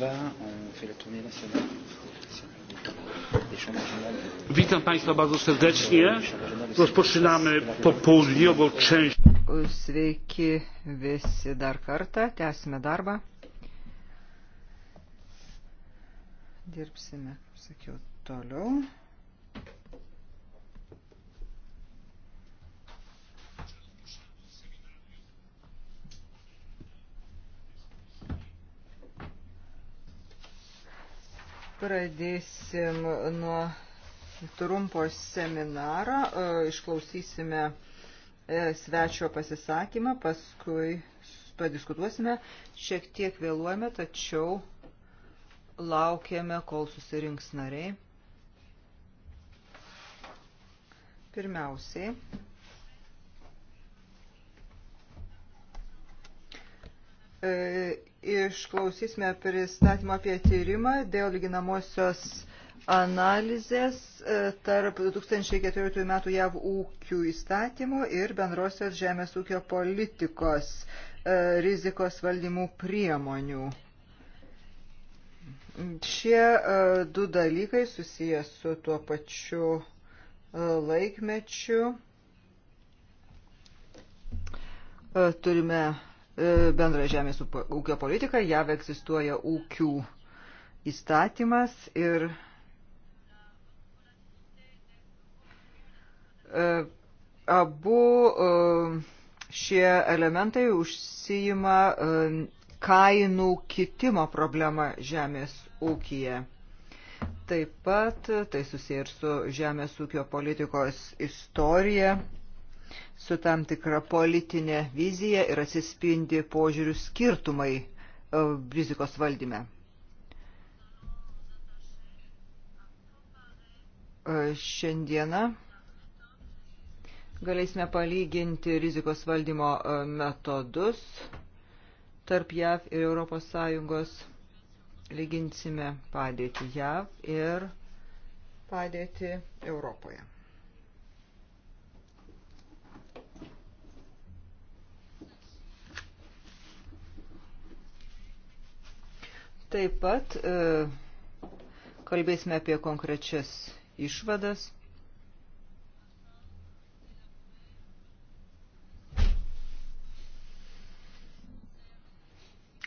va, on fait la tournée nationale. Euh, Witam Państwa bardzo serdecznie. Rozpoczynamy popołudniową część. Sveiki visi dar kartą. Tęsime darbą. Dirbsime, kaip sakiau, toliau. Pradėsim nuo trumpo seminarą, e, išklausysime e, svečio pasisakymą, paskui padiskutuosime. Šiek tiek vėluojame, tačiau laukiame, kol susirinks nariai. Pirmiausiai. E, išklausysime pristatymą apie tyrimą dėl lyginamosios analizės e, tarp 2014 metų JAV ūkių įstatymų ir bendrosios žemės ūkio politikos e, rizikos valdymų priemonių. Šie e, du dalykai susijęs su tuo pačiu laikmečiu. Turime E, bendrą žemės ūkio politiką, jav egzistuoja ūkių įstatymas ir e, abu e, šie elementai užsijima kainų kitimo problema žemės ūkija. Taip pat tai susiję ir su žemės ūkio politikos istorija, su tam tikra politinė vizija ir atsispindi požiūrių skirtumai e, rizikos valdyme. E, šiandieną galėsime palyginti rizikos valdymo e, metodus tarp JAV ir Europos Sąjungos. Lyginsime padėtį JAV ir padėtį Europoje. Taip pat e, kalbėsime apie konkrečias išvadas.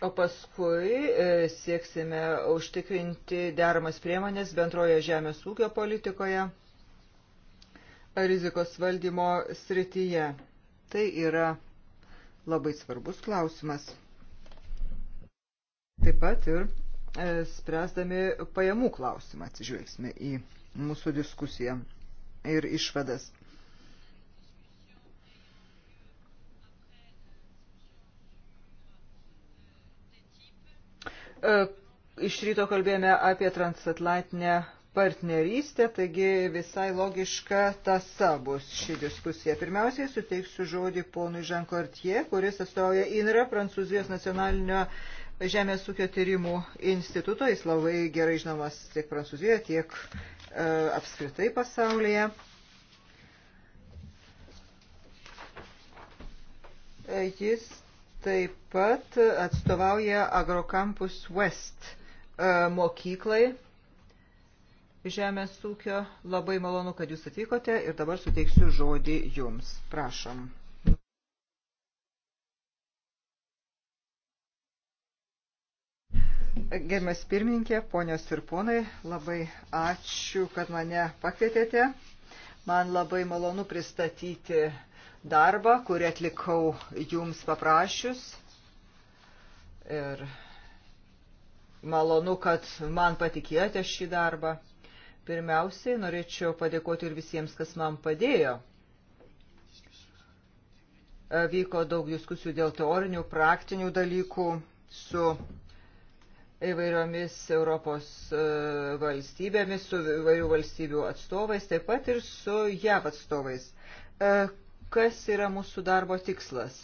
O paskui e, sieksime užtikrinti deramas priemonės bendroje žemės ūkio politikoje, rizikos valdymo srityje. Tai yra labai svarbus klausimas. Taip pat ir e, spręsdami pajamų klausimą atsižvelgsime į mūsų diskusiją ir išvadas. E, iš ryto kalbėjome apie transatlantinę partnerystę, taigi visai logiška tasa bus ši diskusija. Pirmiausiai suteiksiu žodį ponui Žankortie, kuris atstovauja INRA, Prancūzijos nacionalinio uh, Žemės ūkio tyrimų instituto, jis labai gerai žinomas tiek Prancūzijoje, tiek e, apskritai pasaulyje. E, jis taip pat atstovauja Agrocampus West e, mokyklai žemės ūkio. Labai malonu, kad jūs atvykote ir dabar suteiksiu žodį jums. Prašom. Gerbiamas pirmininkė, ponios ir ponai, labai ačiū, kad mane pakvietėte. Man labai malonu pristatyti darbą, kurį atlikau jums paprašius. Ir malonu, kad man patikėjote šį darbą. Pirmiausiai norėčiau padėkoti ir visiems, kas man padėjo. Vyko daug diskusijų dėl teorinių, praktinių dalykų su įvairiomis Europos e, valstybėmis, su įvairių valstybių atstovais, taip pat ir su JAV atstovais. E, kas yra mūsų darbo tikslas?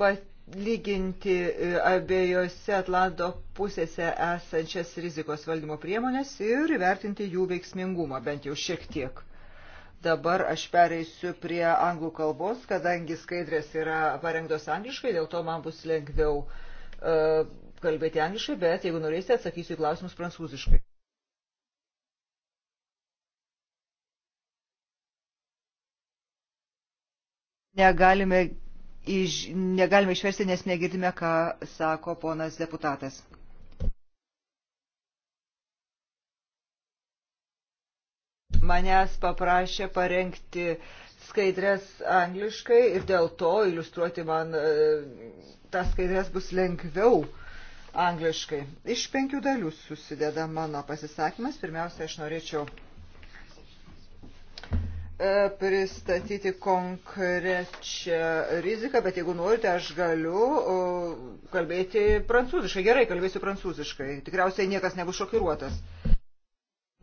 Palyginti e, abiejose Atlanto pusėse esančias rizikos valdymo priemonės ir įvertinti jų veiksmingumą, bent jau šiek tiek. Dabar aš pereisiu prie anglų kalbos, kadangi skaidrės yra parengtos angliškai, dėl to man bus lengviau uh, kalbėti angliškai, bet jeigu norėsite, atsakysiu į klausimus prancūziškai. Negalime, iš, negalime išversti, nes negirdime, ką sako ponas deputatas. manęs paprašė parengti skaidrės angliškai ir dėl to iliustruoti man e, tas skaidrės bus lengviau angliškai. Iš penkių dalių susideda mano pasisakymas. Pirmiausia, aš norėčiau e, pristatyti konkrečią riziką, bet jeigu norite, aš galiu kalbėti prancūziškai. Gerai, kalbėsiu prancūziškai. Tikriausiai niekas nebus šokiruotas.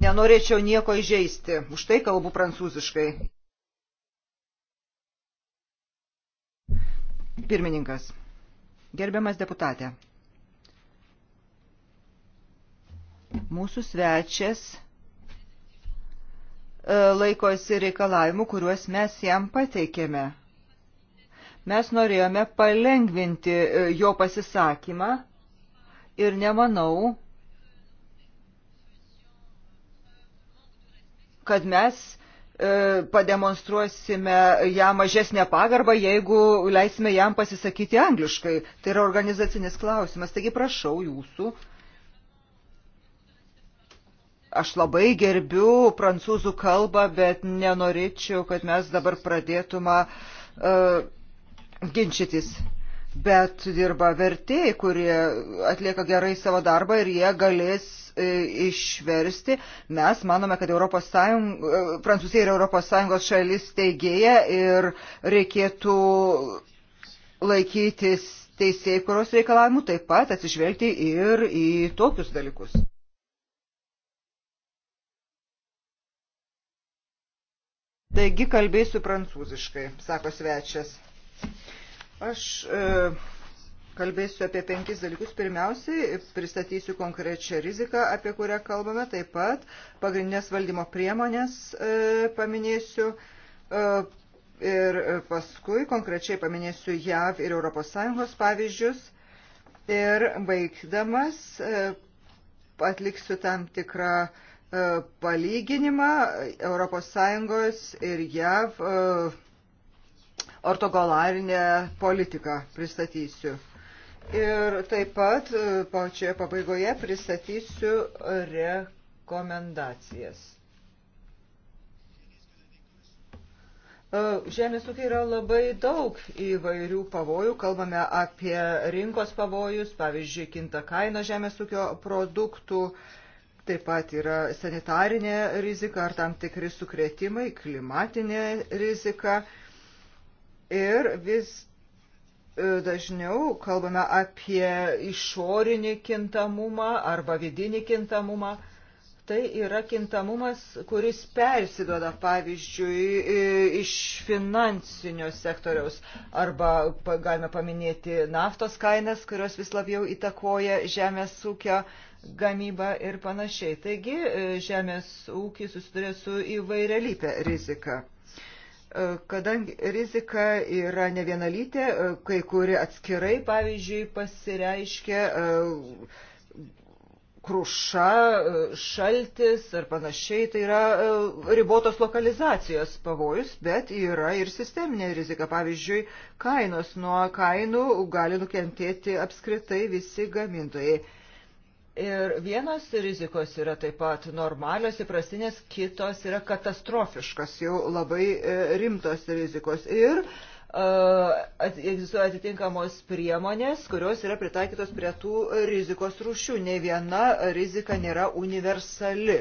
Nenorėčiau nieko įžeisti. Už tai kalbu prancūziškai. Pirmininkas. Gerbiamas deputatė. Mūsų svečias e, laikosi reikalavimų, kuriuos mes jam pateikėme. Mes norėjome palengvinti e, jo pasisakymą ir nemanau, kad mes e, pademonstruosime ją mažesnę pagarbą, jeigu leisime jam pasisakyti angliškai. Tai yra organizacinis klausimas. Taigi prašau jūsų uh, Aš labai gerbiu prancūzų kalbą, bet nenorėčiau, kad mes dabar pradėtume uh, ginčytis. Bet dirba vertėjai, kurie atlieka gerai savo darbą ir jie galės e, išversti. Mes manome, kad Europos Sąjung, e, Prancūzija ir Europos Sąjungos šalis teigėja ir reikėtų laikytis teisėjai kuros reikalavimų, taip pat atsižvelgti ir į tokius dalykus. Taigi kalbėsiu prancūziškai, sako svečias. Aš e, kalbėsiu apie penkis dalykus. Pirmiausiai pristatysiu konkrečią riziką, apie kurią kalbame. Taip pat pagrindinės valdymo priemonės e, paminėsiu. E, ir paskui konkrečiai paminėsiu JAV ir ES pavyzdžius. Ir baigdamas e, atliksiu tam tikrą e, E, palyginimą ES ir JAV e, ortogolarinę politiką pristatysiu. Ir taip pat e, pačioje pabaigoje pristatysiu rekomendacijas. Žemės ūkiai yra labai daug įvairių pavojų. Kalbame apie rinkos pavojus, pavyzdžiui, kinta kaina žemės ūkio produktų. Uh, Taip pat yra sanitarinė rizika ar tam tikri sukretimai, klimatinė rizika. Ir vis e, dažniau kalbame apie išorinį kintamumą arba vidinį kintamumą. Tai yra kintamumas, kuris persiduoda, pavyzdžiui, iš finansinio sektoriaus arba galime paminėti naftos kainas, kurios vis labiau įtakoja žemės ūkio gamyba ir panašiai. Taigi e, žemės ūkis susiduria su įvairialypė rizika. E, kadangi rizika yra ne vienalytė, e, kai kuri atskirai, pavyzdžiui, pasireiškia kruša, šaltis ar panašiai, tai yra ribotos lokalizacijos pavojus, bet yra ir sisteminė rizika. Pavyzdžiui, kainos nuo kainų gali nukentėti apskritai visi gamintojai. Ir vienos rizikos yra taip pat normalios, įprastinės, kitos yra katastrofiškas, jau labai e, rimtos rizikos. Ir e, egzistuoja atitinkamos priemonės, kurios yra pritaikytos prie tų rizikos rūšių. Ne viena rizika nėra universali.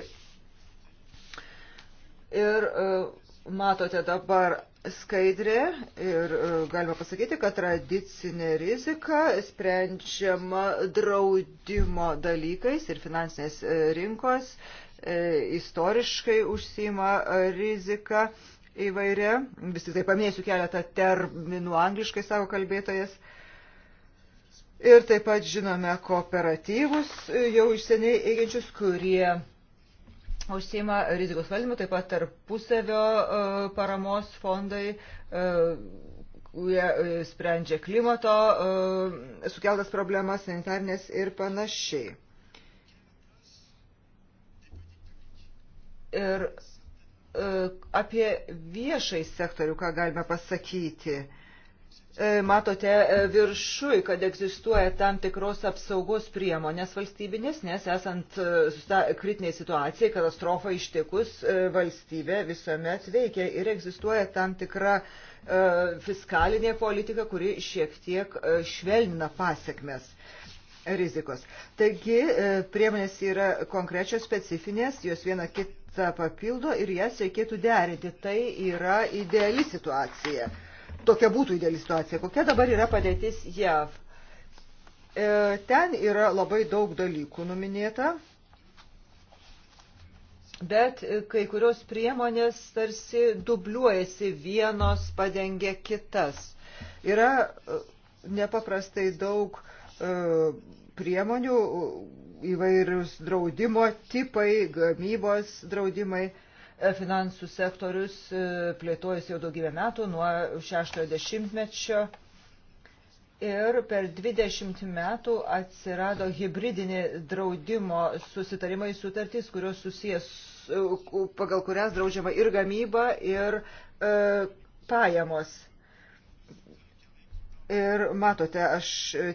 Ir e, matote dabar skaidrė ir e, galima pasakyti, kad tradicinė rizika sprendžiama draudimo dalykais ir finansinės e, rinkos e, istoriškai užsima rizika įvairia. Vis tik tai paminėsiu keletą terminų angliškai savo kalbėtojas. Ir taip pat žinome kooperatyvus jau iš seniai eigiančius, kurie užsima rizikos valdymu, taip pat tarpusavio e, paramos fondai, e, kurie e, sprendžia klimato sukeltas problemas, sanitarnės ir panašiai. Ir apie viešai sektorių, ką galime pasakyti. E, matote e, viršui, kad egzistuoja tam tikros apsaugos priemonės valstybinės, nes esant e, kritiniai situacijai, katastrofa ištikus, valstybė visuomet veikia ir egzistuoja tam tikra fiskalinė politika, kuri šiek tiek švelnina pasiekmes rizikos. Taigi priemonės yra konkrečios specifinės, jos viena kitą papildo ir jas reikėtų derinti. Tai yra ideali situacija tokia būtų ideali situacija. Kokia dabar yra padėtis JAV? E, ten yra labai daug dalykų numinėta, bet kai kurios priemonės tarsi dubliuojasi vienos padengia kitas. Yra e, nepaprastai daug e, priemonių, įvairius draudimo tipai, gamybos draudimai. E, E, finansų sektorius e, plėtojasi jau daugybę metų, nuo 60-mečio. Ir per 20 metų atsirado hybridinė draudimo susitarimai sutartys, kurios susijęs, e, pagal kurias draudžiama ir gamyba, ir e, pajamos. Ir matote, aš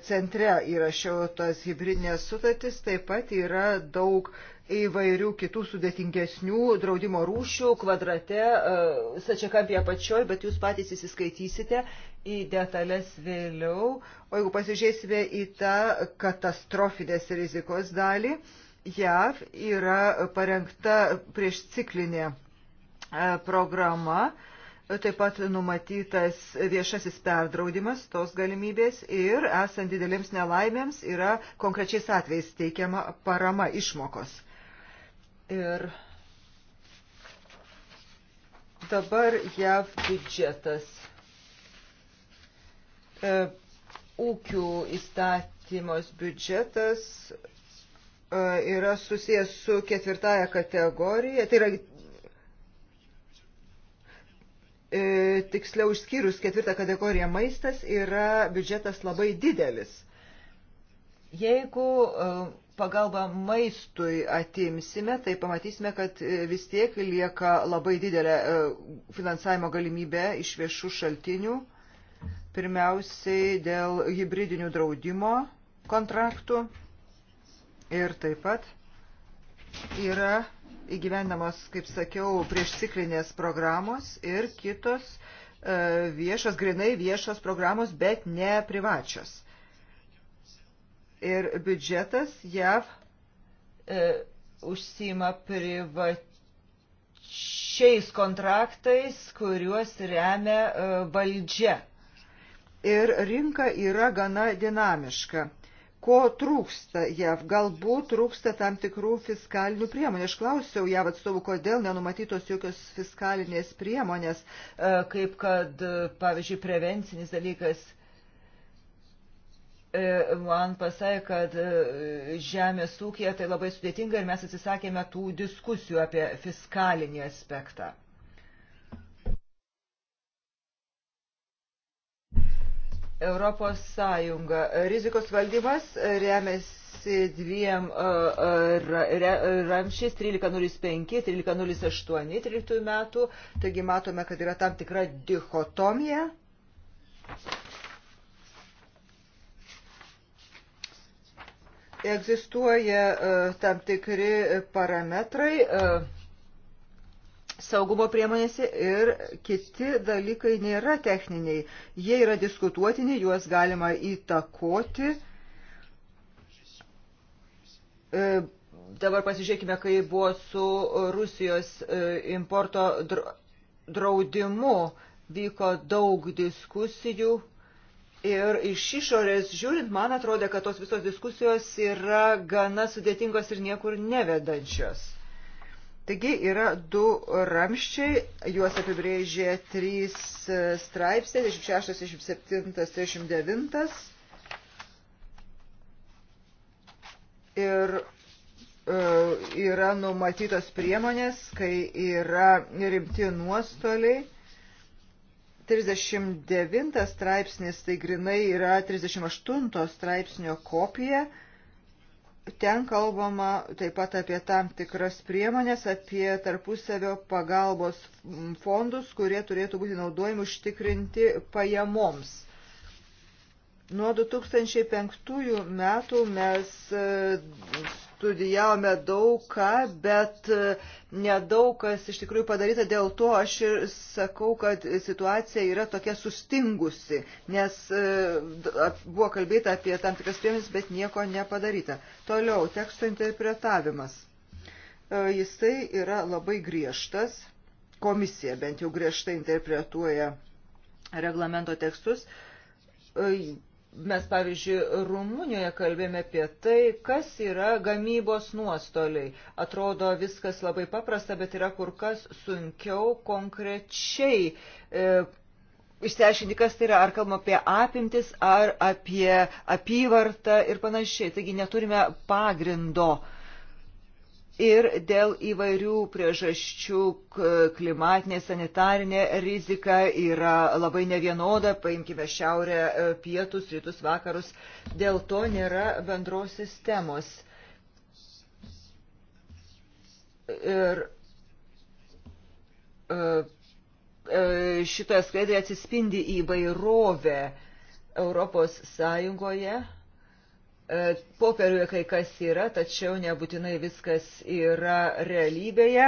centre įrašiau tas hybridinės sutartys, taip pat yra daug e, įvairių kitų sudėtingesnių draudimo rūšių kvadrate, e, sačiakampėje apačioj, bet jūs patys įsiskaitysite į detalės vėliau. O jeigu pasižiūrėsime į tą katastrofinės rizikos dalį, JAV yra parengta prieš ciklinė e, programa, taip pat numatytas viešasis perdraudimas tos galimybės ir esant didelėms nelaimėms yra konkrečiais atvejais teikiama parama išmokos. Ir dabar JAV biudžetas. E, ūkių įstatymos biudžetas e, yra susijęs su ketvirtaja kategorija. Tai yra e, tiksliau išskyrus ketvirtą kategoriją maistas yra biudžetas labai didelis. Jeigu e, pagalbą maistui atimsime, tai pamatysime, kad e, vis tiek lieka labai didelė e, finansavimo galimybė iš viešų šaltinių. Pirmiausiai dėl hybridinių draudimo kontraktų ir taip pat yra įgyvendamos, kaip sakiau, priešciklinės programos ir kitos e, viešos, grinai viešos programos, bet ne privačios ir biudžetas JAV e, užsima privačiais kontraktais, kuriuos remia e, valdžia. Ir rinka yra gana dinamiška. Ko trūksta JAV? Galbūt trūksta tam tikrų fiskalinių priemonių. Aš klausiau JAV atstovų, kodėl nenumatytos jokios fiskalinės priemonės, e, kaip kad, e, pavyzdžiui, prevencinis dalykas – E, man pasakė, kad e, žemės ūkija tai labai sudėtinga ir mes atsisakėme tų diskusijų apie fiskalinį aspektą. Europos Sąjunga. Rizikos valdymas remiasi dviem ramšiais 1305, 1308, 13 metų. Taigi matome, kad yra tam tikra dichotomija. Thank you. Egzistuoja e, tam tikri parametrai e, saugumo priemonėse ir kiti dalykai nėra techniniai. Jie yra diskutuotini, juos galima įtakoti. E, dabar pasižiūrėkime, kai buvo su Rusijos importo draudimu. Vyko daug diskusijų Ir iš išorės žiūrint, man atrodė, kad tos visos diskusijos yra gana sudėtingos ir niekur nevedančios. Taigi yra du ramščiai, juos apibrėžė trys e, straipsniai, 26, 27, 39. Ir e, yra numatytos priemonės, kai yra rimti nuostoliai 39 straipsnis, tai grinai yra 38 straipsnio kopija. Ten kalbama taip pat apie tam tikras priemonės, apie tarpusavio pagalbos fondus, kurie turėtų būti naudojami užtikrinti pajamoms. Nuo 2005 metų mes studijavome daug ką, bet e, nedaug kas iš tikrųjų padaryta, dėl to aš ir sakau, kad situacija yra tokia sustingusi, nes e, buvo kalbėta apie tam tikras priemonės, bet nieko nepadaryta. Toliau, teksto interpretavimas. E, jisai yra labai griežtas, komisija bent jau griežtai interpretuoja reglamento tekstus Mes, pavyzdžiui, Rumunijoje kalbėjome apie tai, kas yra gamybos nuostoliai. Atrodo viskas labai paprasta, bet yra kur kas sunkiau konkrečiai e, išsiaiškinti, kas tai yra, ar kalbam apie apimtis, ar apie apyvartą ir panašiai. Taigi neturime pagrindo e, ir dėl įvairių priežasčių klimatinė, sanitarinė rizika yra labai nevienoda, paimkime šiaurę, e, pietus, rytus, vakarus, dėl to nėra bendros sistemos. Ir e, e, šitoje skaidrėje atsispindi įvairovė Europos Sąjungoje E, Popieriuje kai kas yra, tačiau nebūtinai viskas yra realybėje.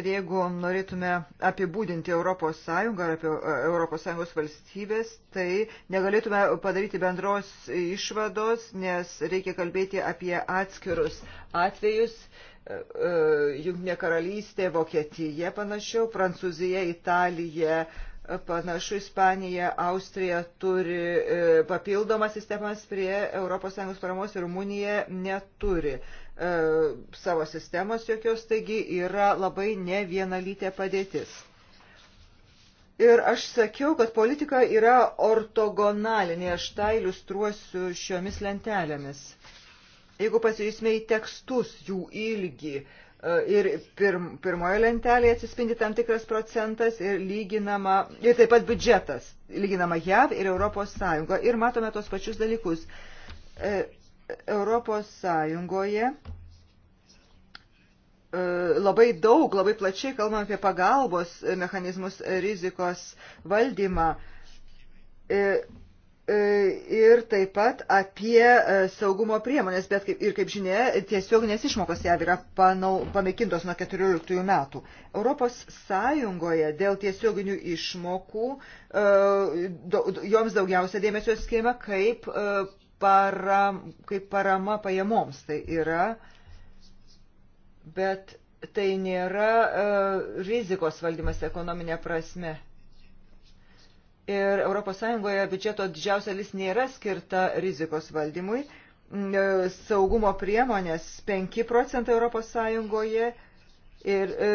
Ir jeigu norėtume apibūdinti ES ar apie ES valstybės, tai negalėtume padaryti bendros išvados, nes reikia kalbėti apie atskirus atvejus. E, e, Junknė karalystė, Vokietija panašiau, Prancūzija, Italija, Panašu, Ispanija, Austrija turi e, papildomas sistemas prie ES paramos ir Rumunija neturi e, savo sistemos jokios, taigi yra labai nevienalytė padėtis. Ir aš sakiau, kad politika yra ortogonalinė, aš tą iliustruosiu šiomis lentelėmis. Jeigu pasižiūrėsime į tekstus, jų ilgį, ir pirm, pirmoje lentelėje atsispindi tam tikras procentas ir lyginama, ir taip pat biudžetas, lyginama JAV ir Europos Sąjunga. Ir matome tos pačius dalykus. E, Europos Sąjungoje e, labai daug, labai plačiai kalbam apie pagalbos mechanizmus rizikos valdymą e, E, ir taip pat apie e, saugumo priemonės, bet kaip, ir kaip žinia, tiesioginės išmokos jav yra panau, panaikintos nuo 14 metų. Europos Sąjungoje dėl tiesioginių išmokų e, joms daugiausia dėmesio skiriama kaip, param, kaip parama pajamoms. Tai yra, bet tai nėra rizikos valdymas ekonominė prasme ir ES biudžeto didžiausia dalis nėra skirta rizikos valdymui. Mm, saugumo priemonės 5 procentai ES ir e,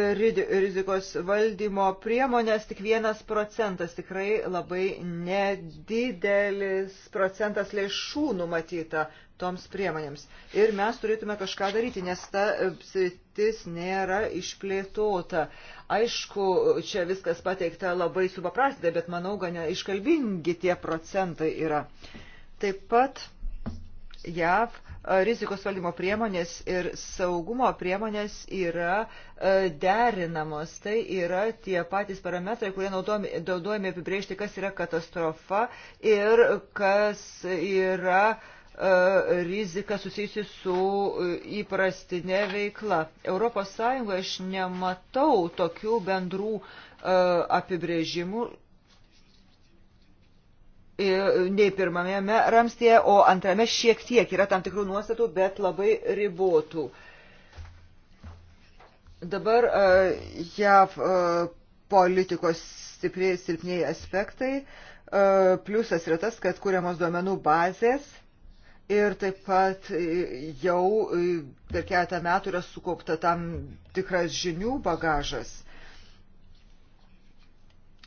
rizikos valdymo priemonės tik vienas procentas, tikrai labai nedidelis procentas lėšų numatyta toms priemonėms. Ir mes turėtume kažką daryti, nes ta e, sritis nėra išplėtota. Aišku, čia viskas pateikta labai supaprastė, bet manau, gan iškalbingi tie procentai yra. Taip pat JAV rizikos valdymo priemonės ir saugumo priemonės yra derinamos. Tai yra tie patys parametrai, kurie naudojami apibriežti, kas yra katastrofa ir kas yra rizika susijusi su įprastinė veikla. Europos Sąjungoje aš nematau tokių bendrų apibrėžimų nei pirmame ramstėje, o antrame šiek tiek yra tam tikrų nuostatų, bet labai ribotų. Dabar e, JAV e, politikos stipriai silpniai aspektai. E, pliusas yra tas, kad kuriamos duomenų bazės ir taip pat jau per keletą metų yra sukaupta tam tikras žinių bagažas.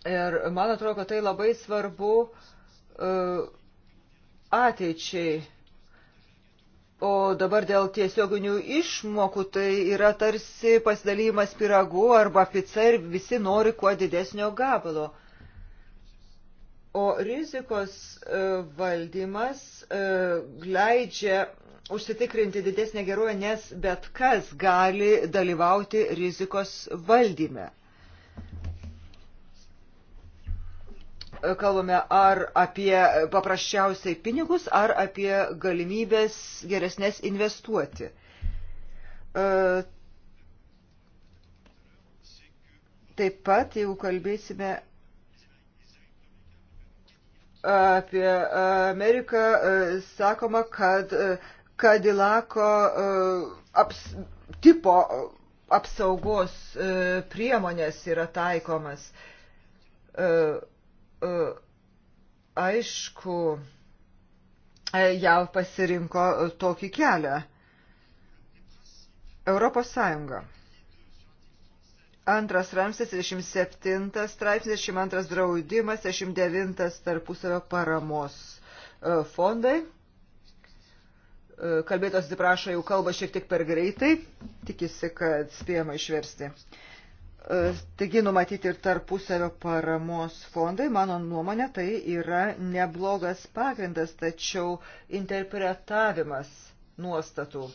Ir man atrodo, kad tai labai svarbu uh, E, ateičiai. O dabar dėl tiesioginių išmokų tai yra tarsi pasidalymas piragu arba pica ir visi nori kuo didesnio gabalo. O rizikos e, valdymas e, leidžia užsitikrinti didesnę gerovę, nes bet kas gali dalyvauti rizikos valdyme. kalbame ar apie paprasčiausiai pinigus, ar apie galimybės geresnės investuoti. E, taip pat, jeigu kalbėsime apie Ameriką, e, sakoma, kad e, Kadilako aps, tipo apsaugos priemonės yra taikomas. Uh, E, aišku, e, JAV pasirinko tokį kelią. Europos Sąjunga. Antras ramstis, 27 straipsnis, 22 draudimas, 69 tarpusavio paramos e, fondai. Kalbėtos atsiprašo, jau kalba šiek tiek per greitai, tikisi, kad spėjama išversti. E, taigi numatyti ir tarpusavio paramos fondai, mano nuomonė, tai yra neblogas pagrindas, tačiau interpretavimas nuostatų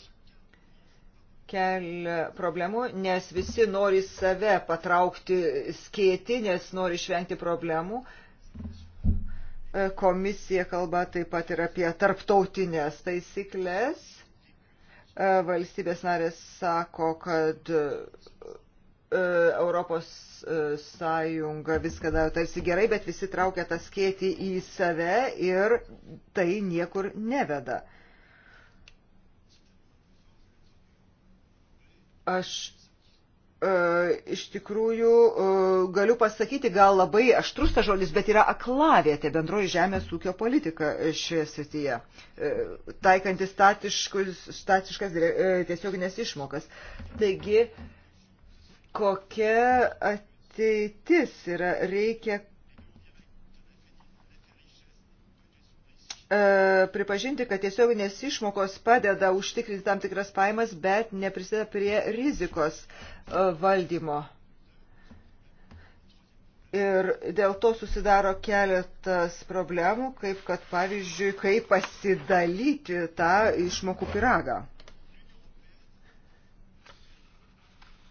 kelia problemų, nes visi nori save patraukti skėti, nes nori išvengti problemų. E, komisija kalba taip pat ir apie tarptautinės taisyklės. E, valstybės narės sako, kad E, Europos e, Sąjunga viską daro tarsi gerai, bet visi traukia tą skėtį į save ir tai niekur neveda. Aš e, iš tikrųjų e, galiu pasakyti, gal labai aštrus ta žodis, bet yra aklavietė bendroji žemės ūkio politika šioje srityje, e, taikanti statiškas e, tiesioginės išmokas. Taigi, e, kokia ateitis yra, reikia e, pripažinti, kad tiesioginės išmokos padeda užtikrinti tam tikras paimas, bet neprisideda prie rizikos e, valdymo. Ir dėl to susidaro keletas problemų, kaip kad pavyzdžiui, kaip pasidalyti tą išmokų piragą.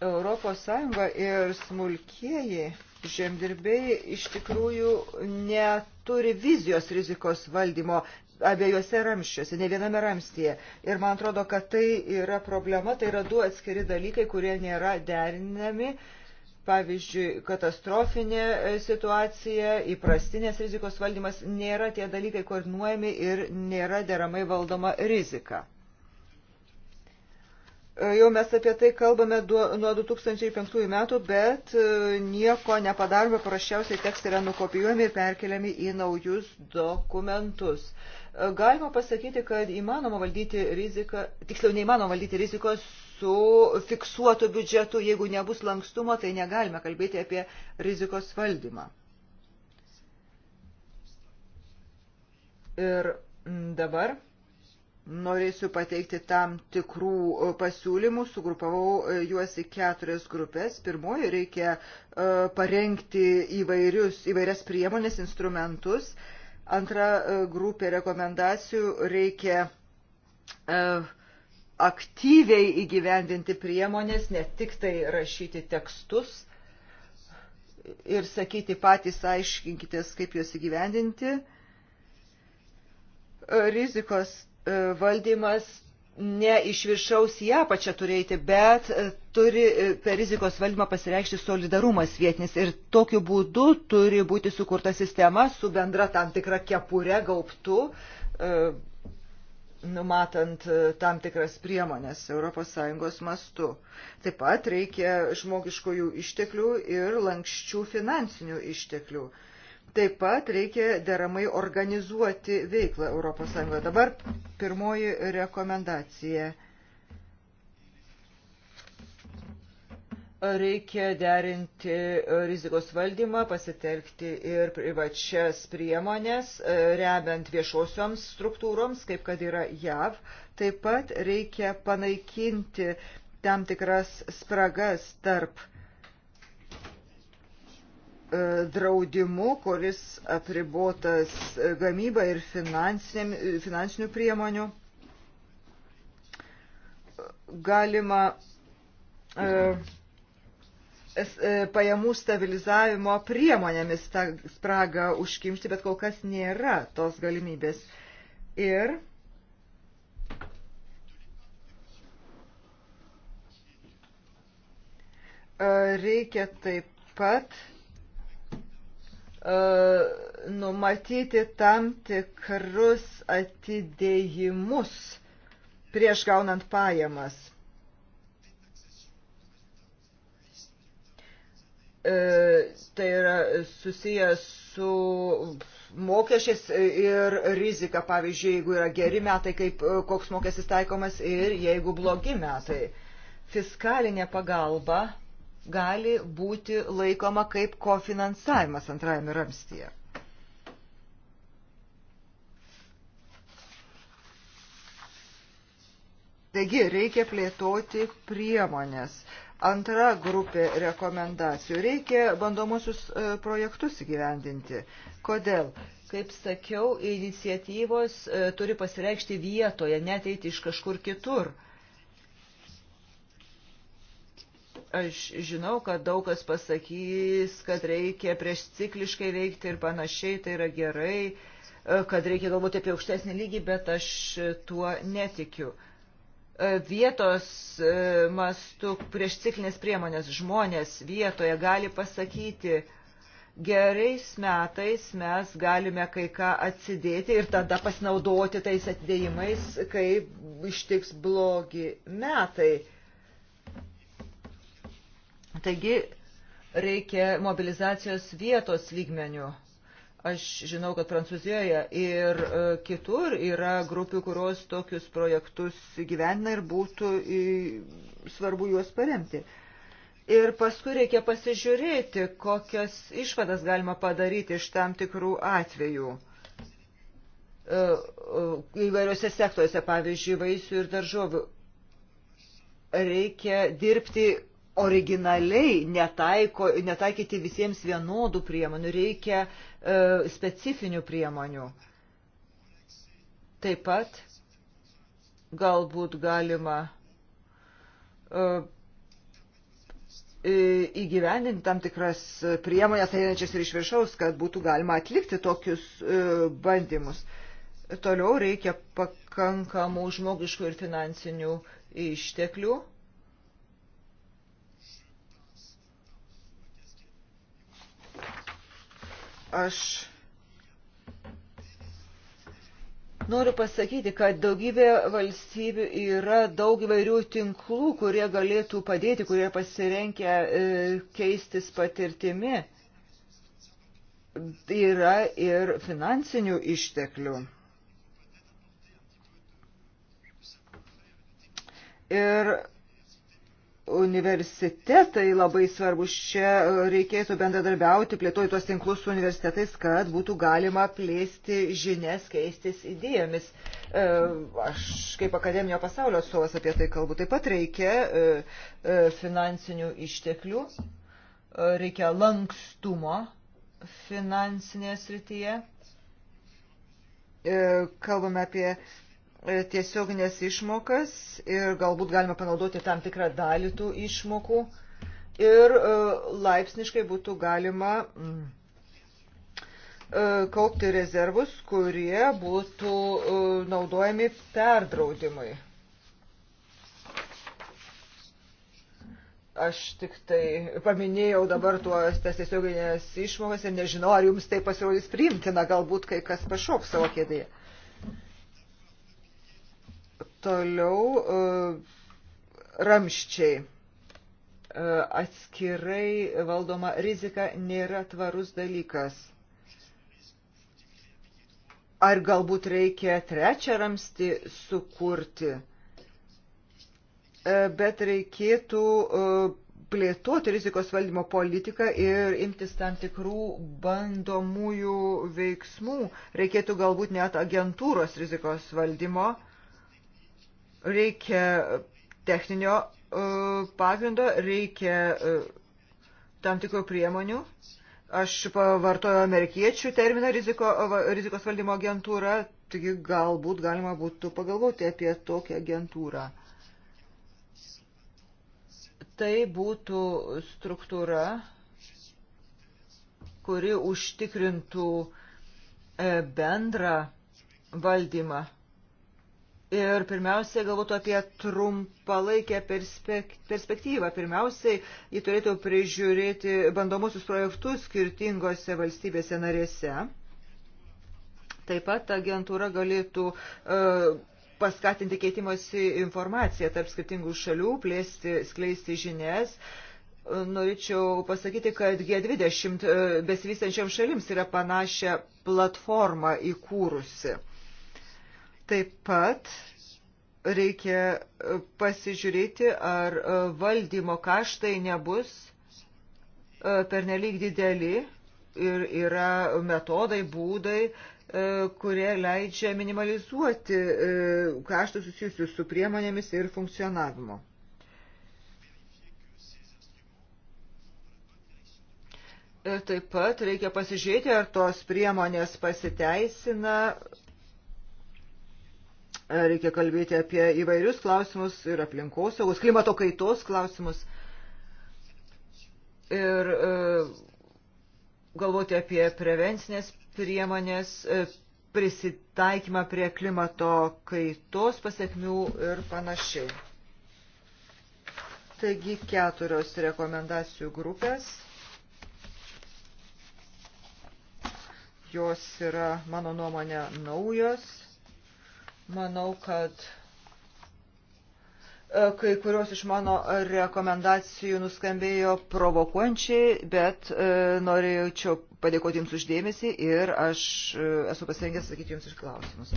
Europos Sąjunga ir smulkieji žemdirbiai iš tikrųjų neturi vizijos rizikos valdymo abiejuose ramščiuose, ne viename ramstyje. Ir man atrodo, kad tai yra problema, tai yra du atskiri dalykai, kurie nėra derinami. Pavyzdžiui, katastrofinė e, situacija, įprastinės rizikos valdymas nėra tie dalykai koordinuojami ir nėra deramai valdoma rizika. Jau mes apie tai kalbame du, nuo 2005 metų, bet e, nieko nepadarome, paprasčiausiai tekstai yra nukopijuojami ir perkeliami į naujus dokumentus. E, galima pasakyti, kad įmanoma valdyti riziką, tiksliau neįmanoma valdyti rizikos su fiksuotu biudžetu, jeigu nebus lankstumo, tai negalime kalbėti apie rizikos valdymą. Ir dabar norėsiu pateikti tam tikrų e, pasiūlymų, sugrupavau e, juos į keturias grupės. Pirmoji reikia e, parengti įvairius, įvairias priemonės, instrumentus. Antra grupė rekomendacijų reikia aktyviai įgyvendinti priemonės, ne tik tai rašyti tekstus ir sakyti patys aiškinkitės, kaip juos įgyvendinti. Rizikos E, valdymas ne iš viršaus į apačią turėti, bet e, turi e, per rizikos valdymą pasireikšti solidarumas vietinis ir tokiu būdu turi būti sukurta sistema su bendra tam tikra kepure gaubtu, numatant tam tikras priemonės ES mastu. Taip pat reikia žmogiškojų išteklių ir lankščių finansinių išteklių. Taip pat reikia deramai organizuoti veiklą ES. Dabar pirmoji rekomendacija. reikia derinti rizikos valdymą, pasitelkti ir privačias priemonės, e, remiant viešosioms struktūroms, kaip kad yra JAV. Taip pat reikia panaikinti tam tikras spragas tarp draudimu, kuris apribotas gamyba ir finansinių priemonių. Galima e, e, pajamų stabilizavimo priemonėmis tą spragą užkimšti, bet kol kas nėra tos galimybės. Ir e, reikia taip pat E, numatyti tam tikrus atidėjimus prieš gaunant pajamas. E, tai yra susijęs su mokesčiais ir rizika, pavyzdžiui, jeigu yra geri metai, kaip e, koks mokestis taikomas ir jeigu blogi metai. Fiskalinė pagalba gali būti laikoma kaip kofinansavimas antrajame ramstyje. Taigi reikia plėtoti priemonės. Antra grupė rekomendacijų. Reikia bandomosius e, projektus įgyvendinti. Kodėl? Kaip sakiau, iniciatyvos e, turi pasireikšti vietoje, neteiti iš kažkur kitur. Aš žinau, kad daug kas pasakys, kad reikia prieš cikliškai veikti ir panašiai, tai yra gerai, e, kad reikia galvoti apie aukštesnį lygį, bet aš tuo netikiu e, vietos e, mastu prieš ciklinės priemonės žmonės vietoje gali pasakyti, gerais metais mes galime kai ką atsidėti ir tada pasinaudoti tais atidėjimais, kai ištiks blogi metai. Taigi reikia mobilizacijos vietos lygmenių. Aš žinau, kad Prancūzijoje ir e, kitur yra grupių, kurios tokius projektus gyvena ir būtų svarbu juos paremti. Ir paskui reikia pasižiūrėti, kokias išvadas galima padaryti iš tam tikrų atvejų. E, e, Įvairiuose sektoriuose, pavyzdžiui, vaisių ir daržovių, reikia dirbti originaliai netaiko, netaikyti visiems vienodų priemonių, reikia e, specifinių priemonių. Taip pat galbūt galima e, e įgyvendinti tam tikras priemonės einančias ir iš viršaus, kad būtų galima atlikti tokius e, bandymus. Toliau reikia pakankamų žmogiškų ir finansinių išteklių Aš Noriu pasakyti, kad daugybė valstybių yra daug įvairių tinklų, kurie galėtų padėti, kurie pasirenkia e, keistis patirtimi. Yra ir finansinių išteklių. Ir universitetai labai svarbus. Čia e, reikėtų bendradarbiauti, plėtoti tuos tinklus su universitetais, kad būtų galima plėsti žinias, keistis idėjomis. E, aš kaip akademinio pasaulio atstovas apie tai kalbu. Taip pat reikia e, finansinių išteklių, reikia lankstumo finansinėje srityje. Kalbame apie E, tiesioginės išmokas ir galbūt galima panaudoti tam tikrą dalį tų išmokų ir e, laipsniškai būtų galima mm, e, kaupti rezervus, kurie būtų naudojami perdraudimui. Aš tik tai paminėjau dabar tuos tas tiesioginės išmokas ir nežinau, ar jums tai pasirodys priimtina, galbūt kai kas pašoks savo kėdėje. Toliau e, ramščiai. E, atskirai valdoma rizika nėra tvarus dalykas. Ar galbūt reikia trečią ramstį sukurti, e, bet reikėtų plėtoti rizikos valdymo politiką ir imtis tam tikrų bandomųjų veiksmų. Reikėtų galbūt net agentūros rizikos valdymo reikia techninio e, pagrindo, reikia e, tam tikrų priemonių. Aš pavartoju amerikiečių terminą riziko, rizikos valdymo agentūra, taigi galbūt galima būtų pagalvoti apie tokią agentūrą. Tai būtų struktūra, kuri užtikrintų e, bendrą valdymą ir pirmiausiai galvotų apie trumpalaikę perspektyvą. Pirmiausiai jį turėtų prižiūrėti bandomusius projektus skirtingose valstybėse narėse. Taip pat agentūra galėtų uh, paskatinti keitimosi informaciją tarp skirtingų šalių, plėsti, skleisti žinias. Norėčiau pasakyti, kad G20 e, besivystančiam šalims yra panašią platformą įkūrusi Taip pat reikia e, pasižiūrėti, ar e, valdymo kaštai nebus e, pernelyg dideli ir yra metodai, būdai, kurie leidžia minimalizuoti kaštus susijusius su priemonėmis ir funkcionavimu. Ir taip pat reikia pasižiūrėti, ar tos priemonės pasiteisina Reikia kalbėti apie įvairius klausimus ir aplinkosaugos, klimato kaitos klausimus. Ir e, galvoti apie prevencinės priemonės, e, prisitaikymą prie klimato kaitos pasiekmių ir panašiai. Taigi keturios rekomendacijų grupės. Jos yra, mano nuomonė, naujos. Manau, kad e, kai kurios iš mano rekomendacijų nuskambėjo provokuojančiai, bet e, norėčiau padėkoti Jums uždėmesį ir aš e, esu pasirengęs sakyti Jums iš klausimus.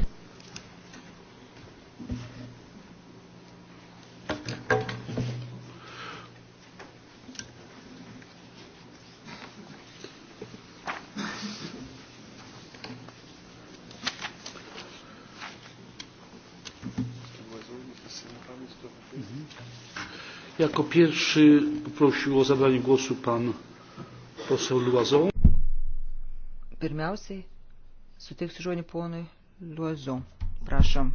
Jako pierwszy poprosił o zabranie głosu pan poseł Luazon. Pirmiausiai suteiksiu žodį ponui Luazon. Prašom.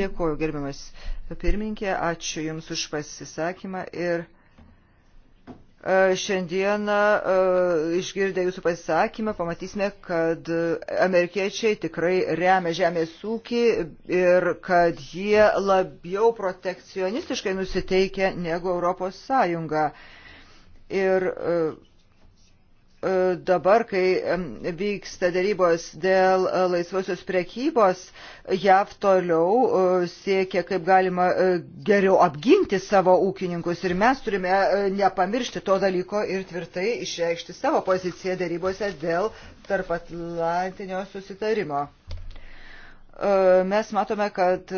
Dėkuoju, gerbiamas pirmininkė, ačiū Jums už pasisakymą ir E, šiandieną e, išgirdę jūsų pasisakymą pamatysime, kad amerikiečiai tikrai remia žemės ūkį ir kad jie labiau protekcionistiškai nusiteikia negu Europos Sąjunga. Ir uh, E, dabar, kai vyksta darybos dėl e, laisvosios prekybos, JAV toliau e, siekia kaip galima geriau apginti savo ūkininkus ir mes turime nepamiršti to dalyko ir tvirtai išreikšti savo poziciją darybose dėl tarp Atlantinio susitarimo. Mes matome, kad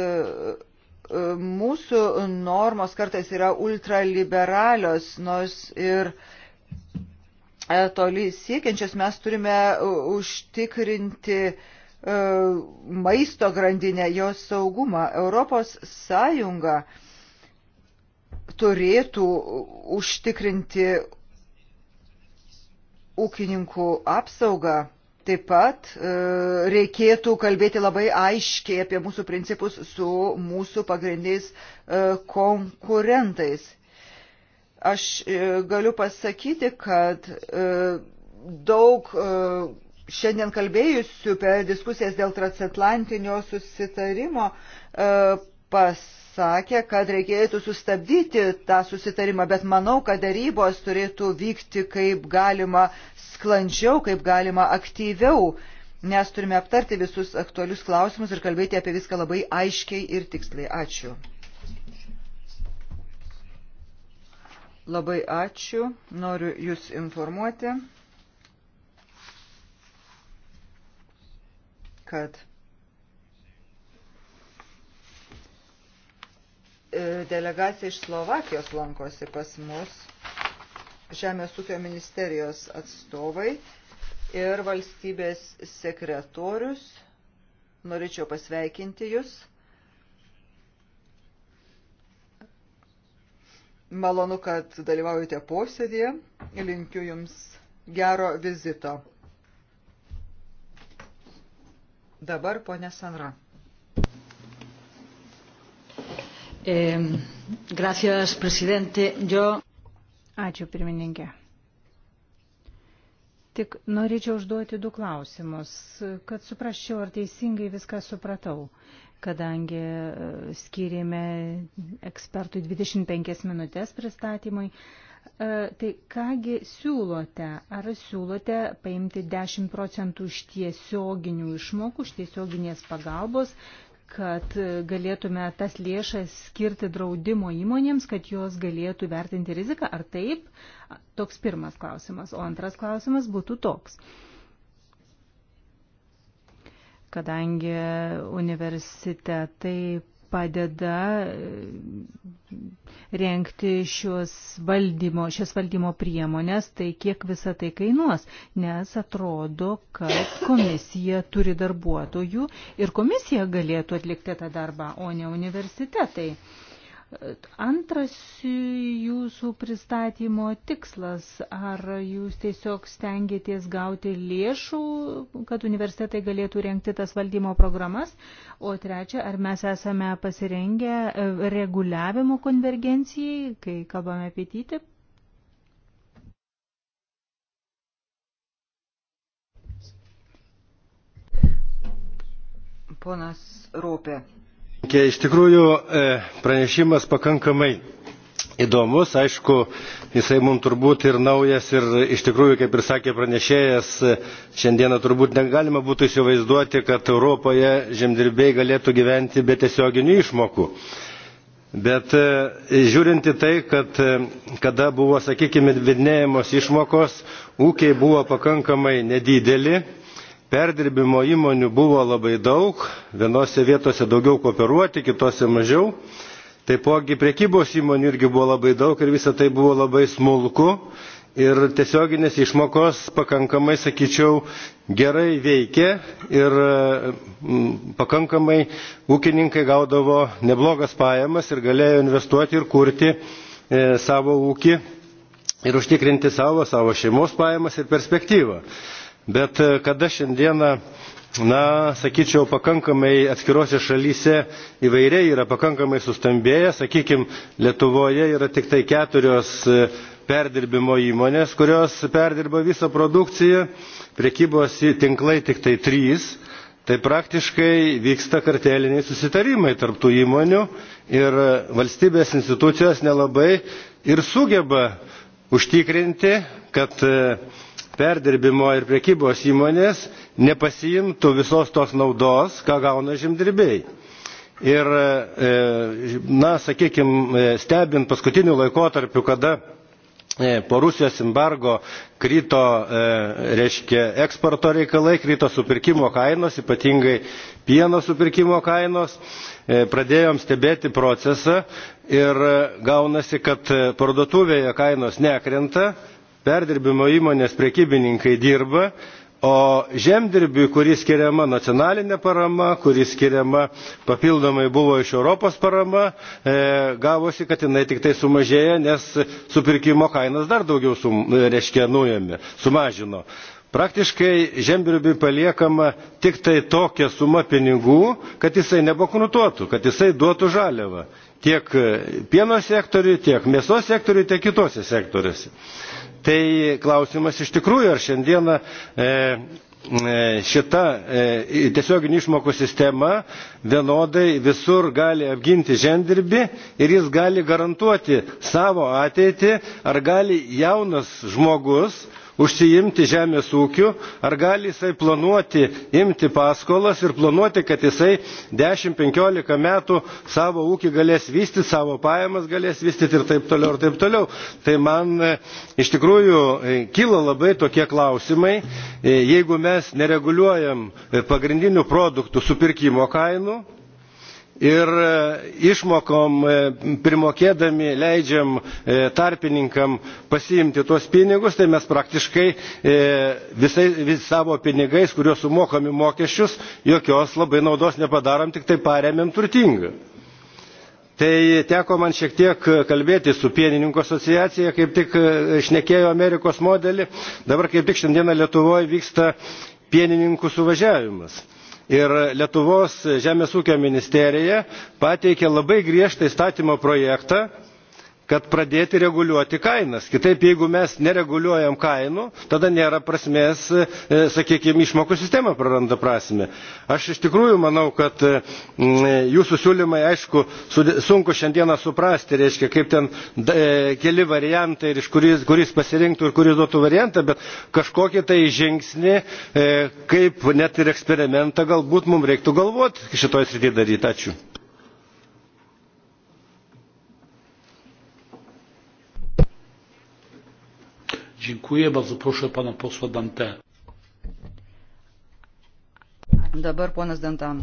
mūsų normos kartais yra ultraliberalios, nors ir E, toli siekiančias, mes turime e, užtikrinti e, maisto grandinę, jos saugumą. Europos Sąjunga turėtų užtikrinti ūkininkų apsaugą. Taip pat reikėtų kalbėti labai aiškiai apie mūsų principus su mūsų pagrindiniais konkurentais. Aš e, galiu pasakyti, kad e, daug e, šiandien kalbėjusių per diskusijas dėl transatlantinio susitarimo pasakė, kad reikėtų sustabdyti tą susitarimą, bet manau, kad darybos turėtų vykti kaip galima sklandžiau, kaip galima aktyviau, nes turime aptarti visus aktualius klausimus ir kalbėti apie viską labai aiškiai ir tiksliai. Ačiū. Labai ačiū. Noriu Jūs informuoti, kad e, delegacija iš Slovakijos lankosi pas mus Žemės ūkio ministerijos atstovai ir valstybės sekretorius. Norėčiau pasveikinti Jūs. Malonu, kad dalyvaujate posėdėje. Linkiu Jums gero vizito. Dabar ponė Sanra. Eh, gracias, presidente. Yo... Ačiū, pirmininkė. Tik norėčiau užduoti du klausimus, kad suprasčiau, ar teisingai viską supratau kadangi e, skirėme ekspertui 25 minutės pristatymui. E, tai kągi siūlote? Ar siūlote paimti 10 procentų iš tiesioginių išmokų, iš tiesioginės pagalbos, kad e, galėtume tas lėšas skirti draudimo įmonėms, kad jos galėtų vertinti riziką, ar taip? Toks pirmas klausimas. O antras klausimas būtų toks. Uh, kadangi universitetai padeda e, renkti šios valdymo, šios valdymo priemonės, tai kiek visa tai kainuos, nes atrodo, kad komisija turi darbuotojų ir komisija galėtų atlikti tą darbą, o ne universitetai. Antras jūsų pristatymo tikslas, ar jūs tiesiog stengiatės gauti lėšų, kad universitetai galėtų renkti tas valdymo programas, o trečia, ar mes esame pasirengę e, reguliavimo konvergencijai, kai kalbame apie TTIP? Ponas Ropė. Iš tikrųjų, e, pranešimas pakankamai įdomus aišku jisai mums turbūt ir naujas ir iš tikrųjų kaip ir sakė pranešėjas e, šiandieną turbūt negalima būtų įsivaizduoti kad europoje žemdirbiai galėtų gyventi be tiesioginių išmokų. Bet e, žiūrint į tai, kad kada buvo, sakykime, dvidinėjamos išmokos, ūkiai buvo pakankamai nedideli, perdirbimo įmonių buvo labai daug vienose vietose daugiau kooperuoti kitose mažiau taipogi prekybos įmonių irgi buvo labai daug ir visa tai buvo labai smulku ir tiesioginės išmokos pakankamai sakyčiau gerai veikė ir mm, pakankamai ūkininkai gaudavo neblogas pajamas ir galėjo investuoti ir kurti e, savo ūkį ir užtikrinti savo savo šeimos pajamas ir perspektyvą bet e, kada šiandieną na sakyčiau pakankamai atskirose šalyse įvairiai yra pakankamai sustambėję sakykime lietuvoje yra tik tai keturios e, perdirbimo įmonės kurios perdirba visą produkciją prekybos tinklai tik tai trys tai praktiškai vyksta karteliniai susitarimai tarp tų įmonių ir valstybės institucijos nelabai ir sugeba užtikrinti kad e, perdirbimo ir prekybos įmonės nepasiimtų visos tos naudos ką gauna žemdirbiai. Ir, e, na, sakykime, stebint paskutiniu laikotarpiu, kada e, po rusijos embargo krito e, reiškia eksporto reikalai krito supirkimo kainos ypatingai pieno supirkimo kainos pradėjom stebėti procesą ir gaunasi kad parduotuvėje kainos nekrenta perdirbimo įmonės prekybininkai dirba o žemdirbiui kuris skiriama nacionalinė parama kuris skiriama papildomai buvo iš europos parama e, gavosi kad jinai tiktai sumažėjo nes supirkimo kainas dar daugiau sum, e, reiškia nuėmė sumažino. praktiškai žemdirbiui paliekama tik tai tokia suma pinigų kad jisai nebankrutuotų kad jisai duotų žaliavą tiek e, pieno sektoriui tiek mėsos sektoriui tiek kituose sektoriuose Tai klausimas iš tikrųjų, ar šiandieną e, e šita e, tiesioginių išmokų sistema vienodai visur gali apginti žemdirbį ir jis gali garantuoti savo ateitį, ar gali jaunas žmogus užsiimti žemės ūkiu ar gali jisai planuoti imti paskolas ir planuoti kad jisai dešimt penkiolika metų savo ūkį galės vystyti savo pajamas galės vystyti ir taip toliau ir taip toliau. tai man e, iš tikrųjų e, kyla labai tokie klausimai e, jeigu mes nereguliuojam pagrindinių produktų supirkimo kainų ir e, išmokom e, primokėdami leidžiam e, tarpininkam pasiimti tuos pinigus tai mes praktiškai visais vis savo pinigais kuriuos sumokam į mokesčius jokios labai naudos nepadarom tik tai paremiam turtingą. Tai teko man šiek tiek kalbėti su pienininkų asociacija, kaip tik šnekėjo Amerikos modelį. Dabar kaip tik šiandieną Lietuvoje vyksta pienininkų suvažiavimas ir lietuvos žemės ūkio ministerija pateikė labai griežtą įstatymo projektą kad pradėti reguliuoti kainas kitaip jeigu mes nereguliuojam kainų tada nėra prasmės e, sakykime išmokų sistema praranda prasmę. aš iš tikrųjų manau kad mm, jūsų siūlymai aišku sunku šiandieną suprasti reiškia kaip ten e, keli variantai ir iš kuris, kuris pasirinktų ir kuris duotų variantą bet kažkokį tai žingsnį e, kaip net ir eksperimentą galbūt mums reiktų galvoti šitoje srityje daryti. ačiū. Dziękuję. Bardzo proszę pana posła Dante. Dabar ponas Dantan.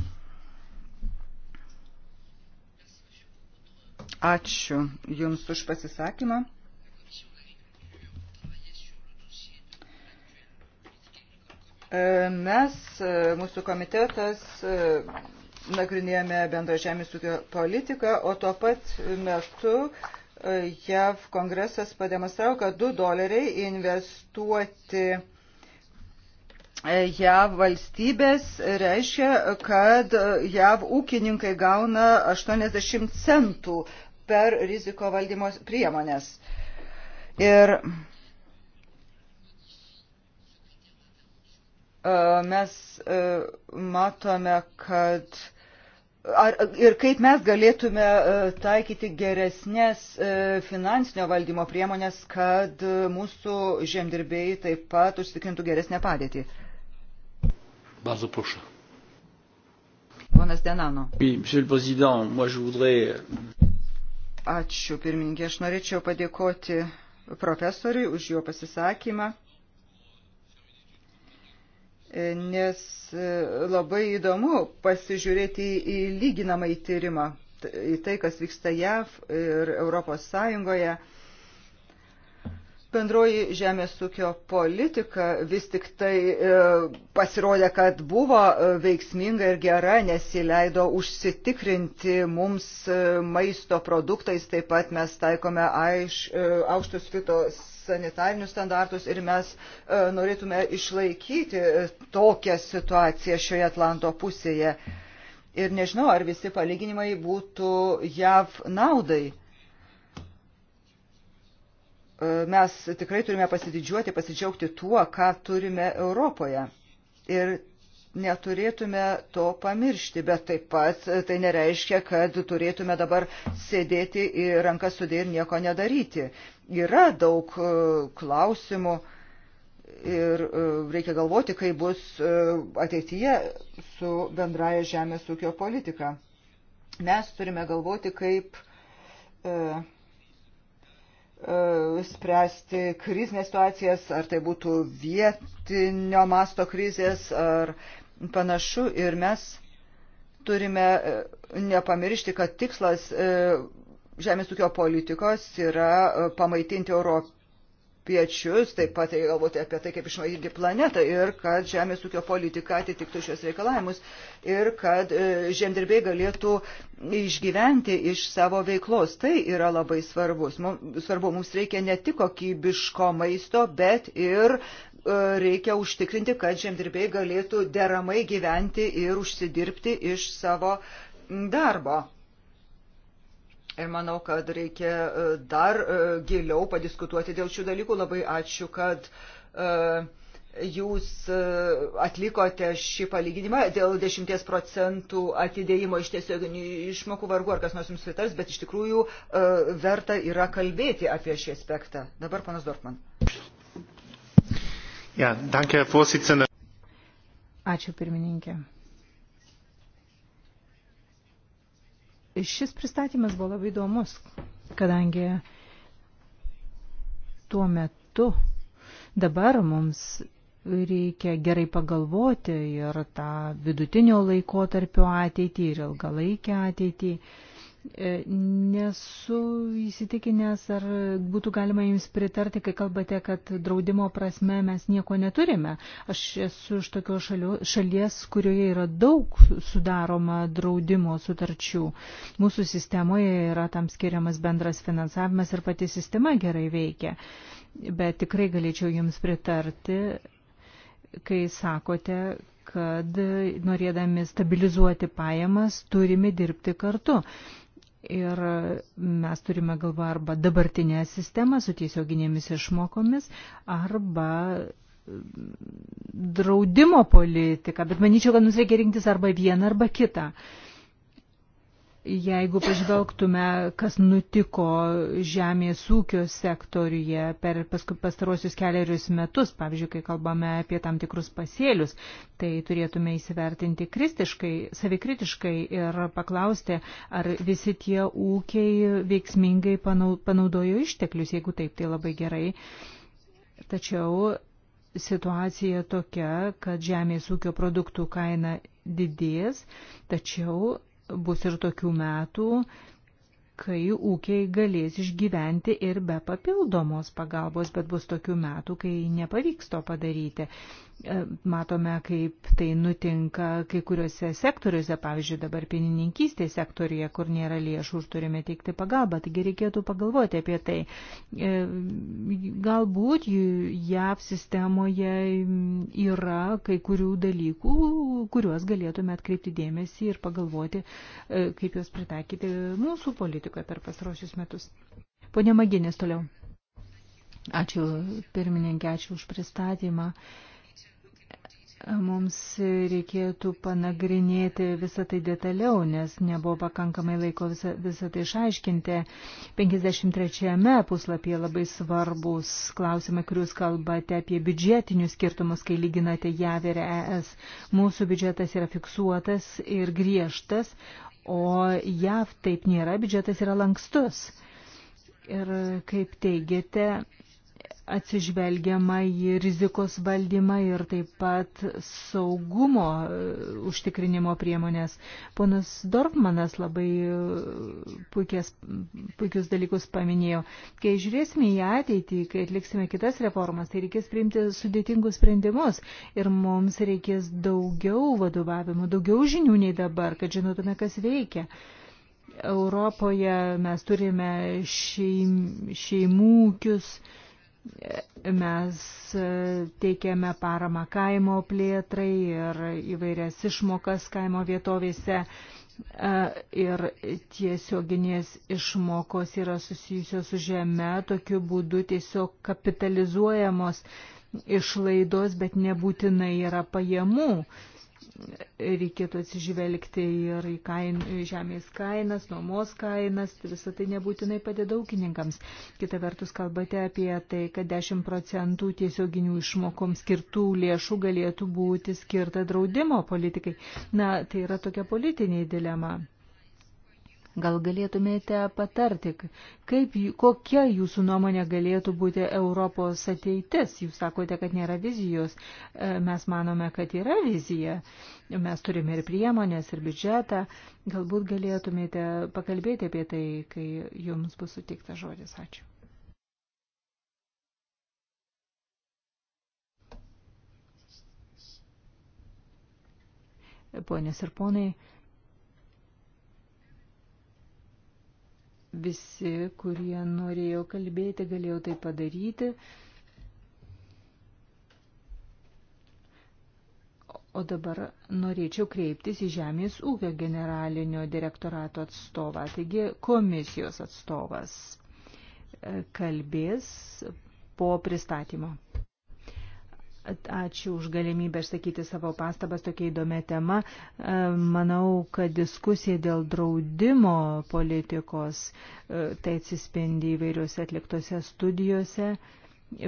Ačiū Jums už pasisakymą. E, mes, e, mūsų komitetas, e, nagrinėjame bendrą žemės ūkio politiką, o tuo pat metu JAV kongresas pademonstravo, kad 2 doleriai investuoti JAV valstybės reiškia, kad JAV ūkininkai gauna 80 centų per riziko valdymo priemonės. Ir e, mes e, matome, kad Ar, ir kaip mes galėtume e, taikyti geresnės e, finansinio valdymo priemonės, kad e, mūsų žemdirbėjai taip pat užsikrintų geresnę padėtį? Bardzo proszę. Ponas Denano. Oui, monsieur le président, moi je voudrais... Euh, Ačiū, pirmininkė. Aš norėčiau padėkoti profesoriui už jo pasisakymą nes e, labai įdomu pasižiūrėti į lyginamą įtyrimą, į tai, kas vyksta JAV ir Europos Sąjungoje. Bendroji žemės ūkio politika vis tik tai e, pasirodė, kad buvo e, veiksminga ir gera, nes ji leido užsitikrinti mums e, maisto produktais, taip pat mes taikome aiš, e, aukštus fitos sanitarinius standartus ir mes e, norėtume išlaikyti e, tokią situaciją šioje Atlanto pusėje. Ir nežinau, ar visi palyginimai būtų JAV naudai. E, mes tikrai turime pasididžiuoti, pasidžiaugti tuo, ką turime Europoje. Ir neturėtume to pamiršti, bet taip pat tai nereiškia, kad turėtume dabar sėdėti į rankas sudė ir nieko nedaryti. Yra daug e, klausimų ir e, reikia galvoti, kaip bus e, ateityje su bendraja žemės ūkio politika. Mes turime galvoti, kaip spręsti krizinės situacijas, ar tai būtų vietinio masto krizės, ar panašu ir mes turime e, nepamiršti, kad tikslas e, žemės ūkio politikos yra e, pamaitinti europiečius, taip pat galvoti apie tai, kaip išmaitinti planetą ir kad žemės ūkio politika atitiktų šios reikalavimus ir kad žemdirbiai galėtų išgyventi iš savo veiklos. Tai yra labai svarbus. Mums, svarbu, mums reikia ne tik kokybiško maisto, bet ir E, reikia užtikrinti, kad žemdirbiai galėtų deramai gyventi ir užsidirbti iš savo darbo. Ir manau, kad reikia e, dar e, giliau padiskutuoti dėl šių dalykų. Labai ačiū, kad jūs atlikote šį palyginimą dėl 10 procentų atidėjimo iš tiesioginių išmokų vargu, ar kas nors jums pritars, bet iš tikrųjų verta yra kalbėti apie šį aspektą. Dabar panas Dortman. Ja, danke, Herr Vorsitzender. Ačiū pirmininkė. Šis pristatymas buvo labai įdomus, kadangi tuo metu dabar mums reikia gerai pagalvoti ir tą vidutinio laiko tarpio ateitį ir ilgalaikę ateitį. ateitį E, nesu įsitikinęs, ar būtų galima jums pritarti, kai kalbate, kad draudimo prasme mes nieko neturime. Aš esu iš tokios šalies, kurioje yra daug sudaroma draudimo sutarčių. Mūsų sistemoje yra tam skiriamas bendras finansavimas ir pati sistema gerai veikia. Bet tikrai galėčiau jums pritarti, kai sakote, kad norėdami stabilizuoti pajamas turime dirbti kartu. Ir mes turime galvą arba dabartinę sistemą su tiesioginėmis išmokomis, arba mm, draudimo politiką, bet manyčiau, kad mums reikia rinktis arba vieną arba kitą. Uh, Jeigu pažvelgtume, kas nutiko žemės ūkio sektoriuje per pastarosius keliarius metus, pavyzdžiui, kai kalbame apie tam tikrus pasėlius, tai turėtume įsivertinti kristiškai, savikritiškai ir paklausti, ar visi tie ūkiai veiksmingai panaudojo išteklius. Jeigu taip, tai labai gerai. Tačiau situacija tokia, kad žemės ūkio produktų kaina didės, tačiau bus ir tokių metų, kai ūkiai galės išgyventi ir be papildomos pagalbos, bet bus tokių metų, kai nepavyks to padaryti. E, matome, kaip tai nutinka kai kuriuose sektoriuose, pavyzdžiui, dabar pienininkystės sektorija, kur nėra lėšų ir turime teikti pagalbą. Taigi reikėtų pagalvoti apie tai. E, galbūt JAV sistemoje yra kai kurių dalykų, kuriuos galėtume atkreipti dėmesį ir pagalvoti, e, kaip juos pritaikyti mūsų politikoje per pastarosius metus. Pone Maginės toliau. Ačiū pirmininkė, ačiū už pristatymą. Uh, Mums reikėtų panagrinėti visą tai detaliau, nes nebuvo pakankamai laiko visą, visą tai išaiškinti. 53 puslapyje labai svarbus klausimai, kuriuos kalbate apie biudžetinius skirtumus, kai lyginate JAV ir ES. Mūsų biudžetas yra fiksuotas ir griežtas, o JAV taip nėra, biudžetas yra lankstus. Ir kaip teigiate, atsižvelgiama į rizikos valdymą ir taip pat saugumo e, užtikrinimo priemonės. Ponas Dorfmanas labai e, puikias, puikius dalykus paminėjo. Kai žiūrėsime į ateitį, kai atliksime kitas reformas, tai reikės priimti sudėtingus sprendimus ir mums reikės daugiau vadovavimo, daugiau žinių nei dabar, kad žinotume, kas veikia. Europoje mes turime šeim, šeimūkius, šeim, Mes e, teikiame paramą kaimo plėtrai ir įvairias išmokas kaimo vietovėse. E, ir tiesioginės išmokos yra susijusios su žeme, tokiu būdu tiesiog kapitalizuojamos išlaidos, bet nebūtinai yra pajamų reikėtų atsižvelgti ir į kain, žemės kainas, nuomos kainas, tai visą tai nebūtinai padeda ūkininkams. Kita vertus, kalbate apie tai, kad 10 procentų tiesioginių išmokom skirtų lėšų galėtų būti skirta draudimo politikai. Na, tai yra tokia politinė dilema. Gal galėtumėte patarti, kaip, kokia jūsų nuomonė galėtų būti Europos ateitis? Jūs sakote, kad nėra vizijos. E, mes manome, kad yra vizija. Mes turime ir priemonės, ir biudžetą. Galbūt galėtumėte pakalbėti apie tai, kai jums bus sutikta žodis. Ačiū. Ponės ir ponai, Visi, kurie norėjo kalbėti, galėjo tai padaryti. O dabar norėčiau kreiptis į Žemės ūkio generalinio direktorato atstovą, taigi komisijos atstovas e, kalbės po pristatymo. Ačiū už galimybę išsakyti savo pastabas tokia įdomia tema. E, manau, kad diskusija dėl draudimo politikos e, tai atsispindi įvairiuose atliktose studijuose.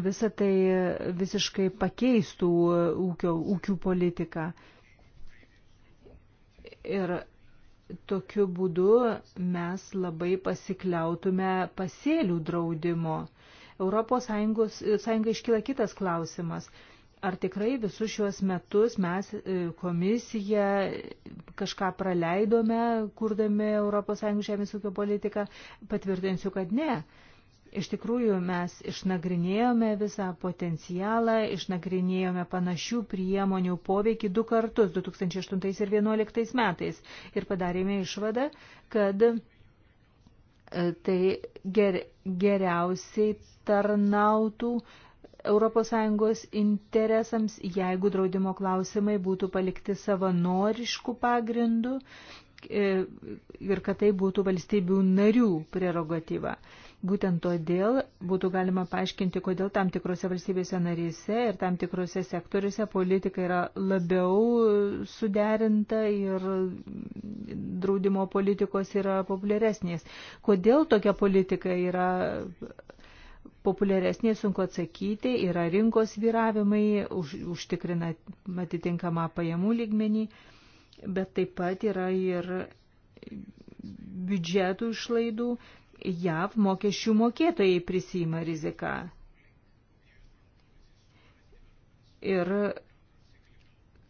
Visa tai visiškai pakeistų ūkio, ūkių politiką. Ir tokiu būdu mes labai pasikliautume pasėlių draudimo. Europos Sąjungos, Sąjunga iškyla kitas klausimas ar tikrai visus šiuos metus mes e, komisija kažką praleidome, kurdami ES žemės ūkio politiką, patvirtinsiu, kad ne. Iš tikrųjų, mes išnagrinėjome visą potencialą, išnagrinėjome panašių priemonių poveikį du kartus, 2008 ir 2011 metais, ir padarėme išvadą, kad e, tai ger, geriausiai tarnautų uh, ES interesams, jeigu draudimo klausimai būtų palikti savanoriškų pagrindų e, ir kad tai būtų valstybių narių prerogatyva. Būtent todėl būtų galima paaiškinti, kodėl tam tikrose valstybėse narėse ir tam tikrose sektoriuose politika yra labiau suderinta ir draudimo politikos yra populiaresnės. Kodėl tokia politika yra populiaresnė, sunku atsakyti, yra rinkos vyravimai, už, užtikrina atitinkamą pajamų lygmenį, bet taip pat yra ir biudžetų išlaidų. JAV mokesčių mokėtojai prisima riziką. Ir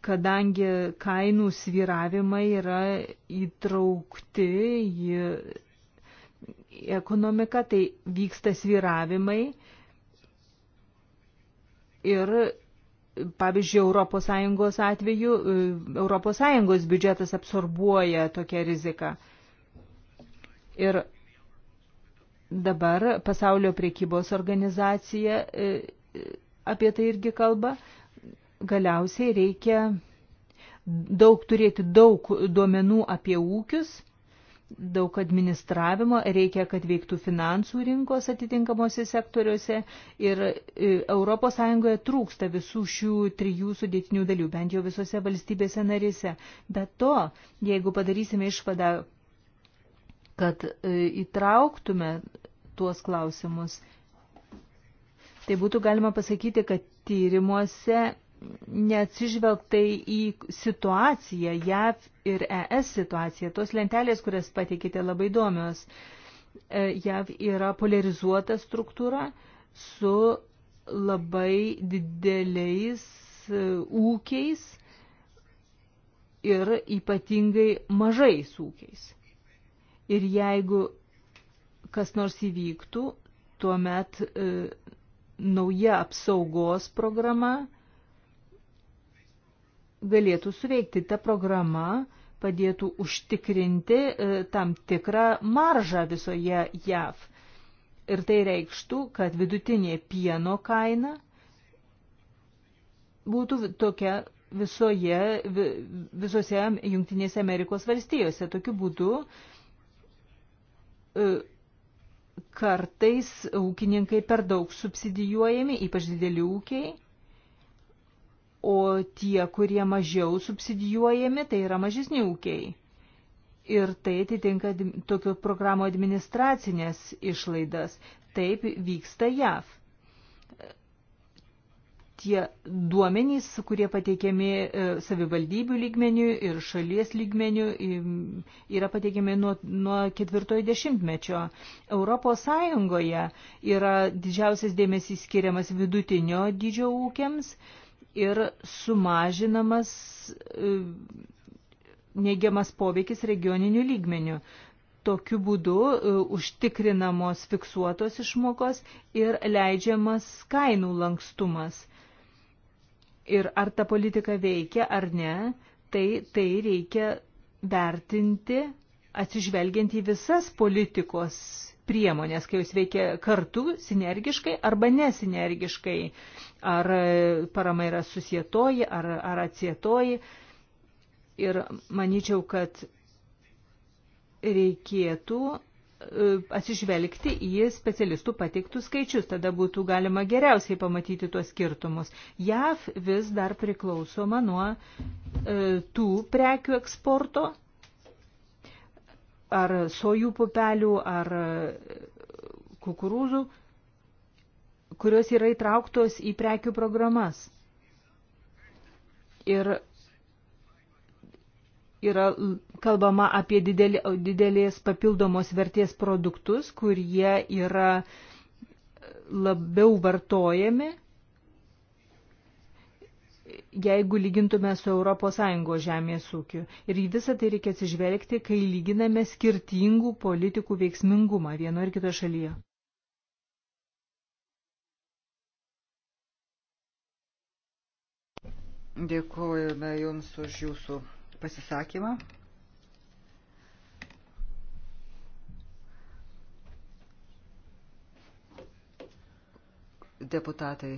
kadangi kainų sviravimai yra įtraukti į ekonomiką, tai vyksta sviravimai ir pavyzdžiui, ES atveju ES biudžetas absorbuoja tokią riziką. Ir dabar pasaulio priekybos organizacija e, e, apie tai irgi kalba. Galiausiai reikia daug turėti daug duomenų apie ūkius daug administravimo, reikia, kad veiktų finansų rinkos atitinkamosi sektoriuose ir ES trūksta visų šių trijų sudėtinių dalių, bent jau visose valstybėse narise. Be to, jeigu padarysime išvadą, kad e, įtrauktume tuos klausimus, tai būtų galima pasakyti, kad tyrimuose neatsižvelgtai į situaciją, JAV ir ES situaciją. Tos lentelės, kurias pateikite, labai įdomios. E, JAV yra polarizuota struktūra su labai dideliais e, ūkiais ir ypatingai mažais ūkiais. Ir jeigu kas nors įvyktų, tuomet e, nauja apsaugos programa galėtų suveikti. Ta programa padėtų užtikrinti e, tam tikrą maržą visoje JAV. Ir tai reikštų, kad vidutinė pieno kaina būtų tokia visoje, visose Junktinėse Amerikos valstijose. Tokiu būdu e, kartais ūkininkai per daug subsidijuojami, ypač dideli ūkiai o tie, kurie mažiau subsidijuojami, tai yra mažesni ūkiai. Ir tai atitinka tokių programų administracinės išlaidas. Taip vyksta JAV. Tie duomenys, kurie pateikiami e, savivaldybių lygmenių ir šalies lygmenių, yra pateikiami nuo, nuo ketvirtojo dešimtmečio. Europos Sąjungoje yra didžiausias dėmesys skiriamas vidutinio dydžio ūkiams ir sumažinamas e, neigiamas poveikis regioninių lygmenių. Tokiu būdu e, užtikrinamos fiksuotos išmokos ir leidžiamas kainų lankstumas. Ir ar ta politika veikia ar ne, tai, tai reikia vertinti atsižvelgiant į visas politikos priemonės, kai jos veikia kartu, sinergiškai arba nesinergiškai, ar e, parama yra susietoji, ar, ar atsietoji. Ir manyčiau, kad reikėtų e, atsižvelgti į specialistų pateiktus skaičius, tada būtų galima geriausiai pamatyti tuos skirtumus. JAV vis dar priklausoma nuo e, tų prekių eksporto, ar sojų pupelių, ar e, kukurūzų, kurios yra įtrauktos į prekių programas. Ir yra kalbama apie didelį, didelės papildomos vertės produktus, kurie yra labiau vartojami jeigu lygintume su ES žemės ūkiu. Ir į visą tai reikia atsižvelgti, kai lyginame skirtingų politikų veiksmingumą vieno ir kito šalyje. Dėkojame Jums už Jūsų pasisakymą. Deputatai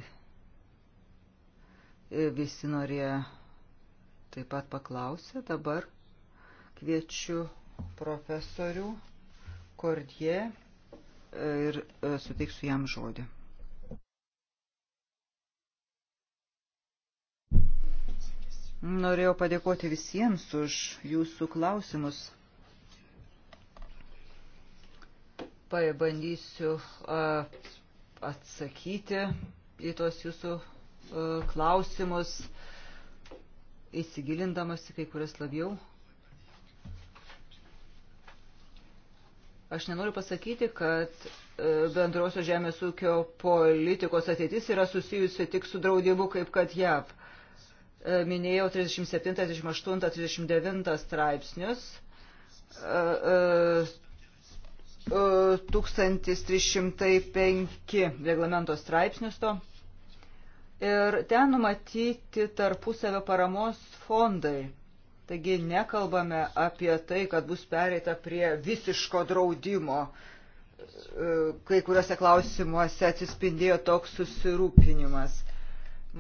Visi norėjo taip pat paklausė. Dabar kviečiu profesorių Kordie e, ir e, suteiksiu jam žodį. Norėjau padėkoti visiems už jūsų klausimus. Pabandysiu atsakyti į tos jūsų E, klausimus, įsigilindamas į kai kurias labiau. Aš nenoriu pasakyti, kad e, bendrosios žemės ūkio politikos ateitis yra susijusi tik su draudimu, kaip kad JAV. E, minėjau 37, 38, 39 straipsnius. 1305 reglamento straipsnius to ir ten numatyti tarpusavio paramos fondai. Taigi nekalbame apie tai, kad bus pereita prie visiško draudimo. Kai kuriuose klausimuose atsispindėjo toks susirūpinimas.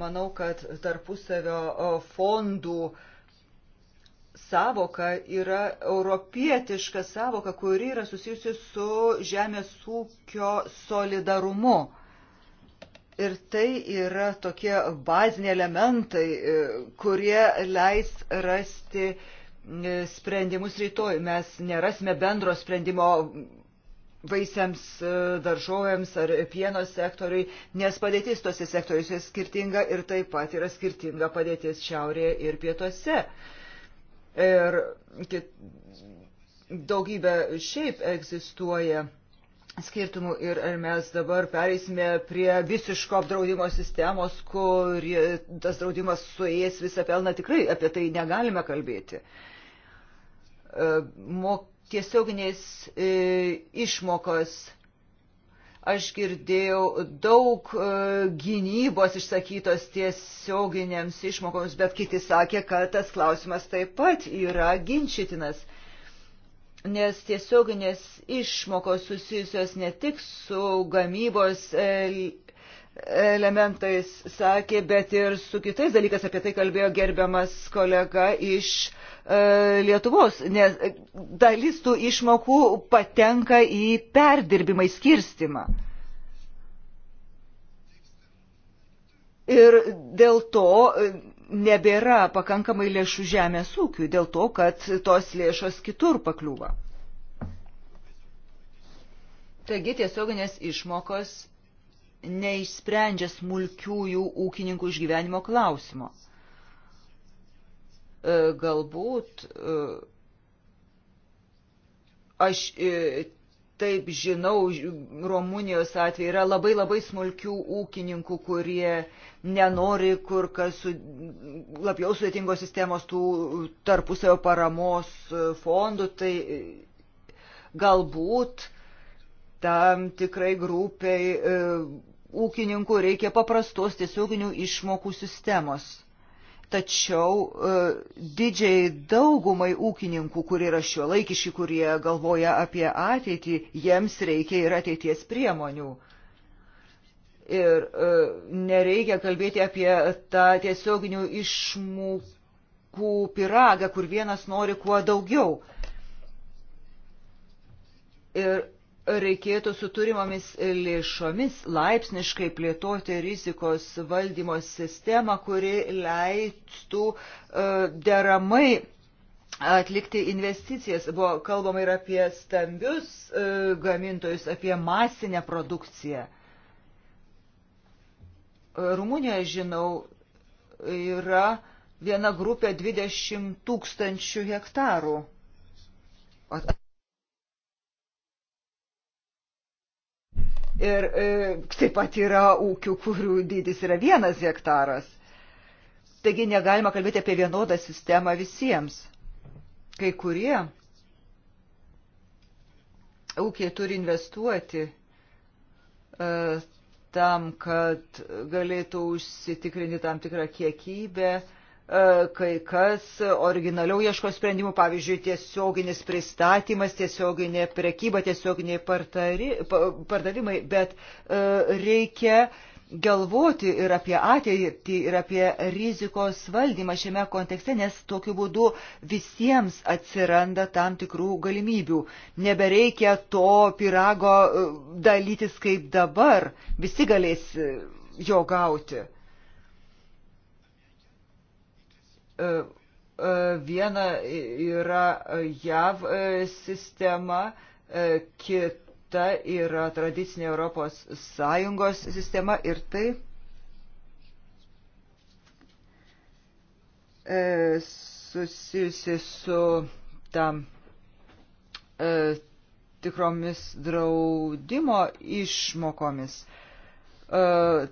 Manau, kad tarpusavio fondų savoka yra europietiška savoka, kuri yra susijusi su žemės ūkio solidarumu Ir tai yra tokie baziniai elementai, e, kurie leis rasti e, sprendimus rytoj. Mes nerasime bendro sprendimo vaisiams, e, daržovėms ar pieno sektoriui, nes padėtis tose sektoriuose skirtinga ir taip pat yra skirtinga padėtis šiaurėje ir pietuose. Ir daugybė šiaip egzistuoja skirtumų ir ar mes dabar pereisime prie visiško apdraudimo sistemos, kur tas draudimas suės visą pelną, tikrai apie tai negalime kalbėti. E, Mok, tiesioginės e, išmokos. Aš girdėjau daug e, gynybos išsakytos tiesioginėms išmokoms, bet kiti sakė, kad tas klausimas taip pat yra ginčytinas nes tiesioginės išmokos susijusios ne tik su gamybos e, elementais sakė, bet ir su kitais dalykais apie tai kalbėjo gerbiamas kolega iš e, Lietuvos, nes e, dalis tų išmokų patenka į perdirbimą, į skirstimą. Ir dėl to nebėra pakankamai lėšų žemės ūkiui dėl to, kad tos lėšos kitur pakliūva. Taigi tiesioginės išmokos neišsprendžia smulkiųjų ūkininkų išgyvenimo klausimo. E, galbūt e, aš e, taip žinau, Romunijos atveju yra labai labai smulkių ūkininkų, kurie nenori kur kas su, labiau sudėtingos sistemos tų tarpusavio paramos fondų, tai galbūt tam tikrai grupiai e, ūkininkų reikia paprastos tiesioginių išmokų sistemos. Tačiau e, didžiai daugumai ūkininkų, kurie yra šiuolaikiški, kurie galvoja apie ateitį, jiems reikia ir ateities priemonių. Ir e, nereikia kalbėti apie tą tiesioginių išmokų piragą, kur vienas nori kuo daugiau. Ir reikėtų su turimomis lėšomis laipsniškai plėtoti rizikos valdymo sistemą, kuri leistų e, deramai atlikti investicijas. Buvo kalbama ir apie stambius e, gamintojus, apie masinę produkciją. Rumunijoje, žinau, yra viena grupė 20 tūkstančių hektarų. Ir e, taip pat yra ūkių, kurių dydis yra vienas hektaras. Taigi negalima kalbėti apie vienodą sistemą visiems. Kai kurie ūkiai turi investuoti e, tam, kad galėtų užsitikrinti tam tikrą kiekybę. E, kai kas originaliau ieško sprendimų, pavyzdžiui, tiesioginis pristatymas, tiesioginė prekyba, tiesioginiai pardavimai, bet e, reikia galvoti ir apie ateitį, ir apie rizikos valdymą šiame kontekste, nes tokiu būdu visiems atsiranda tam tikrų galimybių. Nebereikia to pirago e, dalytis kaip dabar, visi galės e, jo gauti. E, e, viena yra JAV e, sistema, kita yra tradicinė Europos Sąjungos sistema ir tai susijusi su tam tikromis draudimo išmokomis. E,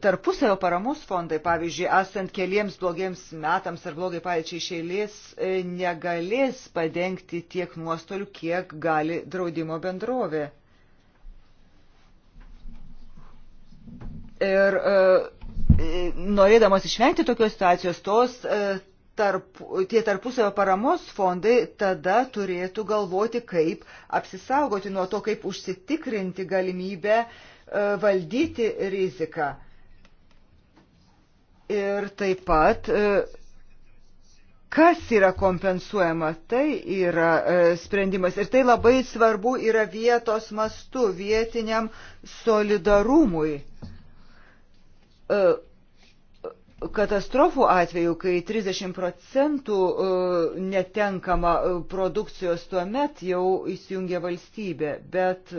tarpusavio paramos fondai, pavyzdžiui, esant keliems blogiems metams ar blogai paėčiai iš eilės, e, negalės padengti tiek nuostolių, kiek gali draudimo bendrovė. Ir e, e, norėdamas išvengti tokios situacijos, tos tarp, tie tarpusavio paramos fondai tada turėtų galvoti, kaip apsisaugoti nuo to, kaip užsitikrinti galimybę uh, E, valdyti riziką. Ir taip pat, e, kas yra kompensuojama, tai yra e, sprendimas. Ir tai labai svarbu yra vietos mastu, vietiniam solidarumui katastrofų atveju, kai 30 procentų netenkama produkcijos, tuomet jau įsijungia valstybė, bet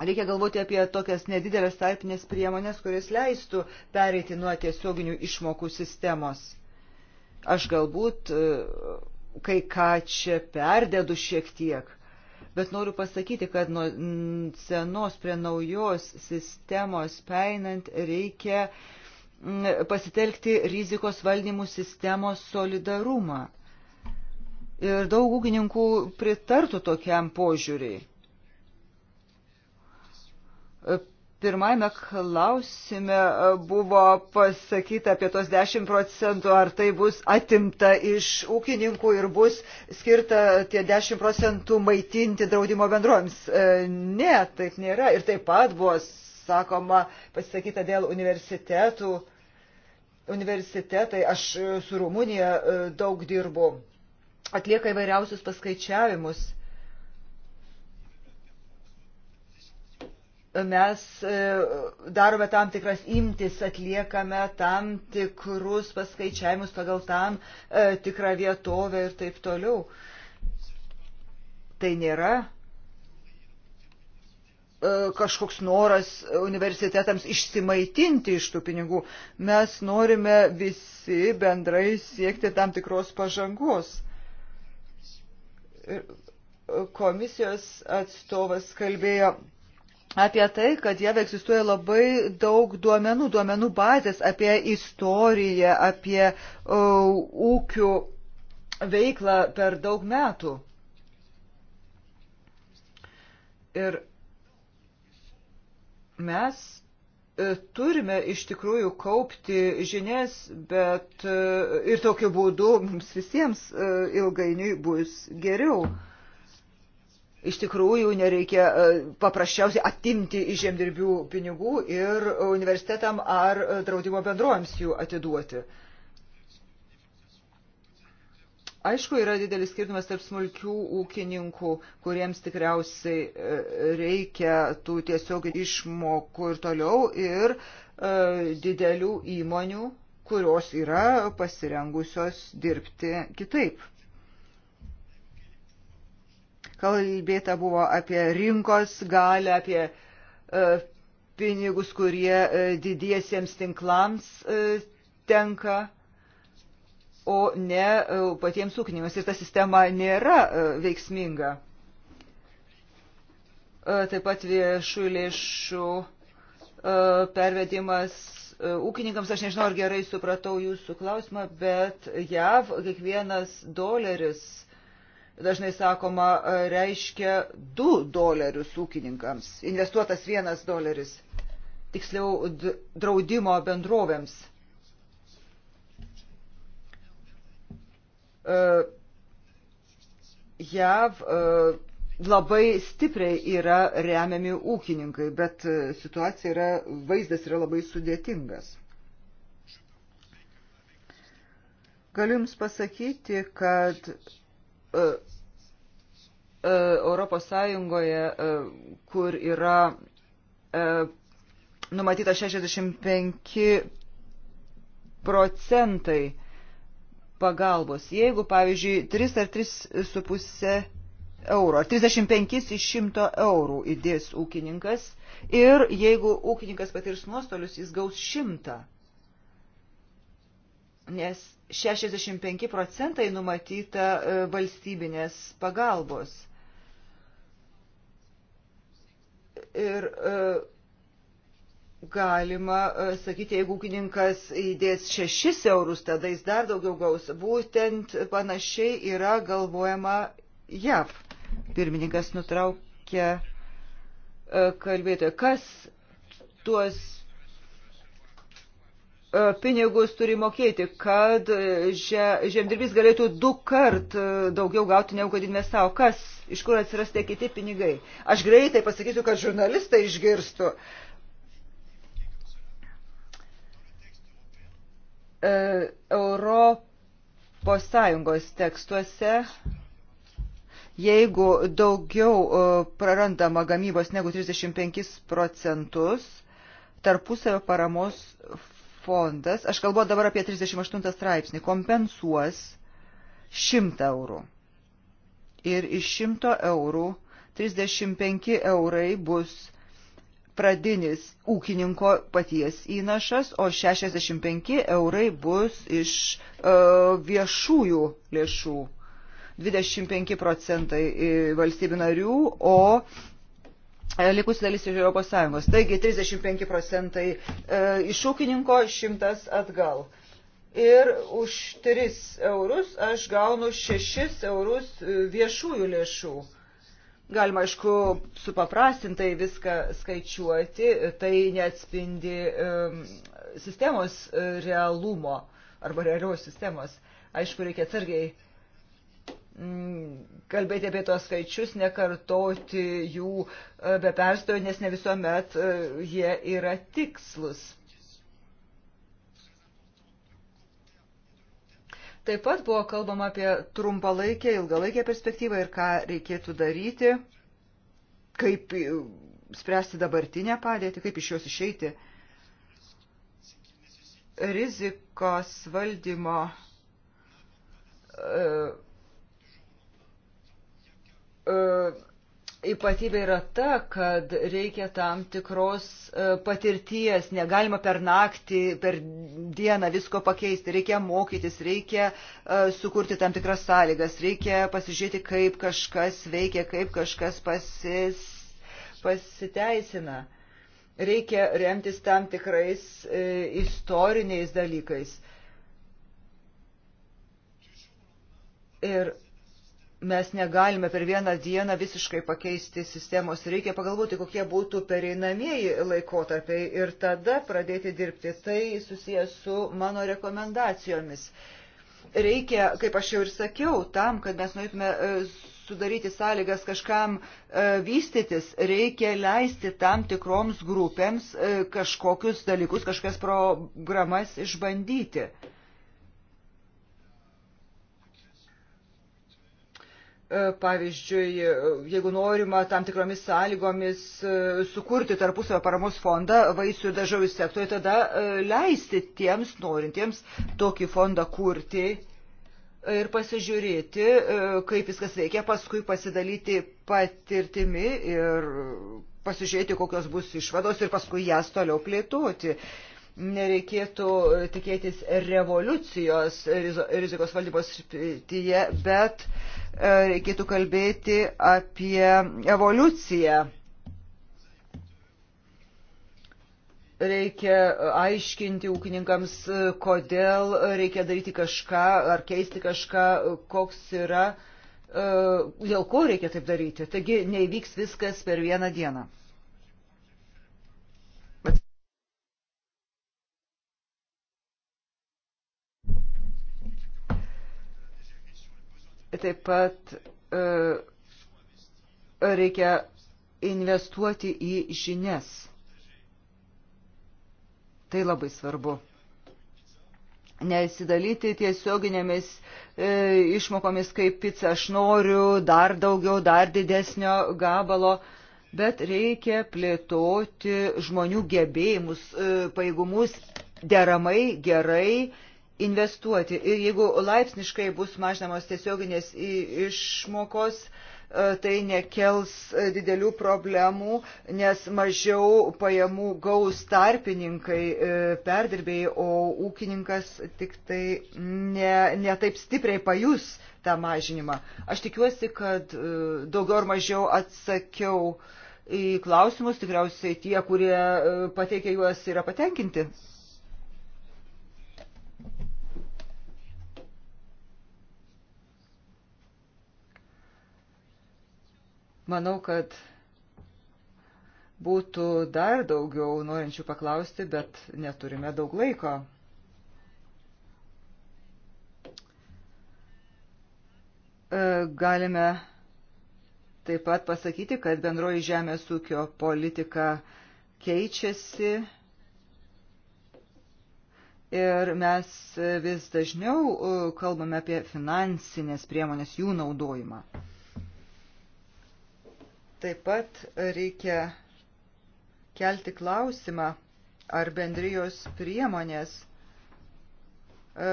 Reikia galvoti apie tokias nedidelės tarpinės priemonės, kuris leistų pereiti nuo tiesioginių išmokų sistemos. Aš galbūt e, kai ką čia perdedu šiek tiek, bet noriu pasakyti, kad nuo senos prie naujos sistemos peinant reikia pasitelkti rizikos valdymų sistemos solidarumą. Ir daug ūkininkų pritartų tokiam požiūriui pirmajame klausime e, buvo pasakyta apie tos 10 procentų, ar tai bus atimta iš ūkininkų ir bus skirta tie 10 procentų maitinti draudimo bendrovėms. E, ne, taip nėra. Ir taip pat buvo sakoma, pasakyta dėl universitetų. Universitetai, aš su Rumunija e, daug dirbu, atlieka įvairiausius paskaičiavimus mes e, darome tam tikras imtis, atliekame tam tikrus paskaičiavimus pagal tam e, tikrą vietovę ir taip toliau. Tai nėra e, kažkoks noras universitetams išsimaitinti iš tų pinigų. Mes norime visi bendrai siekti tam tikros pažangos. Komisijos atstovas kalbėjo apie tai, kad jav egzistuoja labai daug duomenų, duomenų bazės apie istoriją, apie uh, ūkių veiklą per daug metų. Ir mes e, turime iš tikrųjų kaupti žinias, bet e, ir tokiu būdu mums visiems ilgainiui bus geriau. Iš tikrųjų, nereikia e, paprasčiausiai atimti iš žemdirbių pinigų ir universitetam ar e, draudimo bendrovėms jų atiduoti. Aišku, yra didelis skirtumas tarp smulkių ūkininkų, kuriems tikriausiai e, reikia tų tiesiog išmokų ir toliau, ir e, didelių įmonių, kurios yra pasirengusios dirbti kitaip. Kalbėta buvo apie rinkos galę, apie e, pinigus, kurie e, didiesiems tinklams e, tenka, o ne patiems ūkininkams. Ir ta sistema nėra veiksminga. Taip pat viešų lėšų pervedimas ūkininkams, aš nežinau, ar gerai supratau jūsų klausimą, bet JAV kiekvienas doleris dažnai sakoma, e, reiškia 2 dolerius ūkininkams, investuotas 1 doleris, tiksliau draudimo bendrovėms. E, JAV e, labai stipriai yra remiami ūkininkai, bet situacija yra, vaizdas yra labai sudėtingas. Galiu Jums pasakyti, kad E, Europos Sąjungoje, e, kur yra e, numatyta 65 procentai pagalbos. Jeigu, pavyzdžiui, 3 ar 3,5 eurų, ar 35 iš 100 eurų įdės ūkininkas ir jeigu ūkininkas patirs nuostolius, jis gaus 100. Nes 65 procentai numatyta valstybinės pagalbos Ir e, galima e, sakyti, jeigu ūkininkas įdės 6 eurus, tada jis dar daugiau gaus. Būtent panašiai yra galvojama JAV. Pirmininkas nutraukė e, kalbėtoją. Kas tuos pinigus turi mokėti, kad žemdirbys galėtų du kart daugiau gauti, negu kad investavo. Kas iš kur atsiras tie kiti pinigai. Aš greitai pasakysiu, kad žurnalistai išgirstų. E, Europos Sąjungos tekstuose, jeigu daugiau e, prarandama gamybos negu 35 procentus, tarpusavio paramos fondas, aš kalbu dabar apie 38 straipsnį, kompensuos 100 eurų ir iš 100 eurų 35 eurai bus pradinis ūkininko paties įnašas, o 65 eurai bus iš uh, viešųjų lėšų. 25 procentai e, valstybių narių, o e, likus dalis iš ES. Taigi 35 procentai uh, iš ūkininko, 100 atgal. Uh, ir už 3 eurus aš gaunu 6 eurus viešųjų lėšų. Galima, aišku, supaprastintai viską skaičiuoti, tai neatspindi um, sistemos e, realumo arba realios sistemos. Aišku, reikia atsargiai mm, kalbėti apie tos skaičius, nekartoti jų e, be perstojo, nes ne visuomet e, jie yra tikslus. Taip pat buvo kalbama apie trumpalaikę, ilgalaikę perspektyvą ir ką reikėtų daryti, kaip spręsti dabartinę padėtį, kaip iš jos išeiti. Rizikos valdymo e, e, ypatybė yra ta, kad reikia tam tikros e, patirties, negalima per naktį, per dieną visko pakeisti, reikia mokytis, reikia e, sukurti tam tikras sąlygas, reikia pasižiūrėti, kaip kažkas veikia, kaip kažkas pasis, pasiteisina. Reikia remtis tam tikrais e, istoriniais dalykais. Ir mes negalime per vieną dieną visiškai pakeisti sistemos. Reikia pagalvoti, kokie būtų pereinamieji laikotarpiai ir tada pradėti dirbti. Tai susijęs su mano rekomendacijomis. Reikia, kaip aš jau ir sakiau, tam, kad mes norėtume e, sudaryti sąlygas kažkam e, vystytis, reikia leisti tam tikroms grupėms e, kažkokius dalykus, kažkokias programas išbandyti. E, pavyzdžiui, e, jeigu norima tam tikromis sąlygomis e, sukurti tarpusavio paramos fondą vaisių ir dažovių sektoriuje, tada leisti tiems norintiems tokį fondą kurti ir pasižiūrėti, kaip viskas veikia, paskui pasidalyti patirtimi ir pasižiūrėti, kokios bus išvados ir paskui jas toliau plėtoti nereikėtų tikėtis revoliucijos rizikos valdybos srityje, bet e, reikėtų kalbėti apie evoliuciją. Reikia aiškinti ūkininkams, e, kodėl reikia daryti kažką ar keisti kažką, koks yra, e, dėl ko reikia taip daryti. Taigi neįvyks viskas per vieną dieną. Taip pat e, reikia investuoti į žinias. Tai labai svarbu. Nesidalyti tiesioginėmis e, išmokomis kaip pica, aš noriu dar daugiau, dar didesnio gabalo, bet reikia plėtoti žmonių gebėjimus, e, paėgumus deramai, gerai investuoti. Ir jeigu laipsniškai bus mažinamos tiesioginės išmokos, e, tai nekels e, didelių problemų, nes mažiau pajamų gaus tarpininkai, e, perdirbėjai, o ūkininkas tik tai ne, ne taip stipriai pajus tą mažinimą. Aš tikiuosi, kad daugiau ar mažiau atsakiau į klausimus, tikriausiai tie, kurie pateikė juos, yra patenkinti. Manau, kad būtų dar daugiau norinčių paklausti, bet neturime daug laiko. E, galime taip pat pasakyti, kad bendroji žemės ūkio politika keičiasi ir mes vis dažniau e, kalbame apie finansinės priemonės, jų naudojimą. Taip pat reikia kelti klausimą, ar bendrijos priemonės e,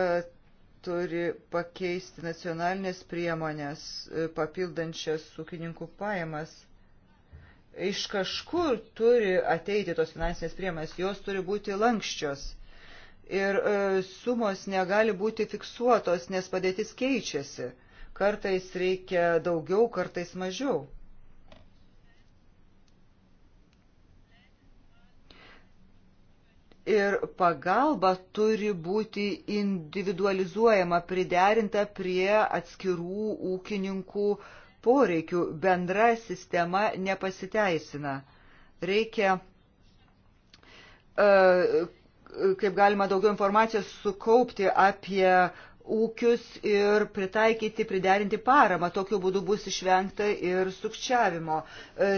turi pakeisti nacionalinės priemonės, e, papildančias ūkininkų pajamas. Iš kažkur turi ateiti tos finansinės priemonės, jos turi būti lankščios. Ir e, sumos negali būti fiksuotos, nes padėtis keičiasi. Kartais reikia daugiau, kartais mažiau. ir pagalba turi būti individualizuojama, priderinta prie atskirų ūkininkų poreikių. Bendra sistema nepasiteisina. Reikia e, kaip galima daugiau informacijos sukaupti apie ūkius ir pritaikyti, priderinti paramą. Tokiu būdu bus išvengta ir sukčiavimo.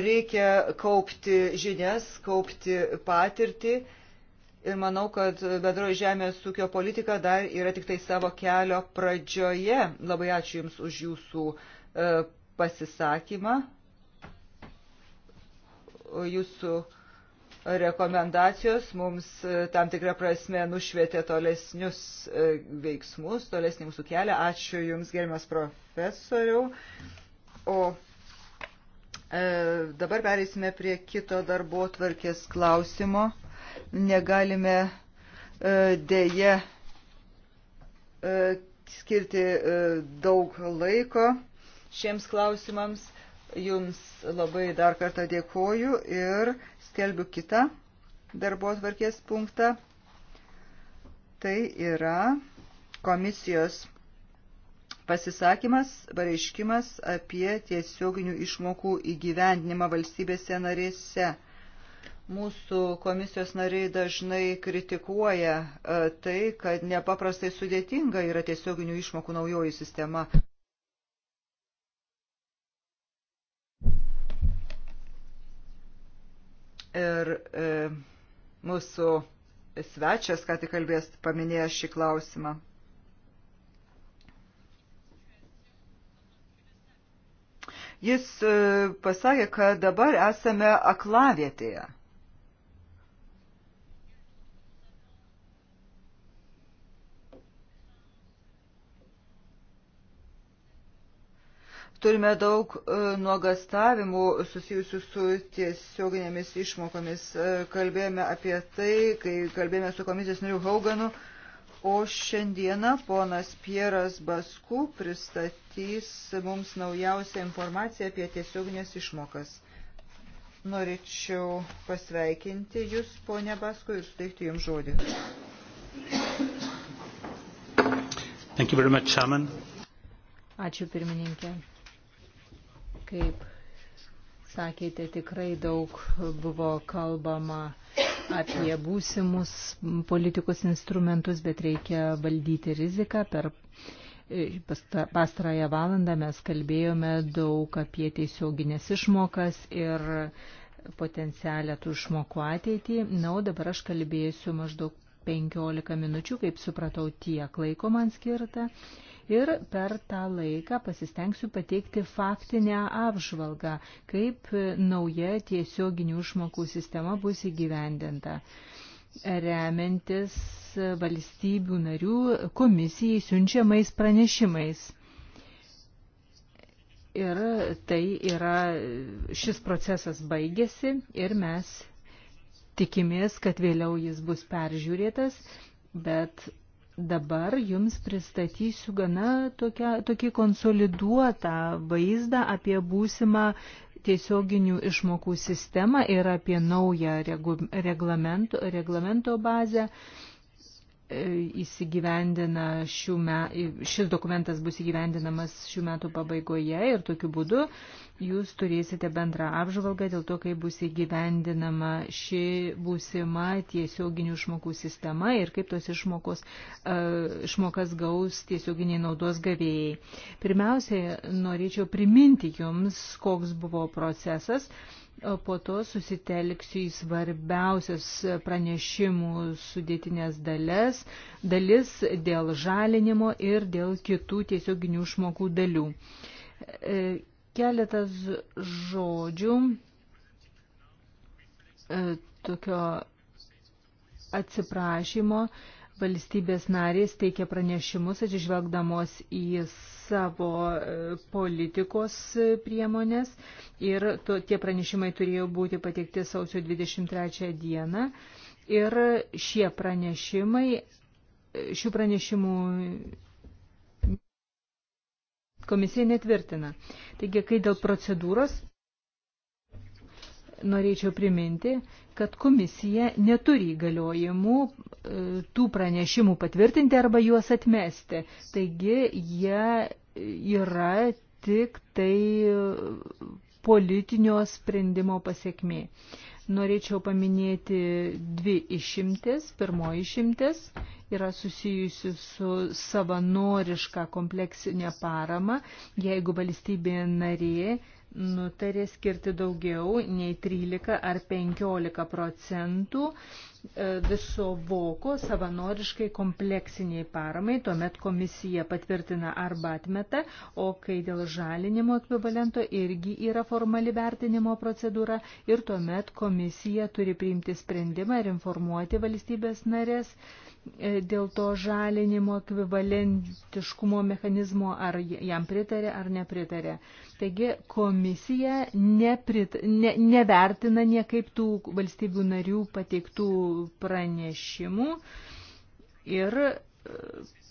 Reikia kaupti žinias, kaupti patirtį Ir manau, kad bendroji žemės ūkio politika dar yra tik tai savo kelio pradžioje. Labai ačiū Jums už Jūsų e, pasisakymą, Jūsų rekomendacijos mums e, tam tikrą prasme nušvietė tolesnius e, veiksmus, tolesnį mūsų kelią. Ačiū Jums, gerbiamas profesoriau. O e, dabar perėsime prie kito darbo tvarkės klausimo negalime e, dėje e, skirti e, daug laiko šiems klausimams. Jums labai dar kartą dėkoju ir skelbiu kitą darbo atvarkės punktą. Tai yra komisijos pasisakymas, pareiškimas apie tiesioginių išmokų įgyvendinimą valstybėse narėse. Mūsų komisijos nariai dažnai kritikuoja e, tai, kad nepaprastai sudėtinga yra tiesioginių išmokų naujoji sistema. Ir e, mūsų svečias, ką tik kalbės, paminėjo šį klausimą. Jis e, pasakė, kad dabar esame aklavietėje. Turime daug e, nuogastavimų susijusių su tiesioginėmis išmokomis. E, kalbėjome apie tai, kai kalbėjome su komisijos nariu Hauganu, o šiandieną ponas Pieras Basku pristatys mums naujausią informaciją apie tiesioginės išmokas. Norėčiau pasveikinti Jūs, ponė Basku, ir suteikti Jums žodį. Much, Ačiū pirmininkė. Kaip sakėte, tikrai daug buvo kalbama apie būsimus politikos instrumentus, bet reikia valdyti riziką. Per e, pastarąją valandą mes kalbėjome daug apie tiesioginės išmokas ir potencialę tų išmokų ateitį. Na, o dabar aš kalbėsiu maždaug 15 minučių, kaip supratau, tiek laiko man skirta ir per tą laiką pasistengsiu pateikti faktinę apžvalgą, kaip nauja tiesioginių išmokų sistema bus įgyvendinta remiantis valstybių narių komisijai siunčiamais pranešimais. Ir tai yra, šis procesas baigėsi ir mes tikimės, kad vėliau jis bus peržiūrėtas, bet Dabar jums pristatysiu gana tokia, tokį konsoliduotą vaizdą apie būsimą tiesioginių išmokų sistemą ir apie naują reglamento, reglamento bazę. E, įsigyvendina šių metų, šis dokumentas bus įgyvendinamas šių metų pabaigoje ir tokiu būdu jūs turėsite bendrą apžvalgą dėl to, kaip bus įgyvendinama ši būsima tiesioginių išmokų sistema ir kaip tos išmokos, e, išmokas gaus tiesioginiai naudos gavėjai. Pirmiausia, norėčiau priminti jums, koks buvo procesas po to susitelksiu į svarbiausias pranešimų sudėtinės dalis, dalis dėl žalinimo ir dėl kitų tiesioginių išmokų dalių. E, keletas žodžių e, tokio atsiprašymo valstybės narės teikia pranešimus atsižvelgdamos į savo e, politikos e, priemonės ir to, tie pranešimai turėjo būti pateikti sausio 23 dieną ir šie pranešimai, e, šių pranešimų komisija netvirtina. Taigi, kai dėl procedūros norėčiau priminti, kad komisija neturi įgaliojimų e, tų pranešimų patvirtinti arba juos atmesti. Taigi jie yra tik tai politinio sprendimo pasiekmė. Norėčiau paminėti dvi išimtis. Pirmoji išimtis yra susijusi su savanoriška kompleksinė parama, jeigu valstybė narė nutarė skirti daugiau nei 13 ar 15 procentų e, viso voko savanoriškai kompleksiniai paramai, tuomet komisija patvirtina arba atmeta, o kai dėl žalinimo ekvivalento irgi yra formali vertinimo procedūra ir tuomet komisija turi priimti sprendimą ir informuoti valstybės narės E, dėl to žalinimo ekvivalentiškumo mechanizmo, ar jam pritarė ar nepritarė. Taigi komisija neprit, ne, nevertina niekaip tų valstybių narių pateiktų pranešimų ir e,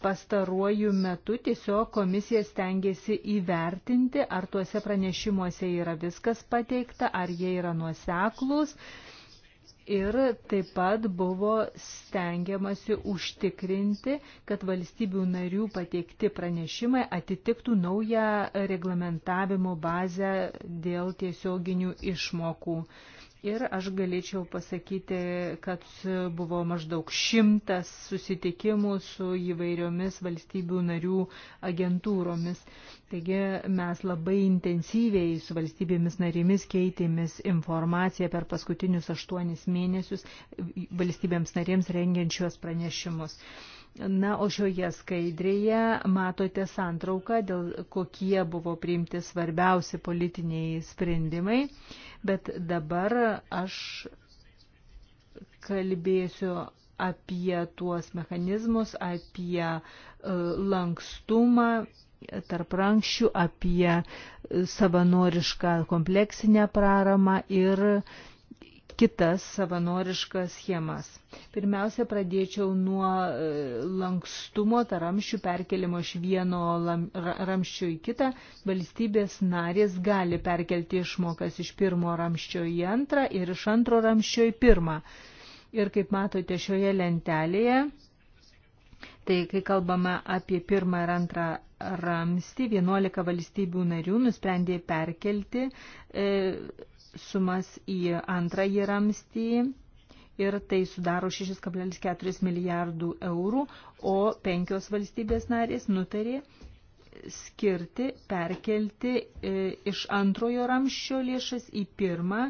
pastaruoju metu tiesiog komisija stengiasi įvertinti, ar tuose pranešimuose yra viskas pateikta, ar jie yra nuoseklus ir taip pat buvo stengiamasi užtikrinti, kad valstybių narių pateikti pranešimai atitiktų naują reglamentavimo bazę dėl tiesioginių išmokų. Ir aš galėčiau pasakyti, kad buvo maždaug šimtas susitikimų su įvairiomis valstybių narių agentūromis. Taigi mes labai intensyviai su valstybėmis narimis keitėmis informaciją per paskutinius aštuonis mėnesius valstybėms narėms rengiančios pranešimus. Na, o šioje skaidrėje matote santrauką, dėl kokie buvo priimti svarbiausi politiniai sprendimai, bet dabar aš kalbėsiu apie tuos mechanizmus, apie e, lankstumą tarp rankščių, apie e, savanorišką kompleksinę praramą ir kitas savanoriškas schemas. Pirmiausia, pradėčiau nuo e, lankstumo, ta ramščių perkelimo iš vieno ramščio į kitą. Valstybės narės gali perkelti išmokas iš pirmo ramščio į antrą ir iš antro ramščio į pirmą. Ir kaip matote šioje lentelėje, tai kai kalbame apie pirmą ir antrą ramstį, 11 valstybių narių nusprendė perkelti. E, sumas į antrąjį ramstį ir tai sudaro 6,4 milijardų eurų, o penkios valstybės narės nutarė skirti, perkelti e, iš antrojo ramščio lėšas į pirmą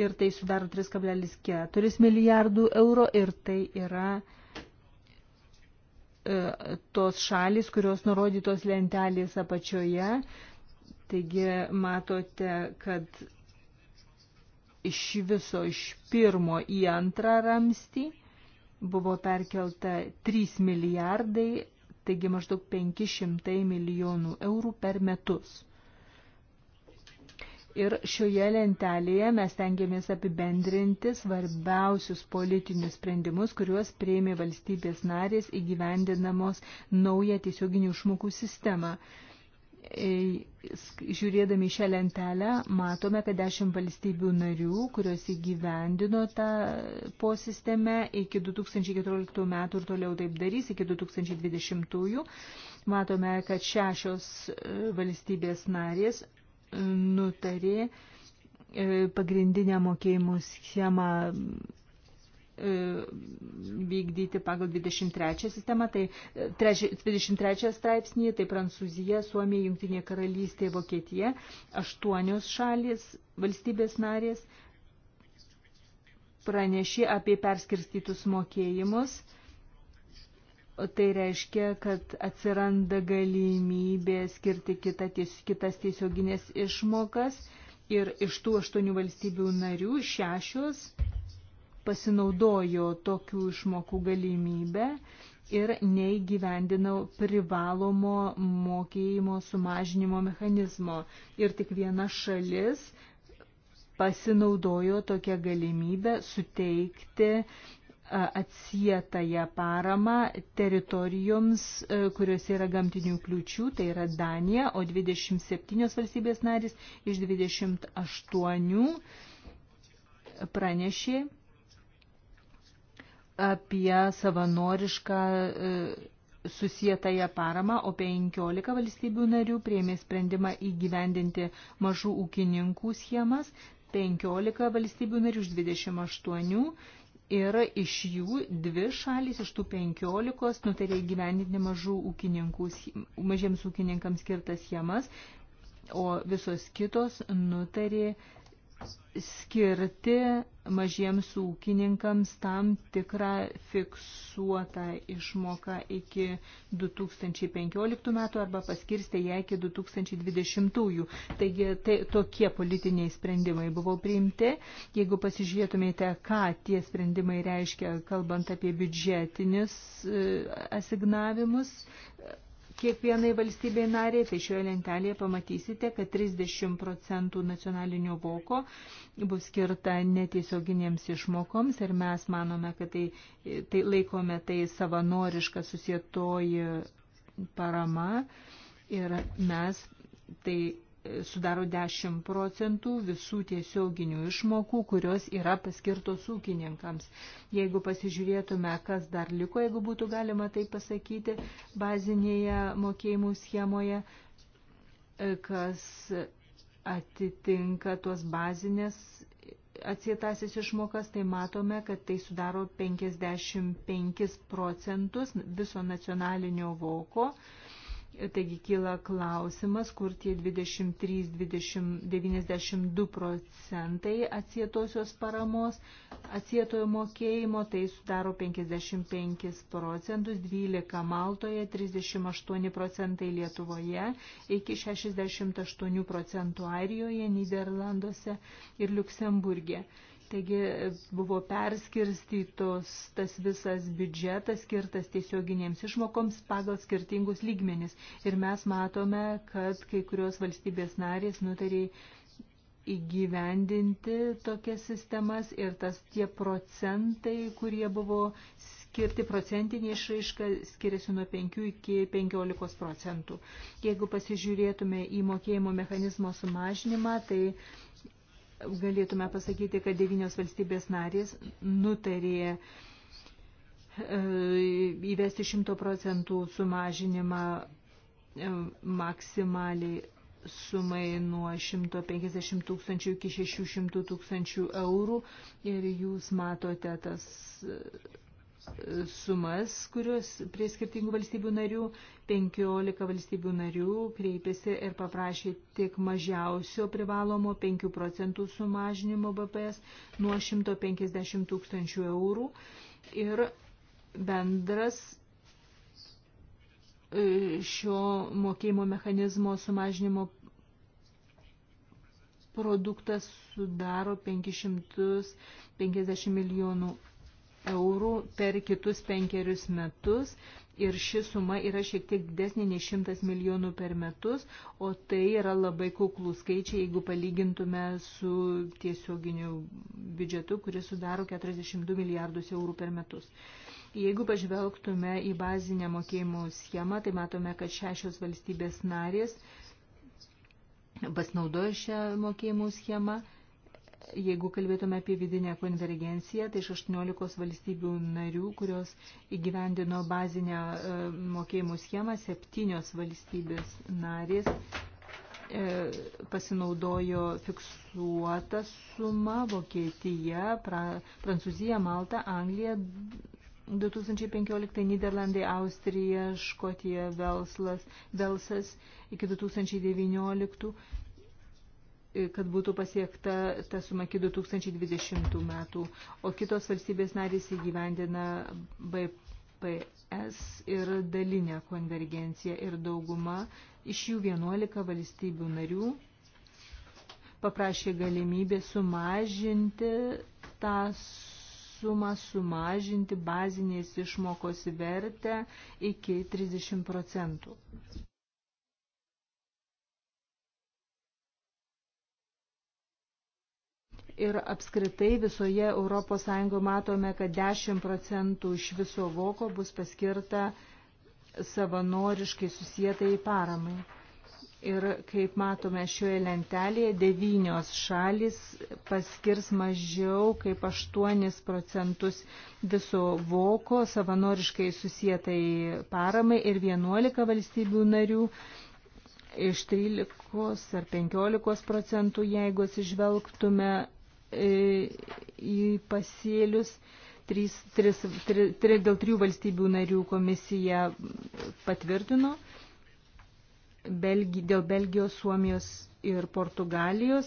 ir tai sudaro 3,4 milijardų eurų ir tai yra e, tos šalis, kurios nurodytos lentelės apačioje. Taigi matote, kad iš viso iš pirmo į antrą ramstį buvo perkelta 3 milijardai, taigi maždaug 500 milijonų eurų per metus. Ir šioje lentelėje mes tengiamės apibendrinti svarbiausius politinius sprendimus, kuriuos prieimė valstybės narės įgyvendinamos naują tiesioginių išmokų sistemą žiūrėdami šią lentelę, matome, kad 10 valstybių narių, kurios įgyvendino tą posistemę iki 2014 metų ir toliau taip darys iki 2020. -ųjų. Matome, kad šešios e, valstybės narės e, nutarė e, pagrindinę mokėjimų schemą E, vykdyti pagal 23 sistemą, tai 23 e, straipsnį, tai Prancūzija, Suomija, Jungtinė karalystė, Vokietija, aštuonios šalis, valstybės narės pranešė apie perskirstytus mokėjimus. Tai reiškia, kad atsiranda galimybė skirti kita, kitas tiesioginės išmokas ir iš tų aštuonių valstybių narių šešios pasinaudojo tokių išmokų galimybę ir neįgyvendinau privalomo mokėjimo sumažinimo mechanizmo. Ir tik viena šalis pasinaudojo tokią galimybę suteikti atsietąją paramą teritorijoms, kuriuose yra gamtinių kliučių, tai yra Danija, o 27 valstybės narys iš 28 pranešė apie savanorišką e, susietąją paramą, o 15 valstybių narių prieimė sprendimą įgyvendinti mažų ūkininkų schemas, 15 valstybių narių iš 28 ir iš jų dvi šalys iš tų 15 nutarė įgyvendinti mažų ūkininkų, mažiems ūkininkams skirtas schemas, o visos kitos nutarė skirti mažiems ūkininkams tam tikrą fiksuotą išmoką iki 2015 metų arba paskirstė ją iki 2020. Taigi tai, tokie politiniai sprendimai buvo priimti. Jeigu pasižiūrėtumėte, ką tie sprendimai reiškia, kalbant apie biudžetinius e, asignavimus, kiekvienai valstybei nariai, tai šioje lentelėje pamatysite, kad 30 procentų nacionalinio voko bus skirta netiesioginėms išmokoms ir mes manome, kad tai, tai laikome tai savanorišką susietoji parama ir mes tai sudaro 10 procentų visų tiesioginių išmokų, kurios yra paskirtos ūkininkams. Jeigu pasižiūrėtume, kas dar liko, jeigu būtų galima tai pasakyti, bazinėje mokėjimų schemoje, e, kas atitinka tuos bazinės atsietasis išmokas, tai matome, kad tai sudaro 55 procentus viso nacionalinio voko Taigi kyla klausimas, kur tie 23-92 procentai atsietosios paramos, atsietojo mokėjimo, tai sudaro 55 procentus, 12 Maltoje, 38 procentai Lietuvoje, iki 68 procentų Airijoje, Niderlanduose ir Luksemburgė. Taigi e, buvo perskirstytos tas visas biudžetas skirtas tiesioginėms išmokoms pagal skirtingus lygmenis. Ir mes matome, kad kai kurios valstybės narės nutarė įgyvendinti tokias sistemas ir tas tie procentai, kurie buvo skirti procentinė išraiška, skiriasi nuo 5 iki 15 procentų. Jeigu pasižiūrėtume į mokėjimo mechanizmo sumažinimą, tai galėtume pasakyti, kad devynios valstybės narės nutarė e, įvesti 100 procentų sumažinimą e, maksimaliai sumai nuo 150 tūkstančių iki 600 tūkstančių eurų ir jūs matote tas sumas, kurios prie skirtingų valstybių narių, 15 valstybių narių kreipėsi ir paprašė tik mažiausio privalomo 5 procentų sumažinimo BPS nuo 150 tūkstančių eurų ir bendras e, šio mokėjimo mechanizmo sumažinimo produktas sudaro 550 milijonų eurų per kitus penkerius metus ir ši suma yra šiek tiek didesnė nei 100 milijonų per metus, o tai yra labai kuklų skaičiai, jeigu palygintume su tiesioginiu biudžetu, kuris sudaro 42 milijardus eurų per metus. Jeigu pažvelgtume į bazinę mokėjimų schemą, tai matome, kad šešios valstybės narės pasinaudojo šią mokėjimų schemą Jeigu kalbėtume apie vidinę konvergenciją, tai iš 18 valstybių narių, kurios įgyvendino bazinę e, mokėjimų schemą, septynios valstybės narės e, pasinaudojo fiksuotą sumą Vokietija, pra, Prancūzija, Malta, Anglija, 2015 Niderlandai, Austrija, Škotija, Velslas, Velsas iki 2019 kad būtų pasiekta ta suma iki 2020 metų, o kitos valstybės narys įgyvendina BPS ir dalinę konvergenciją ir dauguma iš jų 11 valstybių narių paprašė galimybę sumažinti tą sumą, sumažinti bazinės išmokos vertę iki 30 procentų. ir apskritai visoje ES matome, kad 10 procentų iš viso voko bus paskirta savanoriškai susietai paramai. Ir kaip matome šioje lentelėje, devynios šalis paskirs mažiau kaip 8 procentus viso voko savanoriškai susietai paramai ir 11 valstybių narių iš 13 ar 15 procentų, jeigu atsižvelgtume į pasėlius. 3, 3, 3, dėl trijų valstybių narių komisija patvirtino Belgi, dėl Belgijos, Suomijos ir Portugalijos,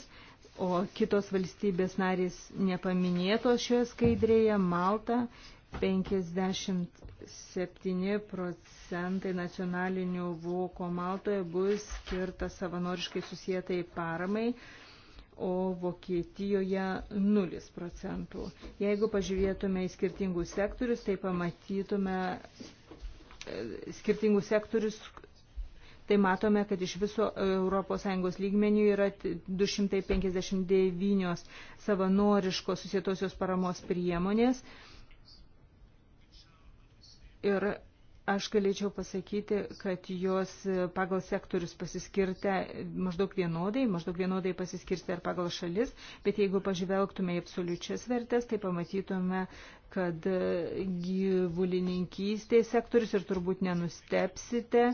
o kitos valstybės narės nepaminėtos šioje skaidrėje - Malta 57 procentai nacionalinių voko Maltoje bus skirta savanoriškai susietai paramai o Vokietijoje 0 procentų. Jeigu pažiūrėtume į skirtingus sektorius, tai pamatytume e, skirtingus sektorius, tai matome, kad iš viso ES lygmenių yra 259 savanoriškos susietosios paramos priemonės. Ir Aš galėčiau pasakyti, kad jos pagal sektorius pasiskirtę maždaug vienodai, maždaug vienodai pasiskirstę ir pagal šalis, bet jeigu pažvelgtume į absoliučias vertės, tai pamatytume, kad gyvulininkystės sektorius ir turbūt nenustepsite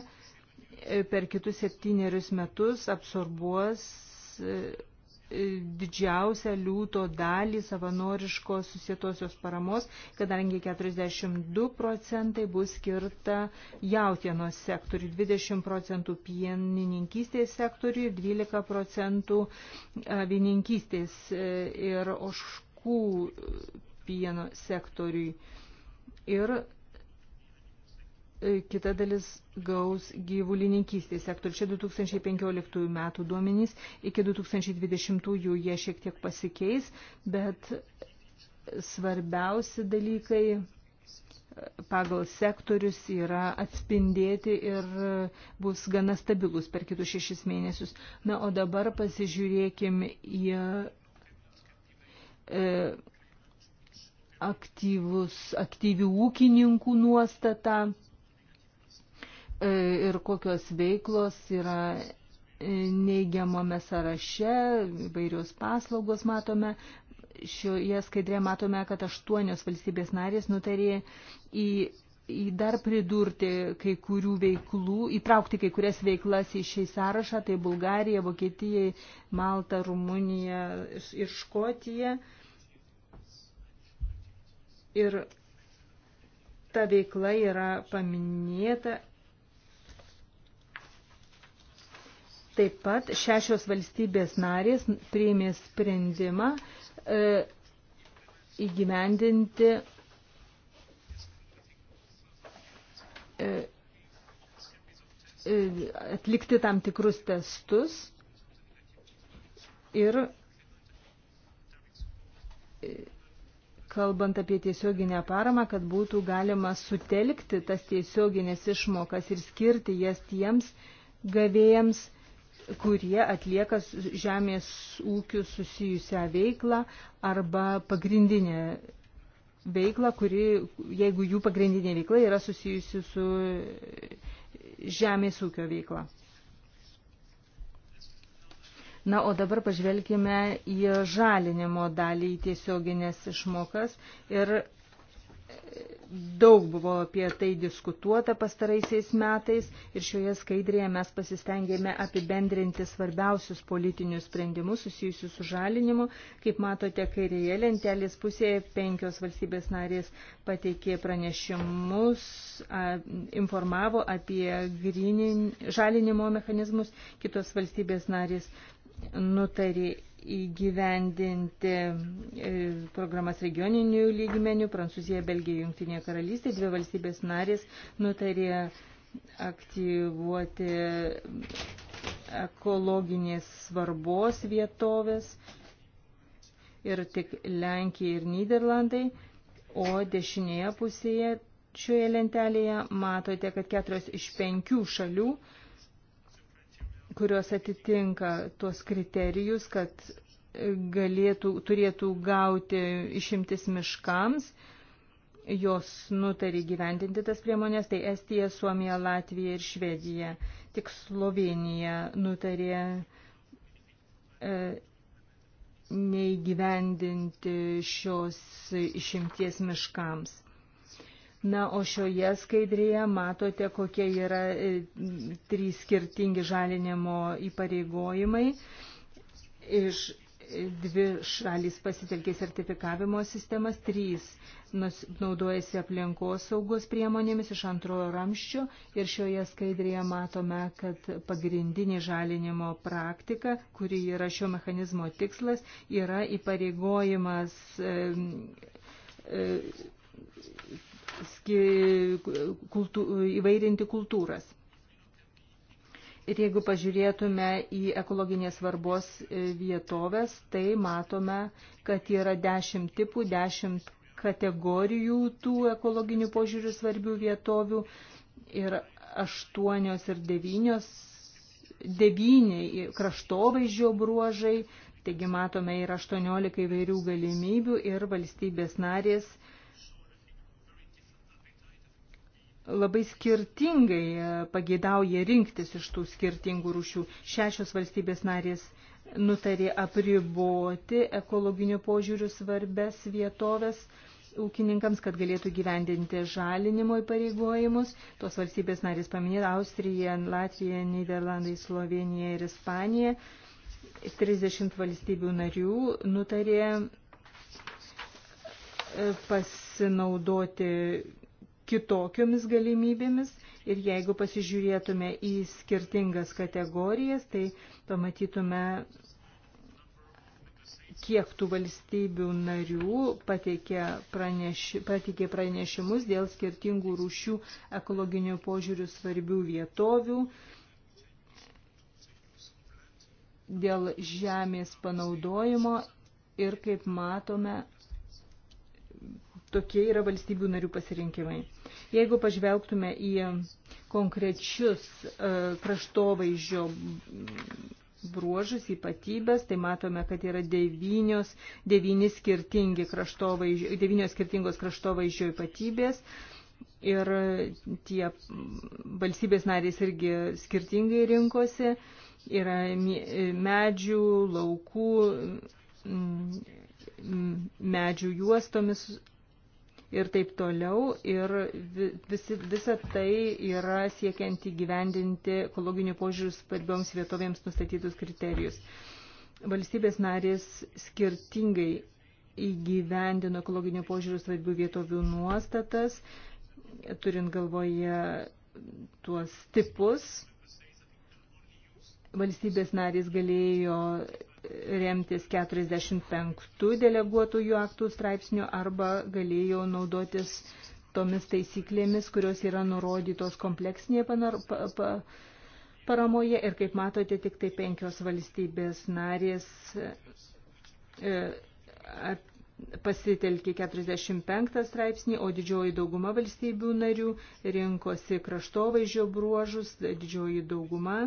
per kitus septynerius metus absorbuos didžiausią liūto dalį savanoriškos susietosios paramos, kadangi 42 procentai bus skirta jautienos sektoriui, 20 procentų pienininkystės sektoriui e, e, ir 12 procentų avininkystės ir oškų pieno sektoriui. Ir E, kita dalis gaus gyvulininkystės sektorių. Čia 2015 metų duomenys, iki 2020 jie šiek tiek pasikeis, bet svarbiausi dalykai e, pagal sektorius yra atspindėti ir e, bus gana stabilus per kitus šešis mėnesius. Na, o dabar pasižiūrėkim į e, aktyvus, aktyvių ūkininkų nuostatą ir kokios veiklos yra neigiamame sąraše, vairios paslaugos matome. Šioje skaidrė matome, kad aštuonios valstybės narės nutarė į, į dar pridurti kai kurių veiklų, įtraukti kai kurias veiklas į šį sąrašą, tai Bulgarija, Vokietija, Malta, Rumunija ir Škotija. Ir ta veikla yra paminėta Taip pat šešios valstybės narės priėmė sprendimą e, įgyvendinti e, e atlikti tam tikrus testus ir e, kalbant apie tiesioginę paramą, kad būtų galima sutelkti tas tiesioginės išmokas ir skirti jas tiems gavėjams, kurie atlieka žemės ūkių susijusią veiklą arba pagrindinę veiklą, kuri, jeigu jų pagrindinė veikla yra susijusi su žemės ūkio veikla. Na, o dabar pažvelkime į žalinimo dalį, į tiesioginės išmokas ir daug buvo apie tai diskutuota pastaraisiais metais ir šioje skaidrėje mes pasistengėme apibendrinti svarbiausius politinius sprendimus susijusius su žalinimu. Kaip matote, kairėje lentelės pusėje penkios valstybės narės pateikė pranešimus, informavo apie grinin, žalinimo mechanizmus, kitos valstybės narės nutarė įgyvendinti e, programas regioninių lygmenių. Prancūzija, Belgija, Junktinė karalystė, dvi valstybės narės nutarė aktyvuoti ekologinės svarbos vietovės ir tik Lenkija ir Niderlandai, o dešinėje pusėje šioje lentelėje matote, kad keturios iš penkių šalių kurios atitinka tuos kriterijus, kad galėtų, turėtų gauti išimtis miškams, jos nutarė gyventinti tas priemonės, tai Estija, Suomija, Latvija ir Švedija. Tik Slovenija nutarė e, neįgyvendinti šios išimties miškams. Na, o šioje skaidrėje matote, kokie yra e, trys skirtingi žalinimo įpareigojimai. Iš e, dvi šalys pasitelkė sertifikavimo sistemas, trys naudojasi aplinkos saugos priemonėmis iš antrojo ramščio ir šioje skaidrėje matome, kad pagrindinė žalinimo praktika, kuri yra šio mechanizmo tikslas, yra įpareigojimas. E, e, kultū, įvairinti kultūras. Ir jeigu pažiūrėtume į ekologinės svarbos e, vietovės, tai matome, kad yra dešimt tipų, dešimt kategorijų tų ekologinių požiūrių svarbių vietovių ir aštuonios ir devynios, devyni kraštovaizdžio bruožai, taigi matome ir aštuoniolika įvairių galimybių ir valstybės narės uh, labai skirtingai e, pageidauja rinktis iš tų skirtingų rūšių. Šešios valstybės narės nutarė apriboti ekologiniu požiūriu svarbes vietovės ūkininkams, kad galėtų gyvendinti žalinimo įpareigojimus. Tos valstybės narės paminėjo Austrija, Latvija, Niderlandai, Slovenija ir Ispanija. 30 valstybių narių nutarė e, pasinaudoti kitokiomis galimybėmis ir jeigu pasižiūrėtume į skirtingas kategorijas, tai pamatytume, kiek tų valstybių narių pateikė, praneš, pateikė pranešimus dėl skirtingų rūšių ekologinių požiūrių svarbių vietovių, dėl žemės panaudojimo ir, kaip matome, tokie yra valstybių narių pasirinkimai. Jeigu pažvelgtume į konkrečius e, kraštovaizdžio bruožus, ypatybės, tai matome, kad yra devynios, devyni skirtingi kraštovaizdžio, devynios skirtingos kraštovaizdžio ypatybės. Ir tie valstybės narės irgi skirtingai rinkosi. Yra e, medžių, laukų, medžių juostomis ir taip toliau. Ir visi, visa tai yra siekiant įgyvendinti ekologinių požiūrių svarbioms vietovėms nustatytus kriterijus. Valstybės narės skirtingai įgyvendino ekologinių požiūrių svarbių vietovių nuostatas, turint galvoje tuos tipus valstybės narys galėjo remtis 45 deleguotųjų aktų straipsnių arba galėjo naudotis tomis taisyklėmis, kurios yra nurodytos kompleksinėje panar, pa, pa, paramoje ir kaip matote, tik tai penkios valstybės narės e, pasitelkė 45 straipsnį, o didžioji dauguma valstybių narių rinkosi kraštovaizdžio bruožus, didžioji dauguma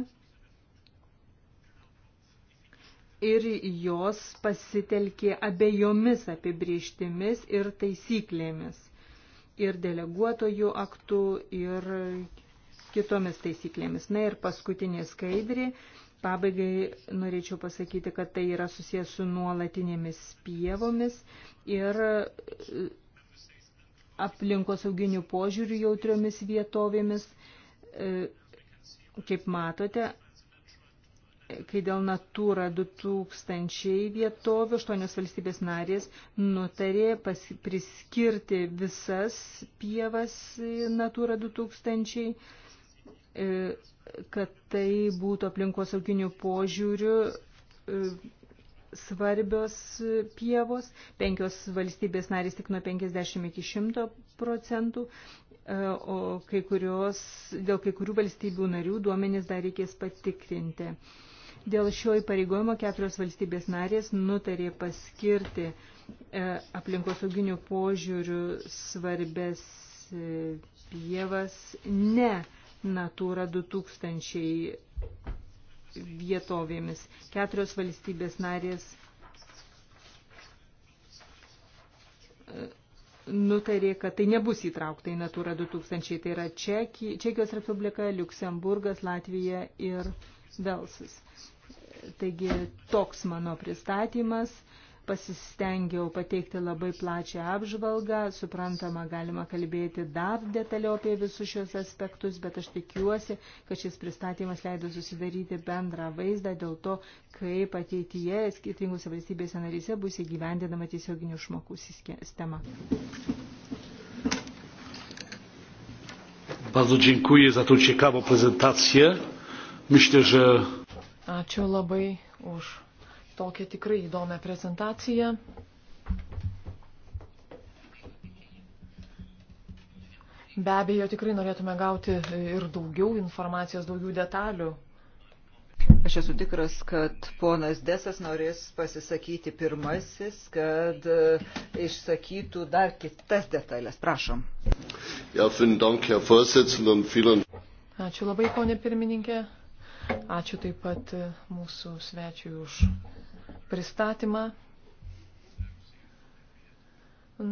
ir jos pasitelkė abejomis apibrieštimis ir taisyklėmis. Ir deleguotojų aktų, ir kitomis taisyklėmis. Na ir paskutinė skaidrė. Pabaigai norėčiau pasakyti, kad tai yra susijęs su nuolatinėmis pievomis ir e, aplinkosauginių požiūrių jautriomis vietovėmis. E, kaip matote, kai dėl Natūra 2000 vietovių aštuonios valstybės narės nutarė pas, priskirti visas pievas Natūra 2000, e, kad tai būtų aplinkosauginių požiūrių e, svarbios pievos, penkios valstybės narės tik nuo 50 iki 100 procentų, e, o kai kurios, dėl kai kurių valstybių narių duomenys dar reikės patikrinti. Dėl šio įpareigojimo keturios valstybės narės nutarė paskirti e, aplinkosauginių požiūrių svarbės e, pievas ne Natūra 2000 vietovėmis. Keturios valstybės narės e, nutarė, kad tai nebus įtraukta į Natūra 2000. Tai yra Čeki, Čekijos Respublika, Luksemburgas, Latvija ir Velsas. Taigi toks mano pristatymas. Pasistengiau pateikti labai plačią apžvalgą. Suprantama, galima kalbėti dar detaliau apie visus šios aspektus, bet aš tikiuosi, kad šis pristatymas leido susidaryti bendrą vaizdą dėl to, kaip ateityje skirtingose valstybėse narise bus įgyvendinama tiesioginių išmokų sistema. Bardzo dziękuję za tą ciekawą prezentację. Myślę, że Ačiū labai už tokią tikrai įdomią prezentaciją. Be abejo, tikrai norėtume gauti ir daugiau informacijos, daugiau detalių. Aš esu tikras, kad ponas Desas norės pasisakyti pirmasis, kad e, išsakytų dar kitas detalės. Prašom. Ja, dank, Ačiū labai, ponė pirmininkė. Ačiū taip pat mūsų svečiui už pristatymą.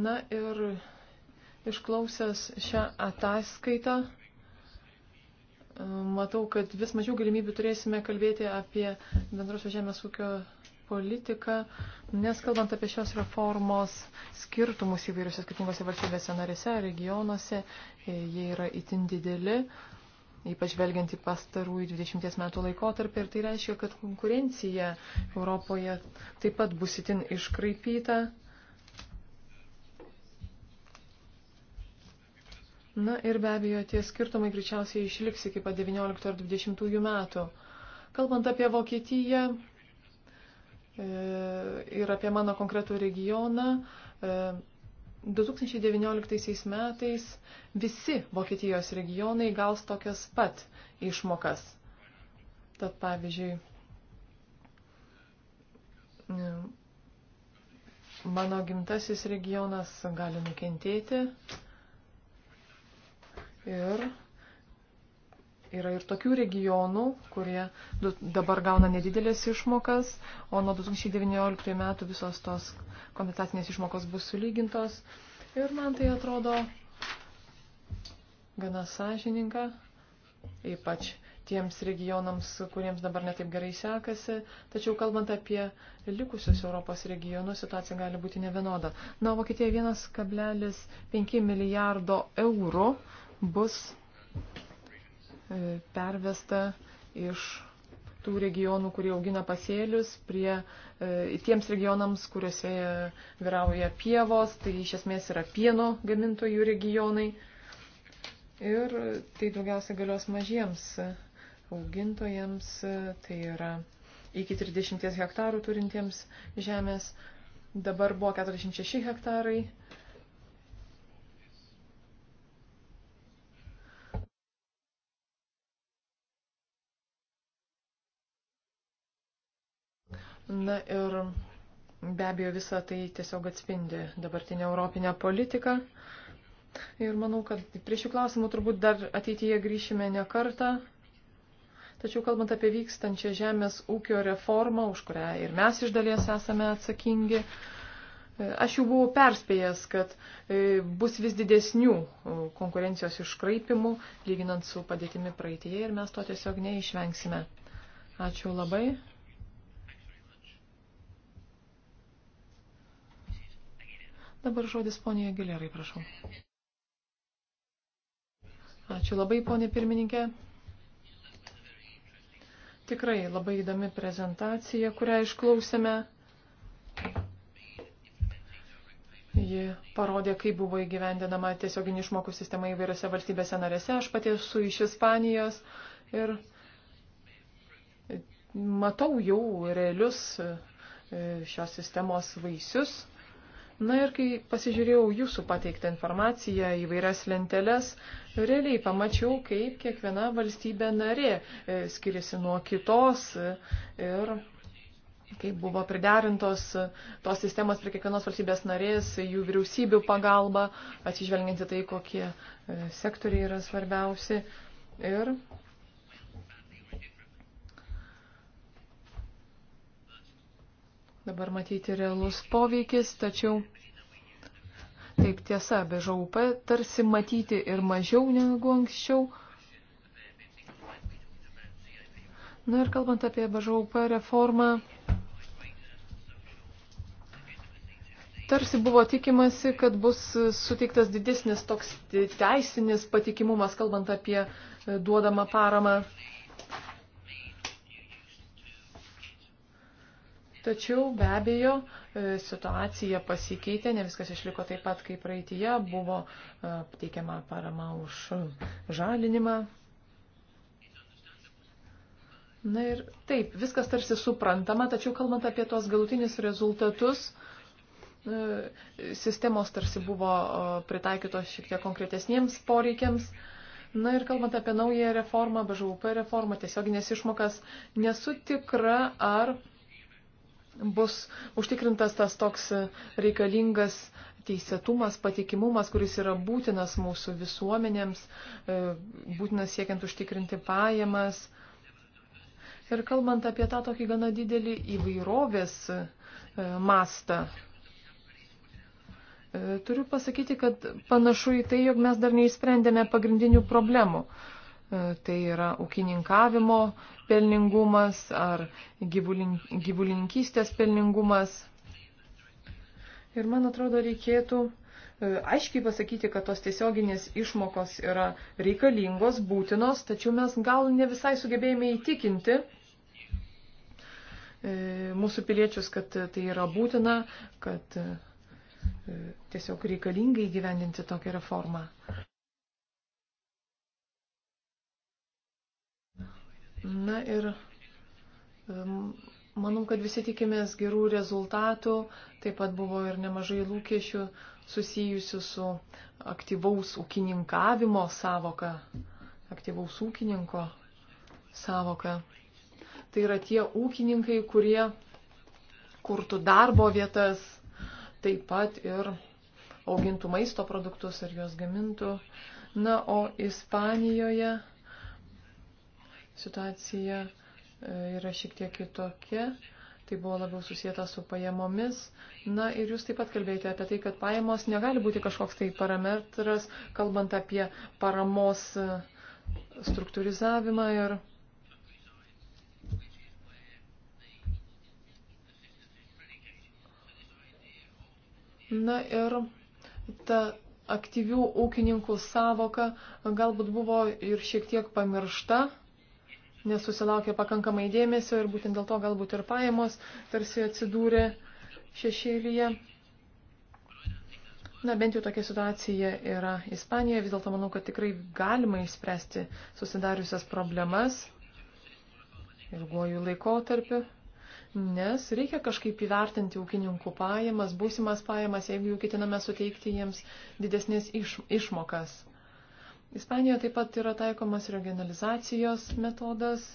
Na ir išklausęs šią ataskaitą, matau, kad vis mažiau galimybių turėsime kalbėti apie bendrosios žemės ūkio politiką, nes kalbant apie šios reformos skirtumus įvairiose skirtingose valstybėse narėse, regionuose, jie yra itin dideli ypač velgiant į pastarųjų 20 metų laikotarpį. Ir tai reiškia, kad konkurencija Europoje taip pat bus itin iškraipyta. Na ir be abejo, tie skirtumai greičiausiai išliks iki pat 19 ar 20 metų. Kalbant apie Vokietiją e, ir apie mano konkretų regioną, e, 2019 metais visi Vokietijos regionai gaus tokias pat išmokas. Tad pavyzdžiui, mano gimtasis regionas gali nukentėti ir yra ir tokių regionų, kurie dabar gauna nedidelės išmokas, o nuo 2019 metų visos tos kompensacinės išmokos bus sulygintos. Ir man tai atrodo gana sąžininka, ypač tiems regionams, kuriems dabar netaip gerai sekasi. Tačiau kalbant apie likusius Europos regionus, situacija gali būti nevienoda. Na, Vokietija 1,5 milijardo eurų bus e, pervesta iš tų regionų, kurie augina pasėlius, prie e, tiems regionams, kuriuose vyrauja pievos, tai iš esmės yra pieno gamintojų regionai. Ir tai daugiausia galios mažiems augintojams, tai yra iki 30 hektarų turintiems žemės. Dabar buvo 46 hektarai Na ir be abejo visą tai tiesiog atspindi dabartinę europinę politiką. Ir manau, kad prie šių klausimų turbūt dar ateityje grįšime ne kartą. Tačiau kalbant apie vykstančią žemės ūkio reformą, už kurią ir mes iš dalies esame atsakingi, aš jau buvau perspėjęs, kad e, bus vis didesnių e, konkurencijos iškraipimų, lyginant su padėtimi praeitėje ir mes to tiesiog neišvengsime. Ačiū labai. Dabar žodis ponėje Gilerai, prašau. Ačiū labai, ponė pirmininkė. Tikrai labai įdomi prezentacija, kurią išklausėme. Ji parodė, kaip buvo įgyvendinama tiesioginių išmokų sistema įvairiose valstybėse narėse. Aš pati esu iš Ispanijos ir matau jau realius e, šios sistemos vaisius. Na ir kai pasižiūrėjau jūsų pateiktą informaciją, įvairias lenteles, realiai pamačiau, kaip kiekviena valstybė narė e, skiriasi nuo kitos e, ir kaip buvo priderintos e, tos sistemos prie kiekvienos valstybės narės, jų vyriausybių pagalba, atsižvelginti tai, kokie sektoriai yra svarbiausi. Ir Dabar matyti realus poveikis, tačiau taip tiesa, be žaup tarsi matyti ir mažiau negu anksčiau. Na ir kalbant apie BŽUP reformą, tarsi buvo tikimasi, kad bus suteiktas didesnis toks teisinis patikimumas, kalbant apie duodamą paramą Tačiau be abejo e, situacija pasikeitė, ne viskas išliko taip pat kaip praeitie, buvo e, teikiama parama už žalinimą. Na ir taip, viskas tarsi suprantama, tačiau kalbant apie tos galutinius rezultatus, e, sistemos tarsi buvo pritaikytos šiek tiek konkretesniems poreikiams. Na ir kalbant apie naują reformą, BŽUP reformą, tiesioginės išmokas, nesu tikra, ar bus užtikrintas tas toks reikalingas teisėtumas, patikimumas, kuris yra būtinas mūsų visuomenėms, e, būtinas siekiant užtikrinti pajamas. Ir kalbant apie tą tokį gana didelį įvairovės e, mastą, e, turiu pasakyti, kad panašu į tai, jog mes dar neišsprendėme pagrindinių problemų. E, tai yra ūkininkavimo pelningumas ar gyvulin, gyvulininkystės pelningumas. Ir man atrodo, reikėtų e, aiškiai pasakyti, kad tos tiesioginės išmokos yra reikalingos, būtinos, tačiau mes gal ne visai sugebėjome įtikinti e, mūsų piliečius, kad tai yra būtina, kad tiesiog reikalingai gyvendinti tokią reformą. Na ir manau, kad visi tikimės gerų rezultatų. Taip pat buvo ir nemažai lūkesčių susijusių su aktyvaus ūkininkavimo savoka, aktyvaus ūkininko savoka. Tai yra tie ūkininkai, kurie kurtų darbo vietas, taip pat ir augintų maisto produktus ar juos gamintų. Na, o Ispanijoje situacija e, yra šiek tiek kitokia. Tai buvo labiau susijęta su pajamomis. Na ir jūs taip pat kalbėjote apie tai, kad pajamos negali būti kažkoks tai parametras, kalbant apie paramos e, struktūrizavimą ir. Na ir ta aktyvių ūkininkų savoka galbūt buvo ir šiek tiek pamiršta nesusilaukė pakankamai dėmesio ir būtent dėl to galbūt ir pajamos tarsi atsidūrė šešėlyje. Na, bent jau tokia situacija yra Ispanijoje. Vis dėlto manau, kad tikrai galima išspręsti susidariusias problemas ilguoju laikotarpiu, nes reikia kažkaip įvertinti ūkininkų pajamas, būsimas pajamas, jeigu jau ketiname suteikti jiems didesnės iš, išmokas. Ispanijoje taip pat yra taikomas regionalizacijos metodas.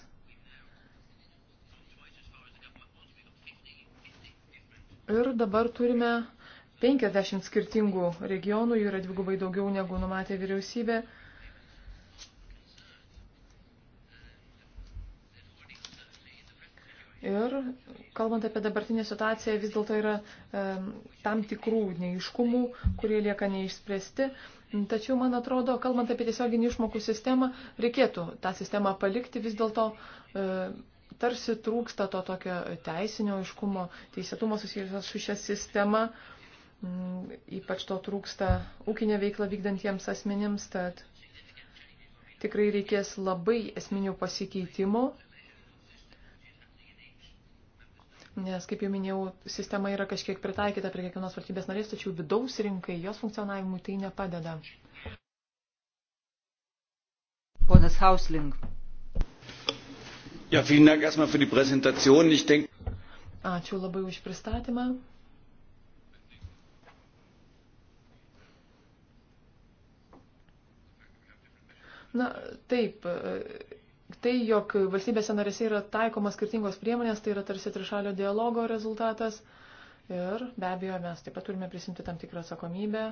Ir dabar turime 50 skirtingų regionų, jų yra dvigubai daugiau negu numatė vyriausybė. Ir kalbant apie dabartinę situaciją, vis dėlto yra e, tam tikrų neiškumų, kurie lieka neišspręsti. Tačiau, man atrodo, kalbant apie tiesioginį išmokų sistemą, reikėtų tą sistemą palikti vis dėlto. E, tarsi trūksta to tokio teisinio aiškumo, teisėtumo susijusios su šia sistema, mm, ypač to trūksta ūkinė veikla vykdantiems asmenims, tad tikrai reikės labai esminių pasikeitimų nes, kaip jau minėjau, sistema yra kažkiek pritaikyta prie kiekvienos valstybės narės, tačiau vidaus rinkai, jos funkcionavimui tai nepadeda. Ponas Hausling. Ja, vielen Dank erstmal für die Präsentation. Ich denke. Ačiū labai už pristatymą. Na, taip, tai, jog valstybėse narėse yra taikomas skirtingos priemonės, tai yra tarsi trišalio dialogo rezultatas. Ir be abejo, mes taip pat turime prisimti tam tikrą atsakomybę.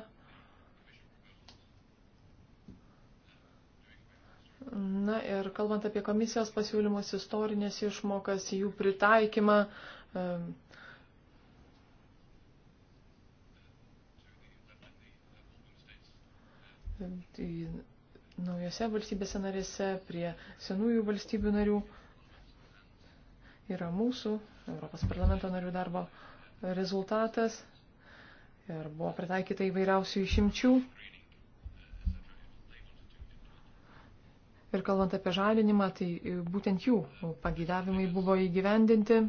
Na ir kalbant apie komisijos pasiūlymus, istorinės išmokas, jų pritaikymą. Um, naujose valstybėse narėse, prie senųjų valstybių narių. Yra mūsų, Europos parlamento narių darbo rezultatas ir buvo pritaikyta įvairiausių išimčių. Ir kalbant apie žalinimą, tai būtent jų pagydavimai buvo įgyvendinti.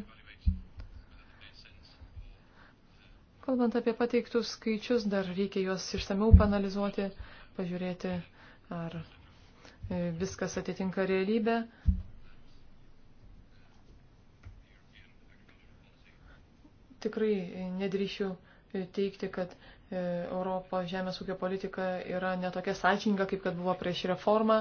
Kalbant apie pateiktus skaičius, dar reikia juos išsameu panalizuoti, pažiūrėti, ar e, viskas atitinka realybę. Tikrai e, nedrįšiu e, teikti, kad Europos žemės ūkio politika yra netokia sąžininga, kaip kad buvo prieš reformą.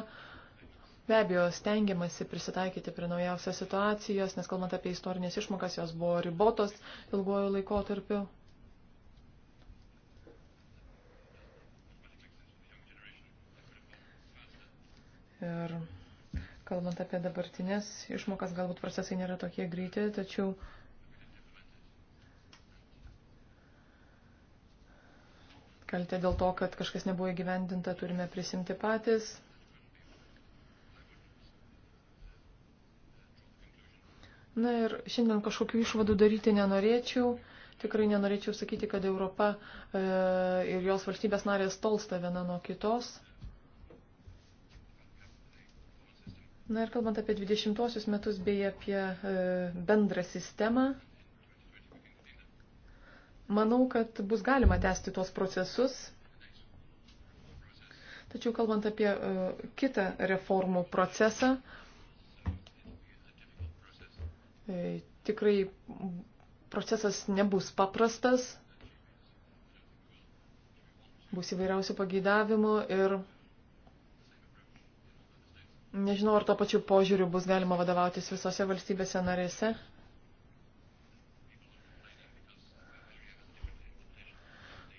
Be abejo, stengiamasi prisitaikyti prie naujausios situacijos, nes kalbant apie istorinės išmokas, jos buvo ribotos ilguoju laikotarpiu. Ir kalbant apie dabartinės išmokas, galbūt procesai nėra tokie greiti, tačiau kaltė dėl to, kad kažkas nebuvo įgyvendinta, turime prisimti patys. Na ir šiandien kažkokių išvadų daryti nenorėčiau. Tikrai nenorėčiau sakyti, kad Europa e, ir jos valstybės narės tolsta viena nuo kitos. Na ir kalbant apie 20-osius metus bei apie e, bendrą sistemą, manau, kad bus galima tęsti tuos procesus. Tačiau kalbant apie e, kitą reformų procesą, e, tikrai procesas nebus paprastas, bus įvairiausių pageidavimų ir Nežinau, ar to pačiu požiūriu bus galima vadovautis visose valstybėse narėse.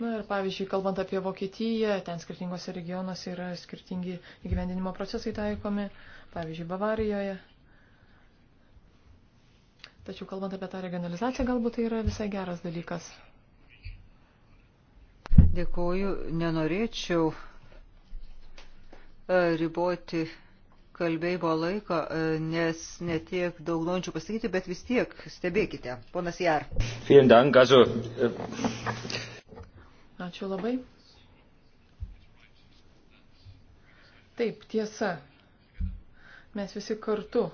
Na ir pavyzdžiui, kalbant apie Vokietiją, ten skirtingose regionuose yra skirtingi įgyvendinimo procesai taikomi, pavyzdžiui, Bavarijoje. Tačiau kalbant apie tą regionalizaciją, galbūt tai yra visai geras dalykas. Dėkuoju, nenorėčiau e, riboti kalbėjimo laiko, e, nes netiek daug norinčių pasakyti, bet vis tiek stebėkite. Ponas Jar. Äh, Ačiū labai. Taip, tiesa. Mes visi kartu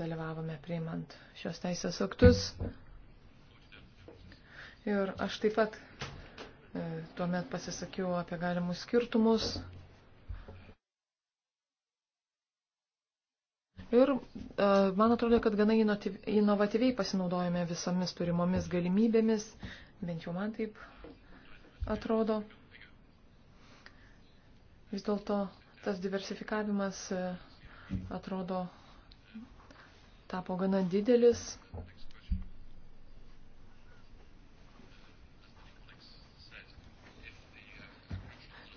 dalyvavome priimant šios teisės aktus. Ir aš taip pat e, tuomet pasisakiau apie galimus skirtumus Ir e, man atrodo, kad gana inovatyviai pasinaudojame visomis turimomis galimybėmis, bent jau man taip atrodo. Vis dėlto tas diversifikavimas e, atrodo tapo gana didelis.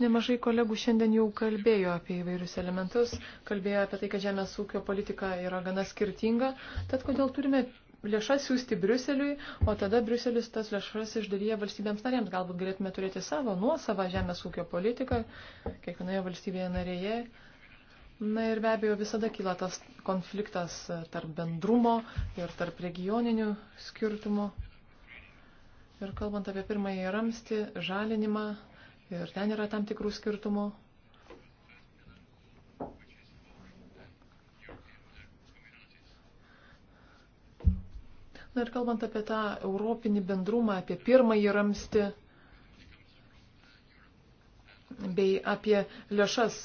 Nemažai kolegų šiandien jau kalbėjo apie įvairius elementus, kalbėjo apie tai, kad žemės ūkio politika yra gana skirtinga, tad kodėl turime lėšas siūsti Briuseliui, o tada Briuselis tas lėšas išdalyja valstybėms narėms. Galbūt galėtume turėti savo nuosavą žemės ūkio politiką kiekvienoje valstybėje narėje. Na ir be abejo visada kyla tas konfliktas tarp bendrumo ir tarp regioninių skirtumų. Ir kalbant apie pirmąjį ramstį, žalinimą, ir ten yra tam tikrų skirtumų. Na ir kalbant apie tą europinį bendrumą, apie pirmąjį ramstį bei apie lėšas,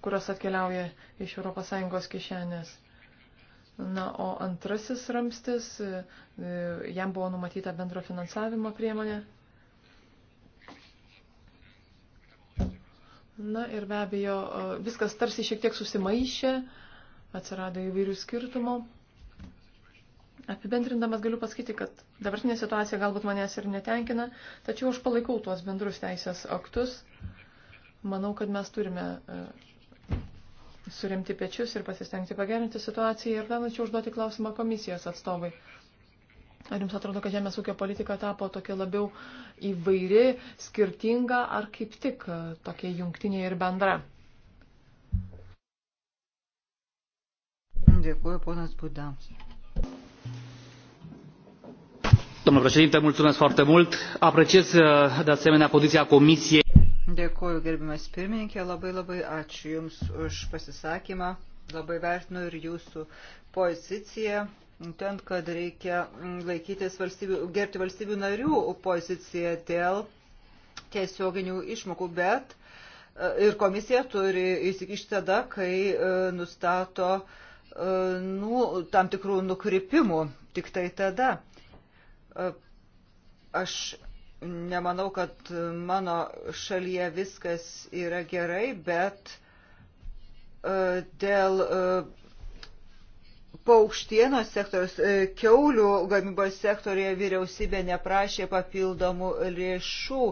kurios atkeliauja iš ES kišenės. Na, o antrasis ramstis, jam buvo numatyta bendro finansavimo priemonė. Na ir be abejo, viskas tarsi šiek tiek susimaišė, atsirado įvairių skirtumų. Apibendrindamas galiu pasakyti, kad dabartinė situacija galbūt manęs ir netenkina, tačiau aš palaikau tuos bendrus teisės aktus. Manau, kad mes turime e, suremti pečius ir pasistengti pagerinti situaciją. Ir dar norėčiau užduoti klausimą komisijos atstovai. Ar jums atrodo, kad žemės ūkio politika tapo tokia labiau įvairi, skirtinga, ar kaip tik e, tokia jungtinė ir bendra? Dėkuoju, ponas Buda. Domnul președinte, mulțumesc foarte mult. Apreciez e, de asemenea poziția comisiei. Dėkuoju, gerbimas pirmininkė, labai labai ačiū Jums už pasisakymą, labai vertinu ir Jūsų poziciją ten, kad reikia laikytis valstybių, gerti valstybių narių poziciją dėl tiesioginių išmokų, bet e, ir komisija turi įsikišti tada, kai e, nustato e, nu, tam tikrų nukrypimų, tik tai tada. Aš nemanau, kad mano šalyje viskas yra gerai, bet dėl paukštienos sektoriaus, e, keulių gamybos sektorėje vyriausybė neprašė papildomų lėšų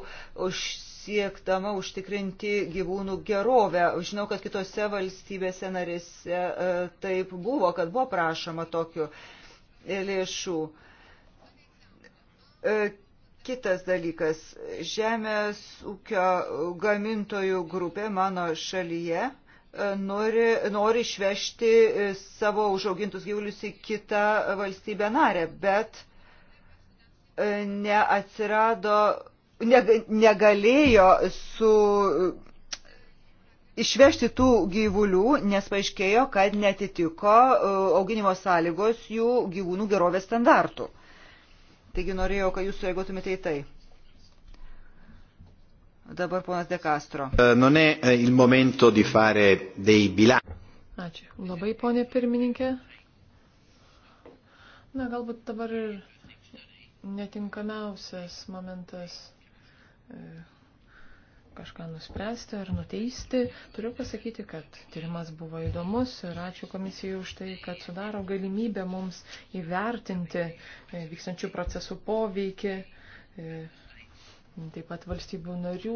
siektama užtikrinti gyvūnų gerovę. Žinau, kad kitose valstybėse narėse e, taip buvo, kad buvo prašoma tokių e, lėšų. Kitas dalykas. Žemės ūkio gamintojų grupė mano šalyje nori, nori išvežti e, savo užaugintus gyvulius į kitą valstybę narę, bet e, neatsirado, negalėjo su išvežti tų gyvulių, nes paaiškėjo, kad netitiko e, auginimo sąlygos jų gyvūnų gerovės standartų. Taigi norėjau, kad jūs sureaguotumėte į tai. Dabar ponas De Castro. E, non è e, il momento di fare dei bilanci. Ačiū. Labai, ponė pirmininkė. Na, galbūt dabar ir netinkamiausias momentas e, kažką nuspręsti ar nuteisti. Turiu pasakyti, kad tyrimas buvo įdomus ir ačiū komisijai už tai, kad sudaro galimybę mums įvertinti vykstančių procesų poveikį taip pat valstybių narių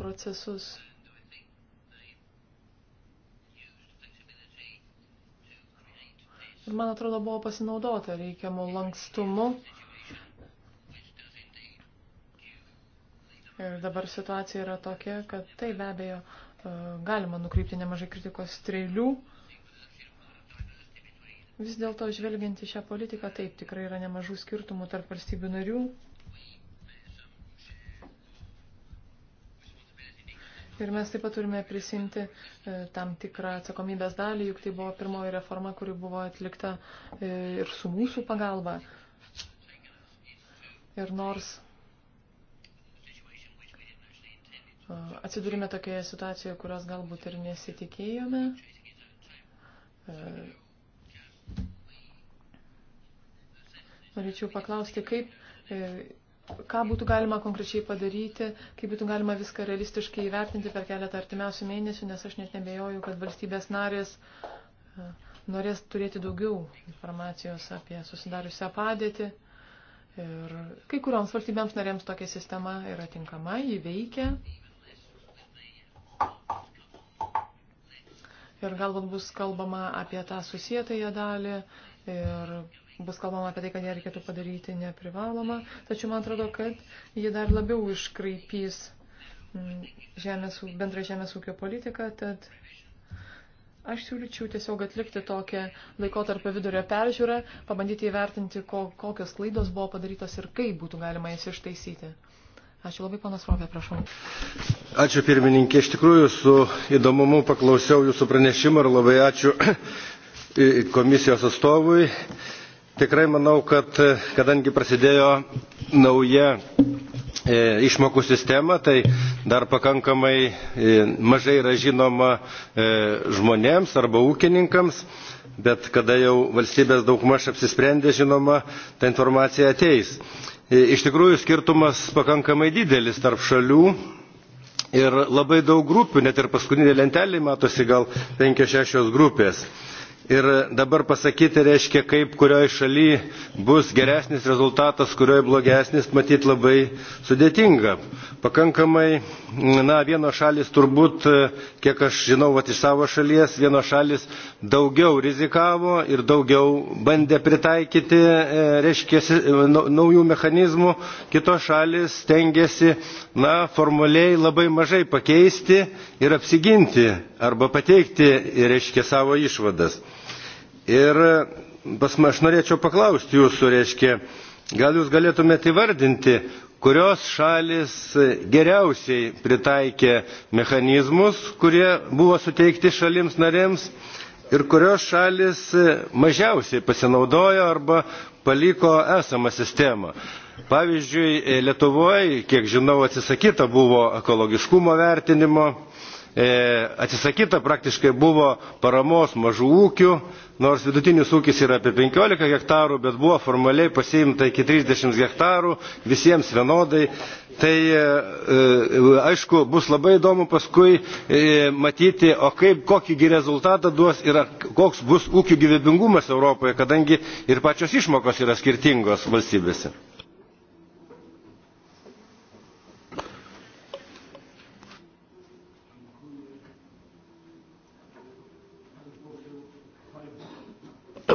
procesus. Ir man atrodo, buvo pasinaudota reikiamu lankstumu. Ir dabar situacija yra tokia, kad tai be abejo e, galima nukreipti nemažai kritikos strėlių. Vis dėlto, žvelgiant į šią politiką, taip tikrai yra nemažų skirtumų tarp valstybių narių. Ir mes taip pat turime prisimti e, tam tikrą atsakomybės dalį, juk tai buvo pirmoji reforma, kuri buvo atlikta e, ir su mūsų pagalba. Ir nors e, atsidūrime tokioje situacijoje, kurios galbūt ir nesitikėjome, norėčiau paklausti, kaip ką būtų galima konkrečiai padaryti, kaip būtų galima viską realistiškai įvertinti per keletą artimiausių mėnesių, nes aš net nebejoju, kad valstybės narės e, norės turėti daugiau informacijos apie susidariusią padėtį. Ir kai kurioms valstybėms narėms tokia sistema yra tinkama, jį veikia. Ir galbūt bus kalbama apie tą susietąją dalį ir bus kalbama apie tai, kad ją reikėtų padaryti neprivaloma, tačiau man atrodo, kad ji dar labiau iškraipys mm, žemės, bendrą žemės ūkio politiką, tad aš siūlyčiau tiesiog atlikti tokią laikotarpio vidurio peržiūrą, pabandyti įvertinti, ko, kokios klaidos buvo padarytos ir kaip būtų galima jas ištaisyti. Ačiū labai, panas Rovė, prašau. Ačiū pirmininkė, iš tikrųjų su įdomumu paklausiau jūsų pranešimą ir labai ačiū komisijos atstovui tikrai manau kad e, kadangi prasidėjo nauja e, išmokų sistema tai dar pakankamai e, mažai yra žinoma žmonėms arba ūkininkams bet kada jau valstybės daugmaž apsisprendė žinoma ta informacija ateis. iš tikrųjų skirtumas pakankamai didelis tarp šalių ir labai daug grupių net ir paskutinėje lentelėje matosi gal penkios šešios grupės ir dabar pasakyti reiškia kaip kurioje šalyje bus geresnis rezultatas kurioje blogesnis matyt labai sudėtinga. pakankamai na vienos šalys turbūt kiek aš žinau vat iš savo šalies vienos šalys daugiau rizikavo ir daugiau bandė pritaikyti e, reiškia e, naujų mechanizmų kitos šalys stengiasi na formaliai labai mažai pakeisti ir apsiginti arba pateikti reiškia savo išvadas. Ir pas aš norėčiau paklausti jūsų, reiškia, gal jūs galėtumėte įvardinti, kurios šalis geriausiai pritaikė mechanizmus, kurie buvo suteikti šalims narėms ir kurios šalis mažiausiai pasinaudojo arba paliko esamą sistemą. Pavyzdžiui, Lietuvoje, kiek žinau, atsisakyta buvo ekologiškumo vertinimo, e, atsisakyta praktiškai buvo paramos mažų ūkių, nors vidutinis ūkis yra apie penkiolika hektarų bet buvo formaliai pasiimta iki trisdešimt hektarų visiems vienodai tai e, e, aišku bus labai įdomu paskui e, matyti o kaip kokį gi rezultatą duos ir koks bus ūkių gyvybingumas europoje kadangi ir pačios išmokos yra skirtingos valstybėse.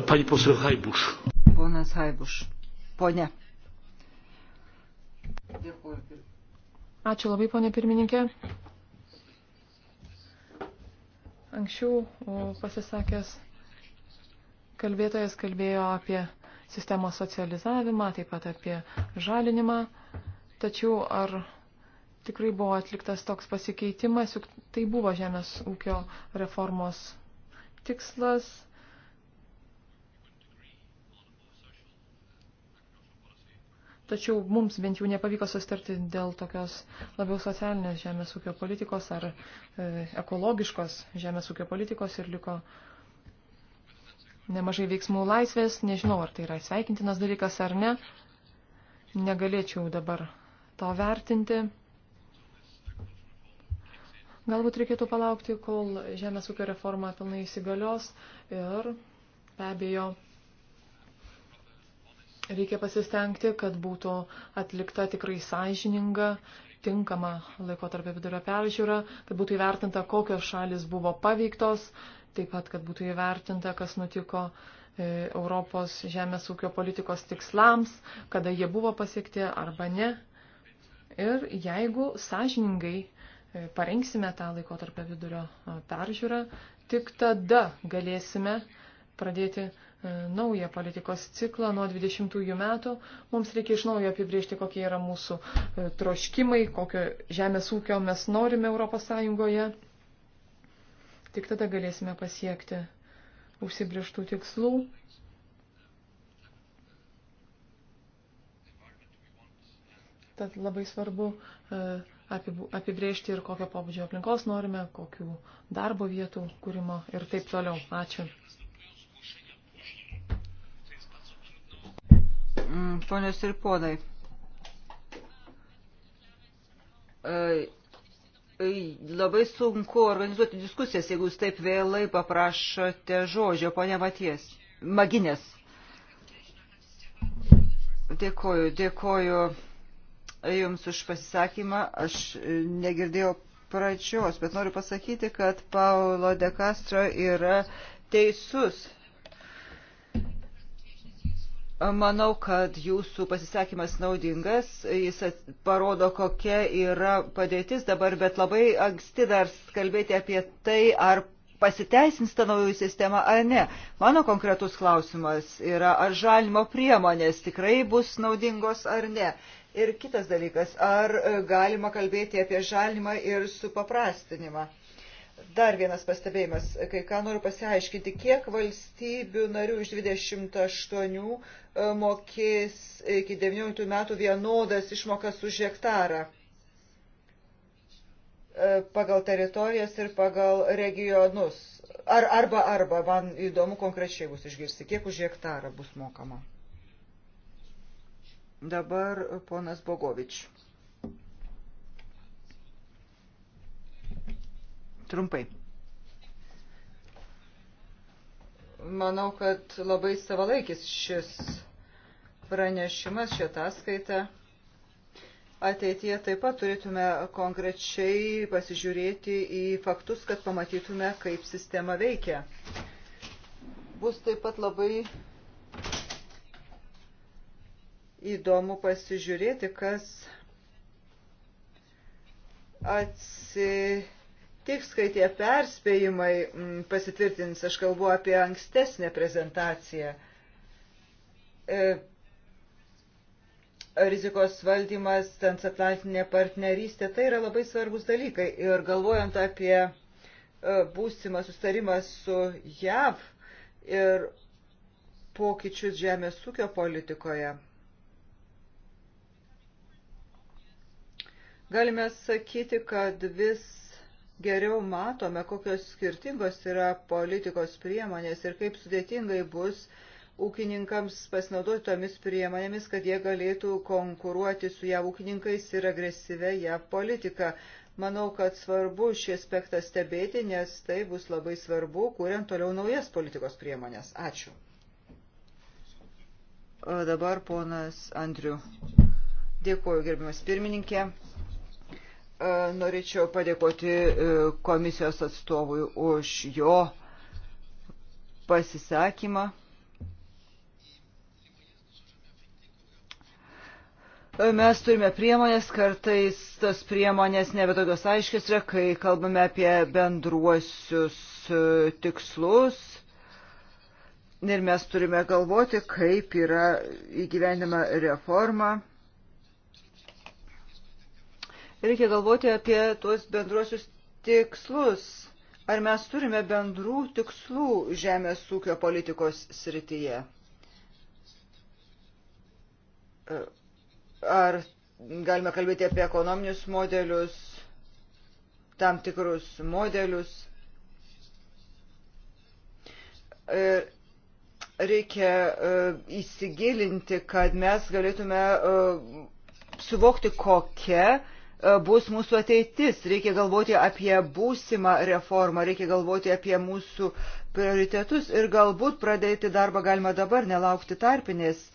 Pani posel Haibuš. Ponas Haibuš. Pone. Ačiū labai, ponė pirmininkė. Anksčiau pasisakęs kalbėtojas kalbėjo apie sistemos socializavimą, taip pat apie žalinimą. Tačiau ar tikrai buvo atliktas toks pasikeitimas, juk tai buvo žemės ūkio reformos tikslas tačiau mums bent jau nepavyko sustarti dėl tokios labiau socialinės žemės ūkio politikos ar e, ekologiškos žemės ūkio politikos ir liko nemažai veiksmų laisvės. Nežinau, ar tai yra sveikintinas dalykas ar ne. Negalėčiau dabar to vertinti. Galbūt reikėtų palaukti, kol žemės ūkio reforma pilnai įsigalios ir be abejo Reikia pasistengti, kad būtų atlikta tikrai sąžininga, tinkama laiko tarp vidurio peržiūra, kad būtų įvertinta, kokios šalis buvo paveiktos, taip pat, kad būtų įvertinta, kas nutiko e, Europos žemės ūkio politikos tikslams, kada jie buvo pasiekti arba ne. Ir jeigu sąžiningai e, parengsime tą laikotarpio vidurio peržiūrą, tik tada galėsime pradėti E, naują politikos ciklą nuo 20 metų. Mums reikia iš naujo apibriežti, kokie yra mūsų e, troškimai, kokio žemės ūkio mes norime Europos Sąjungoje. Tik tada galėsime pasiekti užsibrieštų tikslų. Tad labai svarbu e, apibriežti ir kokio pobūdžio aplinkos norime, kokių darbo vietų kūrimo ir taip toliau. Ačiū. Mm, ponios ir ponai, labai sunku organizuoti diskusijas, jeigu jūs taip vėlai paprašote žodžio, ponia Maties, Maginės. Dėkoju, dėkoju Jums už pasisakymą. Aš negirdėjau pradžios, bet noriu pasakyti, kad Paulo de Castro yra teisus Manau, kad jūsų pasisakymas naudingas, jis parodo, kokia yra padėtis dabar, bet labai anksti dar kalbėti apie tai, ar pasiteisins tą naujų sistemą ar ne. Mano konkretus klausimas yra, ar žalimo priemonės tikrai bus naudingos ar ne. Ir kitas dalykas, ar e, galima kalbėti apie žalimą ir supaprastinimą. Dar vienas pastebėjimas, kai ką noriu pasiaiškinti, kiek valstybių narių iš 28 e, mokės iki 19 metų vienodas išmokas už hektarą e, pagal teritorijas ir pagal regionus. Ar, arba, arba, man įdomu konkrečiai bus išgirsti, kiek už hektarą bus mokama. Dabar ponas Bogovič. Trumpai. Manau, kad labai savalaikis šis pranešimas, šią ataskaitą ateityje taip pat turėtume konkrečiai pasižiūrėti į faktus, kad pamatytume, kaip sistema veikia. Bus taip pat labai įdomu pasižiūrėti, kas atsitiktų tik skaitė perspėjimai mm, pasitvirtins, aš kalbu apie ankstesnę prezentaciją. E, rizikos valdymas, transatlantinė partnerystė, tai yra labai svarbus dalykai. Ir galvojant apie e, būsimą sustarimą su JAV ir pokyčius žemės ūkio politikoje, galime sakyti, kad vis geriau matome, kokios skirtingos yra politikos priemonės ir kaip sudėtingai bus ūkininkams pasinaudoti tomis priemonėmis, kad jie galėtų konkuruoti su ją ūkininkais ir agresyvę ją politiką. Manau, kad svarbu šį aspektą stebėti, nes tai bus labai svarbu, kuriant toliau naujas politikos priemonės. Ačiū. O dabar ponas Andriu. Dėkuoju, gerbimas pirmininkė. E, norėčiau padėkoti e, komisijos atstovui už jo pasisakymą. E, mes turime priemonės, kartais tos priemonės nebe tokios aiškės yra, kai kalbame apie bendruosius tikslus. Ir mes turime galvoti, kaip yra įgyvenima reforma. Reikia galvoti apie tuos bendruosius tikslus. Ar mes turime bendrų tikslų žemės ūkio politikos srityje? Ar galime kalbėti apie ekonominius modelius, tam tikrus modelius? Ir reikia e, įsigilinti, kad mes galėtume e, suvokti, kokia E, bus mūsų ateitis. Reikia galvoti apie būsimą reformą, reikia galvoti apie mūsų prioritetus ir galbūt pradėti darbą galima dabar, nelaukti tarpinės e,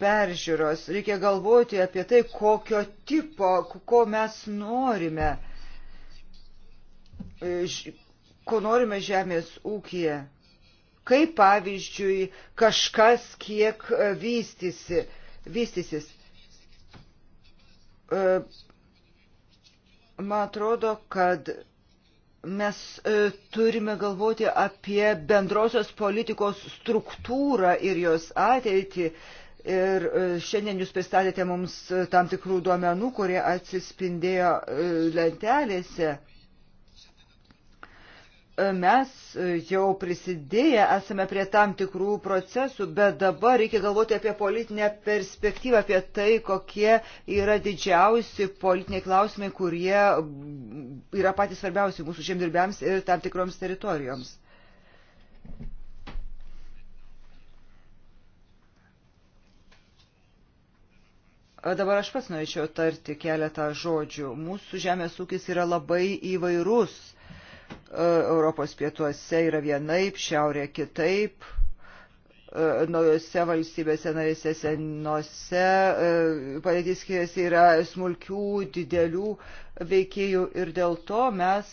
peržiūros. Reikia galvoti apie tai, kokio tipo, ko mes norime, e, ž, ko norime žemės ūkija. Kaip pavyzdžiui kažkas kiek e, vystysi, vystysis. E, Man atrodo, kad mes e, turime galvoti apie bendrosios politikos struktūrą ir jos ateitį. Ir e, šiandien jūs pristatėte mums tam tikrų duomenų, kurie atsispindėjo e, lentelėse mes jau prisidėję esame prie tam tikrų procesų, bet dabar reikia galvoti apie politinę perspektyvą, apie tai, kokie yra didžiausi politiniai klausimai, kurie yra patys svarbiausi mūsų žemdirbiams ir tam tikroms teritorijoms. Dabar aš pats norėčiau tarti keletą žodžių. Mūsų žemės ūkis yra labai įvairus E, Europos pietuose yra vienaip, šiaurė kitaip, e, naujose valstybėse narėse senose e, padėtis skiriasi yra smulkių, didelių veikėjų ir dėl to mes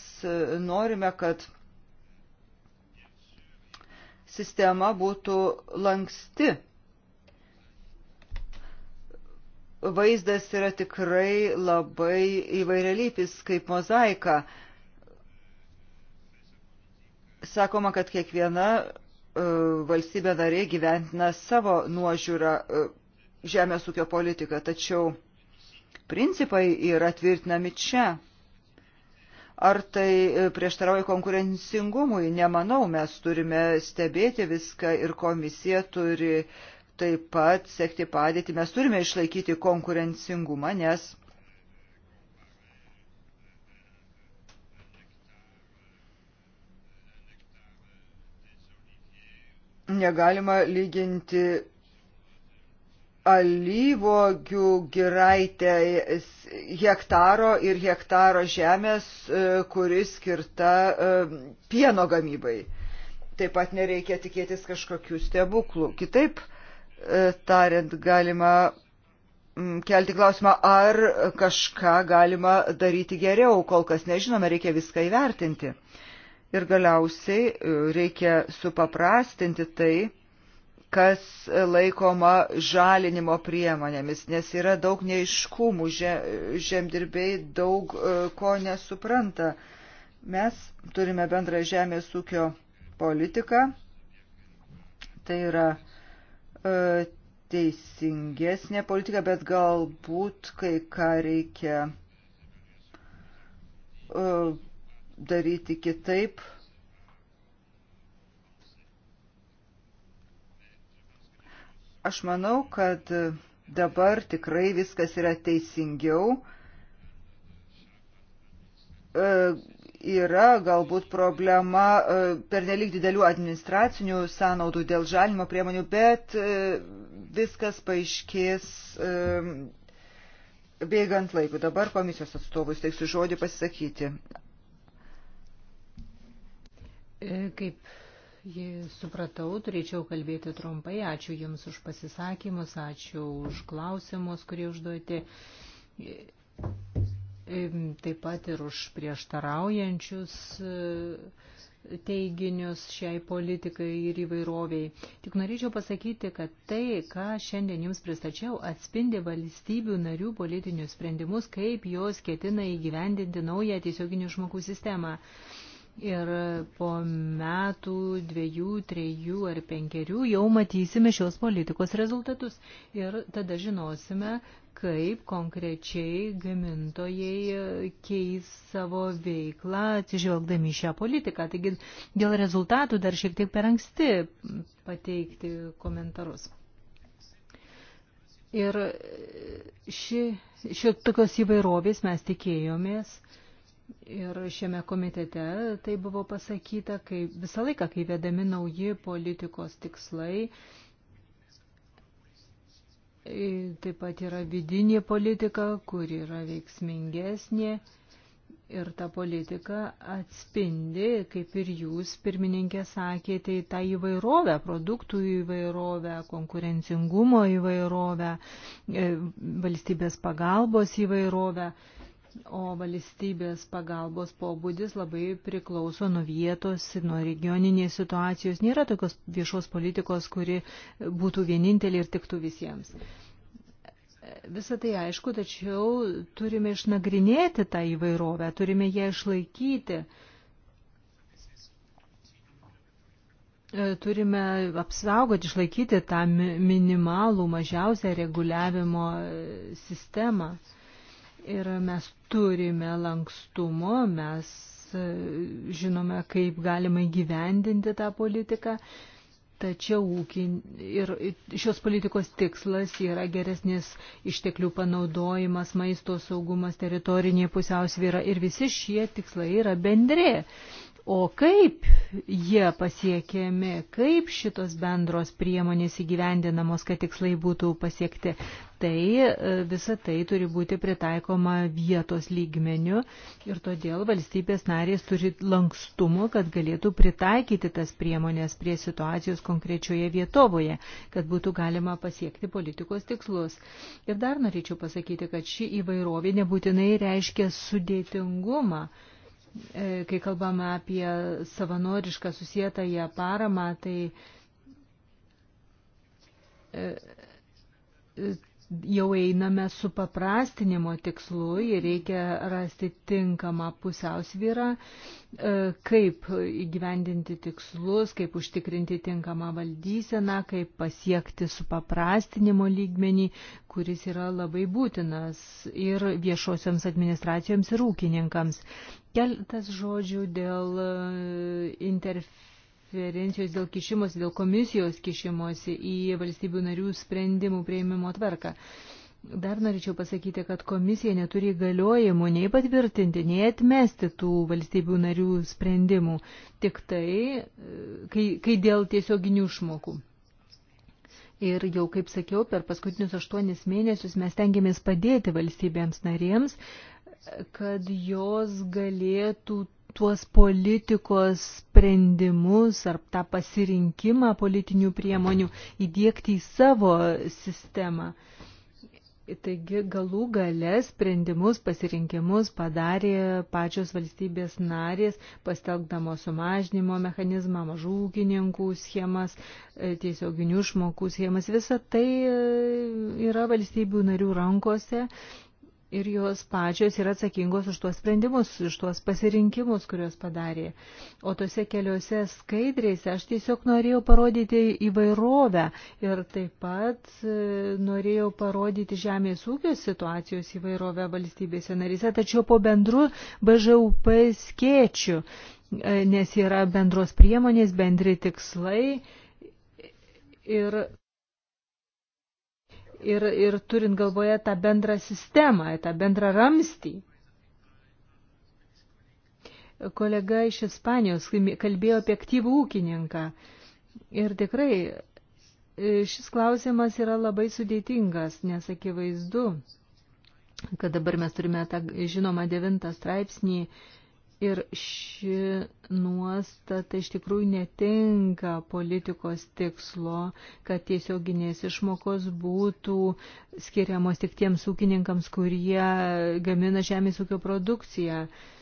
norime, kad sistema būtų lanksti. Vaizdas yra tikrai labai įvairialypis kaip mozaika sakoma, kad kiekviena e, valstybė narė gyventina savo nuožiūrą e, žemės ūkio politiką, tačiau principai yra tvirtinami čia. Ar tai e, prieštarauja konkurencingumui? Nemanau, mes turime stebėti viską ir komisija turi taip pat sekti padėtį. Mes turime išlaikyti konkurencingumą, nes negalima lyginti alyvogių giraitę hektaro ir hektaro žemės, e, kuris skirta e, pieno gamybai. Taip pat nereikia tikėtis kažkokių stebuklų. Kitaip e, tariant, galima kelti klausimą, ar kažką galima daryti geriau. Kol kas nežinome, reikia viską įvertinti. Ir galiausiai e, reikia supaprastinti tai, kas laikoma žalinimo priemonėmis, nes yra daug neiškumų, žemdirbiai daug e, ko nesupranta. Mes turime bendrą žemės ūkio politiką, tai yra e, teisingesnė politika, bet galbūt kai ką reikia daryti kitaip. Aš manau, kad dabar tikrai viskas yra teisingiau. E, yra galbūt problema e, pernelyg didelių administracinių sąnaudų dėl žalimo priemonių, bet e, viskas paaiškės e, bėgant laiku. Dabar komisijos atstovus teiksiu žodį pasisakyti. E, kaip jį supratau, turėčiau kalbėti trumpai. Ačiū Jums už pasisakymus, ačiū už klausimus, kurie užduoti. E, e, taip pat ir už prieštaraujančius teiginius šiai politikai ir įvairoviai. Tik norėčiau pasakyti, kad tai, ką šiandien jums pristačiau, atspindi valstybių narių politinius sprendimus, kaip jos ketina įgyvendinti naują tiesioginių žmogų sistemą. Ir po metų, dviejų, trejų ar penkerių jau matysime šios politikos rezultatus. Ir tada žinosime, kaip konkrečiai gamintojai keis savo veiklą atsižvelgdami šią politiką. Taigi dėl rezultatų dar šiek tiek per anksti pateikti komentarus. Ir ši, šio tokios įvairovės mes tikėjomės. Uh, Ir šiame komitete tai buvo pasakyta, kai visą laiką, kai vedami nauji politikos tikslai, taip pat yra vidinė politika, kuri yra veiksmingesnė. Ir ta politika atspindi, kaip ir jūs, pirmininkė, sakėte, į tą įvairovę, produktų įvairovę, konkurencingumo įvairovę, e, valstybės pagalbos įvairovę o valstybės pagalbos pobūdis labai priklauso nuo vietos ir nuo regioninės situacijos. Nėra tokios viešos politikos, kuri būtų vienintelė ir tiktų visiems. Visą tai aišku, tačiau turime išnagrinėti tą įvairovę, turime ją išlaikyti. Turime apsaugoti, išlaikyti tą minimalų, mažiausią reguliavimo sistemą. Ir mes turime lankstumo, mes e, žinome, kaip galima įgyvendinti tą politiką. Tačiau ir šios politikos tikslas yra geresnis išteklių panaudojimas, maisto saugumas, teritorinė pusiausvyra ir visi šie tikslai yra bendri. O kaip jie pasiekiami, kaip šitos bendros priemonės įgyvendinamos, kad tikslai būtų pasiekti, tai e, visa tai turi būti pritaikoma vietos lygmeniu ir todėl valstybės narės turi lankstumo, kad galėtų pritaikyti tas priemonės prie situacijos konkrečioje vietovoje, kad būtų galima pasiekti politikos tikslus. Ir dar norėčiau pasakyti, kad ši įvairovė nebūtinai reiškia sudėtingumą. E, kai kalbame apie savanorišką susietąją paramą, tai e, jau einame su paprastinimo tikslu ir reikia rasti tinkamą pusiausvyrą, e, kaip įgyvendinti tikslus, kaip užtikrinti tinkamą valdyseną, kaip pasiekti su paprastinimo lygmenį, kuris yra labai būtinas ir viešosiams administracijoms ir ūkininkams. Keltas žodžių dėl e, interferencijų konferencijos dėl kišimosi, dėl komisijos kišimosi į valstybių narių sprendimų prieimimo tvarką. Dar norėčiau pasakyti, kad komisija neturi galiojimų nei patvirtinti, nei atmesti tų valstybių narių sprendimų, tik tai, e, kai, kai dėl tiesioginių išmokų. Ir jau, kaip sakiau, per paskutinius aštuonis mėnesius mes tengiamės padėti valstybėms narėms, kad jos galėtų tuos politikos sprendimus ar tą pasirinkimą politinių priemonių įdėkti į savo sistemą. Taigi galų gale sprendimus, pasirinkimus padarė pačios valstybės narės, pastelgdamo sumažinimo mechanizmą, mažų ūkininkų schemas, e, tiesioginių išmokų schemas. Visa tai e, yra valstybių narių rankose ir jos pačios yra atsakingos už tuos sprendimus, už tuos pasirinkimus, kuriuos padarė. O tose keliose skaidrėse aš tiesiog norėjau parodyti įvairovę ir taip pat e, norėjau parodyti žemės ūkio situacijos įvairovę valstybėse narise, tačiau po bendru BŽUP skėčių, e, nes yra bendros priemonės, bendri tikslai. Ir ir, ir turint galvoje tą bendrą sistemą, tą bendrą ramstį. Kolega iš Ispanijos kalbėjo apie aktyvų ūkininką. Ir tikrai e, šis klausimas yra labai sudėtingas, nes akivaizdu, kad dabar mes turime tą žinomą devintą straipsnį, Ir ši nuostata iš tikrųjų netinka politikos tikslo, kad tiesioginės išmokos būtų skiriamos tik tiems ūkininkams, kurie gamina žemės ūkio produkciją. Uh,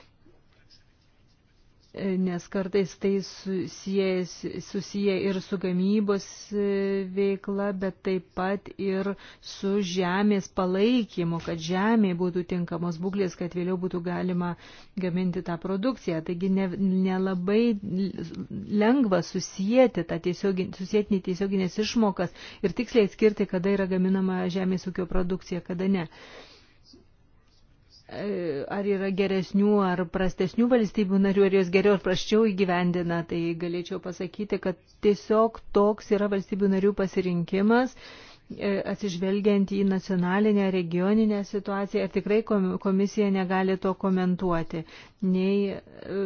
nes kartais tai susiję, susiję ir su gamybos e, veikla, bet taip pat ir su žemės palaikymu, kad žemė būtų tinkamos būklės, kad vėliau būtų galima gaminti tą produkciją. Taigi nelabai ne, ne lengva susijęti tą tiesiogin, susijėtinį tiesioginės išmokas ir tiksliai atskirti, kada yra gaminama žemės ūkio produkcija, kada ne. Uh, ar yra geresnių ar prastesnių valstybių narių, ar jos geriau ar praščiau įgyvendina, tai galėčiau pasakyti, kad tiesiog toks yra valstybių narių pasirinkimas e, atsižvelgiant į nacionalinę regioninę situaciją, ar tikrai komisija negali to komentuoti. Nei, e,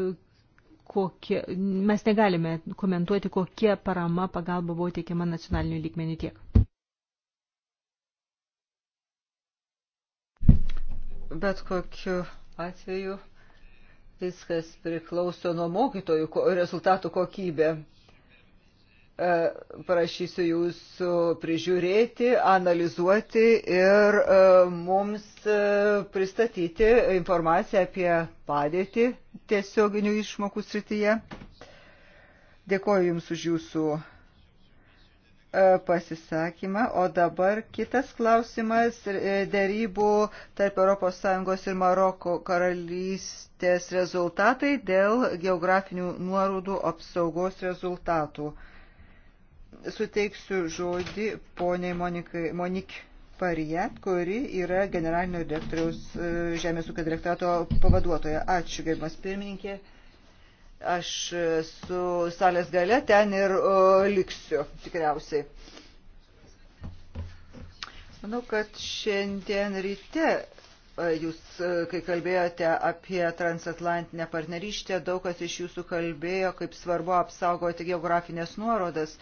kokie, mes negalime komentuoti, kokia parama pagalba buvo teikiama nacionaliniu lygmeniu tiek. Bet kokiu atveju viskas priklauso nuo mokytojų rezultatų kokybė. E, Parašysiu jūsų prižiūrėti, analizuoti ir e, mums e, pristatyti informaciją apie padėtį tiesioginių išmokų srityje. Dėkoju Jums už Jūsų E, pasisakymą, o dabar kitas klausimas e, - dėrybų tarp ES ir Maroko karalystės rezultatai dėl geografinių nuorodų apsaugos rezultatų. Suteiksiu žodį poniai Monikai, Monik Parijat, kuri yra generalinio direktoriaus e, Žemės ūkio direktorato pavaduotoja. Ačiū, gerbimas pirmininkė. Aš su salės gale ten ir uh, liksiu tikriausiai. Manau, kad šiandien ryte Jūs, kai kalbėjote apie transatlantinę partnerystę, daug kas iš jūsų kalbėjo, kaip svarbu apsaugoti geografinės nuorodas.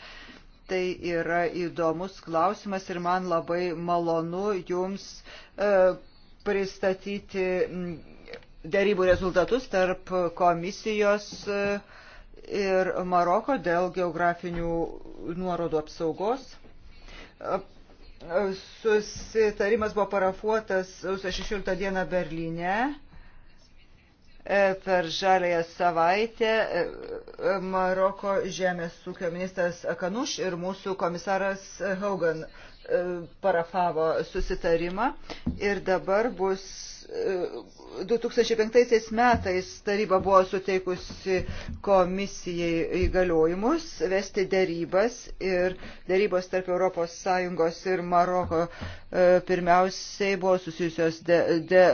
Tai yra įdomus klausimas ir man labai malonu jums pristatyti dėrybų rezultatus tarp komisijos e, ir Maroko dėl geografinių nuorodų apsaugos. E, e, susitarimas buvo parafuotas 16 dieną Berlyne per žalėją savaitę Maroko žemės ūkio ministras Kanuš ir mūsų komisaras Haugan parafavo susitarimą ir dabar bus 2005 metais taryba buvo suteikusi komisijai įgaliojimus vesti dėrybas ir dėrybos tarp ES ir Maroko e, pirmiausiai buvo susijusios de, de,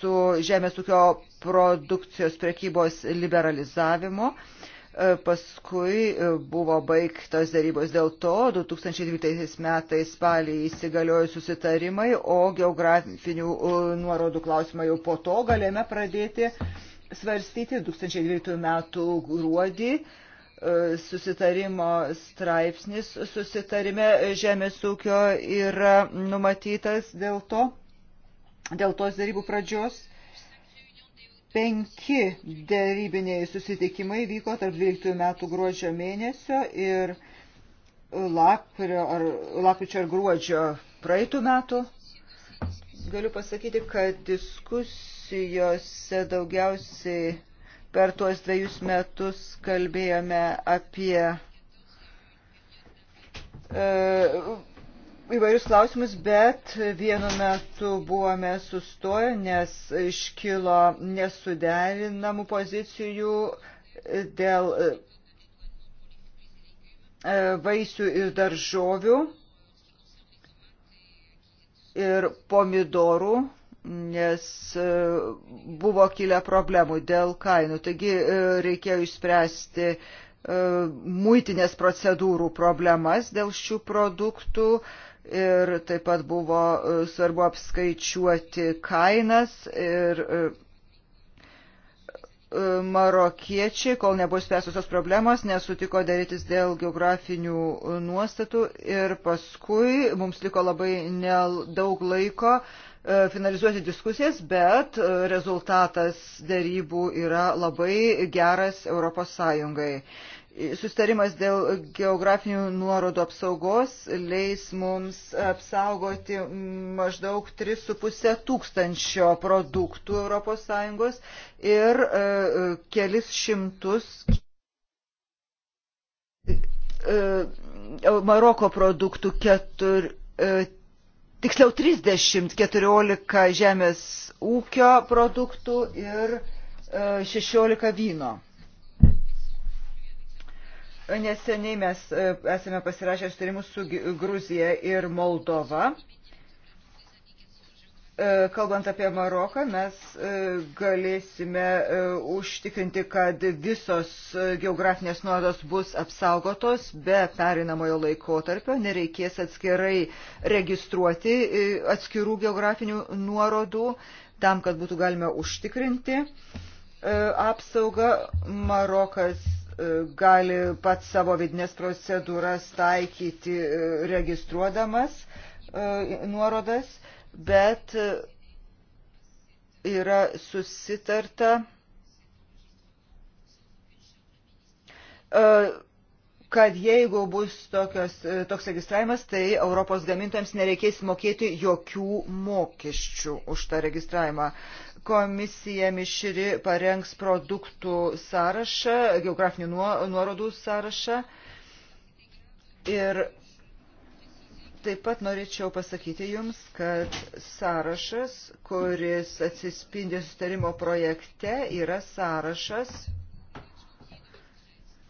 su žemės ūkio produkcijos prekybos liberalizavimu. Paskui e, buvo baigtos darybos dėl to, 2012 metais spalį įsigaliojo susitarimai, o geografinių e, nuorodų klausimą jau po to galėjome pradėti svarstyti 2012 metų gruodį e, susitarimo straipsnis susitarime žemės ūkio yra numatytas dėl to, dėl tos darybų pradžios. Penki dėrybiniai susitikimai vyko tarp 12 metų gruodžio mėnesio ir lapkričio ar, lapkričio ar gruodžio praeitų metų. Galiu pasakyti, kad diskusijose daugiausiai per tuos dviejus metus kalbėjome apie e, įvairius klausimus, bet vienu metu buvome sustoję, nes iškilo nesuderinamų pozicijų dėl e, vaisių ir daržovių ir pomidorų, nes e, buvo kilę problemų dėl kainų. Taigi e, reikėjo išspręsti muitinės procedūrų problemas dėl šių produktų. Uh, ir taip pat buvo e, svarbu apskaičiuoti kainas ir e, e, marokiečiai, kol nebus spręstusios problemos, nesutiko darytis dėl geografinių nuostatų ir paskui mums liko labai nedaug laiko finalizuoti diskusijas, bet rezultatas darybų yra labai geras Europos Sąjungai. Sustarimas dėl geografinių nuorodų apsaugos leis mums apsaugoti maždaug 3,5 tūkstančio produktų ES ir e, kelis šimtus e, e, Maroko produktų, ketur, tiksliau 30, 14 žemės ūkio produktų ir 16 vyno. Neseniai mes e, esame pasirašę sutarimus su Gruzija ir Moldova. E, kalbant apie Maroką, mes e, galėsime užtikrinti, kad visos geografinės nuorodos bus apsaugotos be perinamojo laikotarpio, nereikės atskirai registruoti atskirų geografinių nuorodų tam, kad būtų galima užtikrinti apsaugą. Marokas gali pats savo vidinės procedūras taikyti e, registruodamas e, nuorodas, bet e, yra susitarta kad jeigu bus tokios, toks registravimas, tai Europos gamintojams nereikės mokėti jokių mokesčių už tą registravimą. Komisija Mišri parengs produktų sąrašą, geografinių nuorodų sąrašą. Ir taip pat norėčiau pasakyti Jums, kad sąrašas, kuris atsispindi sustarimo projekte, yra sąrašas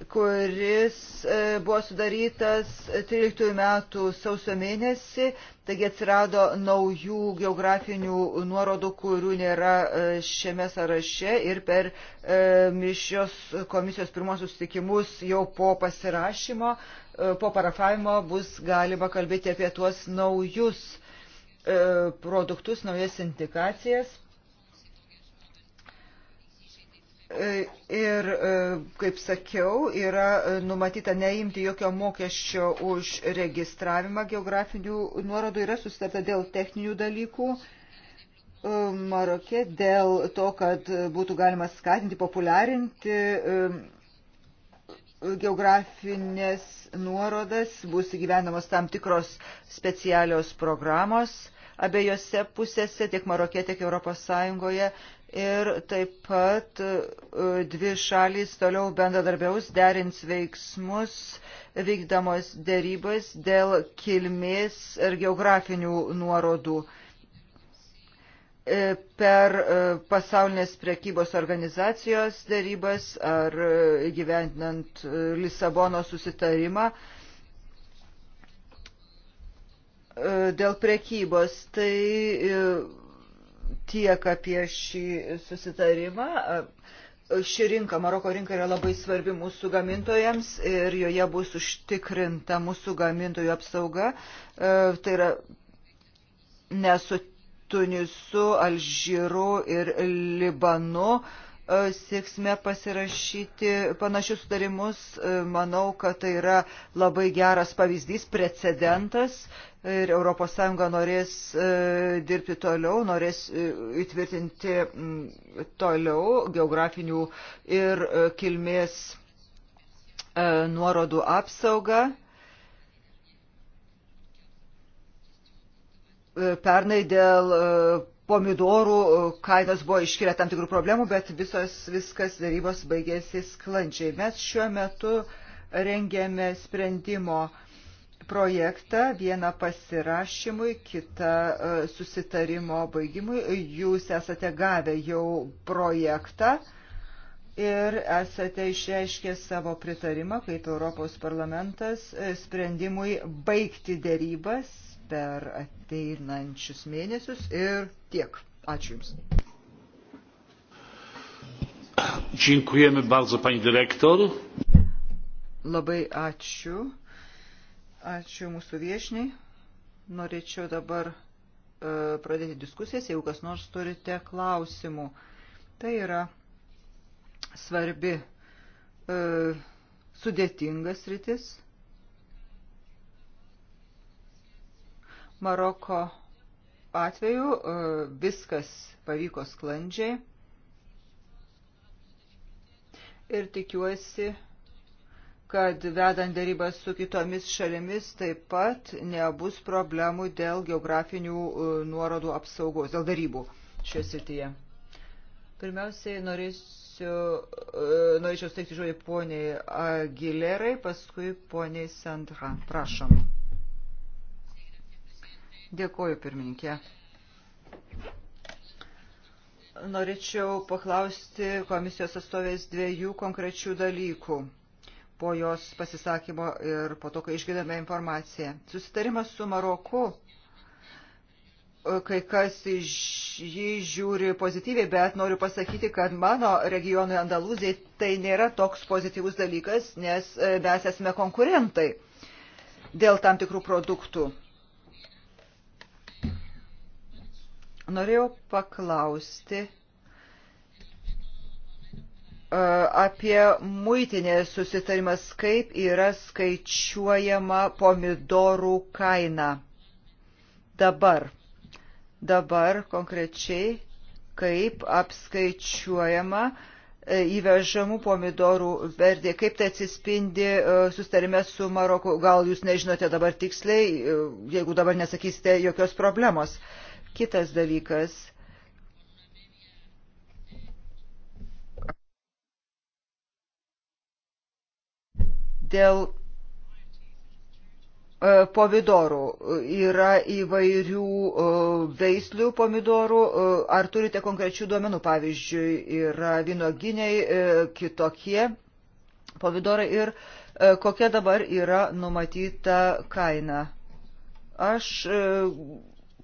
kuris e, buvo sudarytas 13 metų sausio mėnesį, taigi atsirado naujų geografinių nuorodų, kurių nėra e, šiame sąraše ir per e, mišrios komisijos pirmosius sutikimus jau po pasirašymo, po parafavimo bus galima kalbėti apie tuos naujus produktus, naujas indikacijas. E, ir, e, kaip sakiau, yra e, numatyta neimti jokio mokesčio už registravimą geografinių nuorodų, yra susitarta dėl techninių dalykų Marokė, dėl to, kad būtų galima skatinti, populiarinti geografinės nuorodas, bus įgyvenamos tam tikros specialios programos abiejose pusėse, tiek Marokė, tiek Europos Sąjungoje Ir taip pat e, dvi šalys toliau bendradarbiaus derins veiksmus vykdamos dėrybas dėl kilmės ir geografinių nuorodų. E, per e, pasaulinės prekybos organizacijos dėrybas ar gyventinant Lisabono susitarimą dėl prekybos. Tai tiek apie šį susitarimą. Ši rinka, Maroko rinka yra labai svarbi mūsų gamintojams ir joje bus užtikrinta mūsų gamintojų apsauga. E, tai yra nesu Tunisu, Alžyru ir Libanu E, sieksime pasirašyti panašius sutarimus. E, manau, kad tai yra labai geras pavyzdys, precedentas ir ES norės e, dirbti toliau, norės įtvirtinti toliau geografinių ir kilmės nuorodų apsaugą. Pernai dėl pomidorų e, kainos buvo iškilę tam tikrų problemų, bet visos viskas darybos baigėsi sklandžiai. Mes šiuo metu rengėme sprendimo projektą, vieną pasirašymui, kitą e, susitarimo baigimui. Jūs esate gavę jau projektą ir esate išreiškę savo pritarimą kaip Europos parlamentas e, sprendimui baigti dėrybas per ateinančius mėnesius ir tiek. Ačiū Jums. Dziękujemy bardzo Pani Dyrektor. Labai ačiū. Ačiū mūsų viešniai. Norėčiau dabar e, pradėti diskusijas, jeigu kas nors turite klausimų. Tai yra svarbi, e, sudėtingas rytis. Maroko atveju e, viskas pavyko sklandžiai ir tikiuosi, kad vedant darybas su kitomis šalimis taip pat nebus problemų dėl geografinių e, nuorodų apsaugos, dėl darybų šioje srityje. Pirmiausiai norėsiu, e, norėčiau steikti žodį poniai Agilerai, paskui poniai Sandra. Prašom. Dėkoju, pirmininkė. Norėčiau paklausti komisijos atstovės dviejų konkrečių dalykų po jos pasisakymo ir po to, kai išgirdome informaciją. Susitarimas su Maroku, kai kas iš jį žiūri pozityviai, bet noriu pasakyti, kad mano regionui Andalūzijai tai nėra toks pozityvus dalykas, nes e, mes esame konkurentai dėl tam tikrų produktų Norėjau paklausti e, apie muitinės susitarimas, kaip yra skaičiuojama pomidorų kaina dabar. Dabar konkrečiai, kaip apskaičiuojama e, įvežamų pomidorų verdė, kaip tai atsispindi e, sustarime su Maroku, gal jūs nežinote dabar tiksliai, jeigu dabar nesakysite jokios problemos. Uh, Kitas dalykas. Dėl e, pomidorų. Yra įvairių e, veislių pomidorų. E, ar turite konkrečių duomenų? Pavyzdžiui, yra vinoginiai, kitokie pomidorai ir kokia dabar yra numatyta kaina. Aš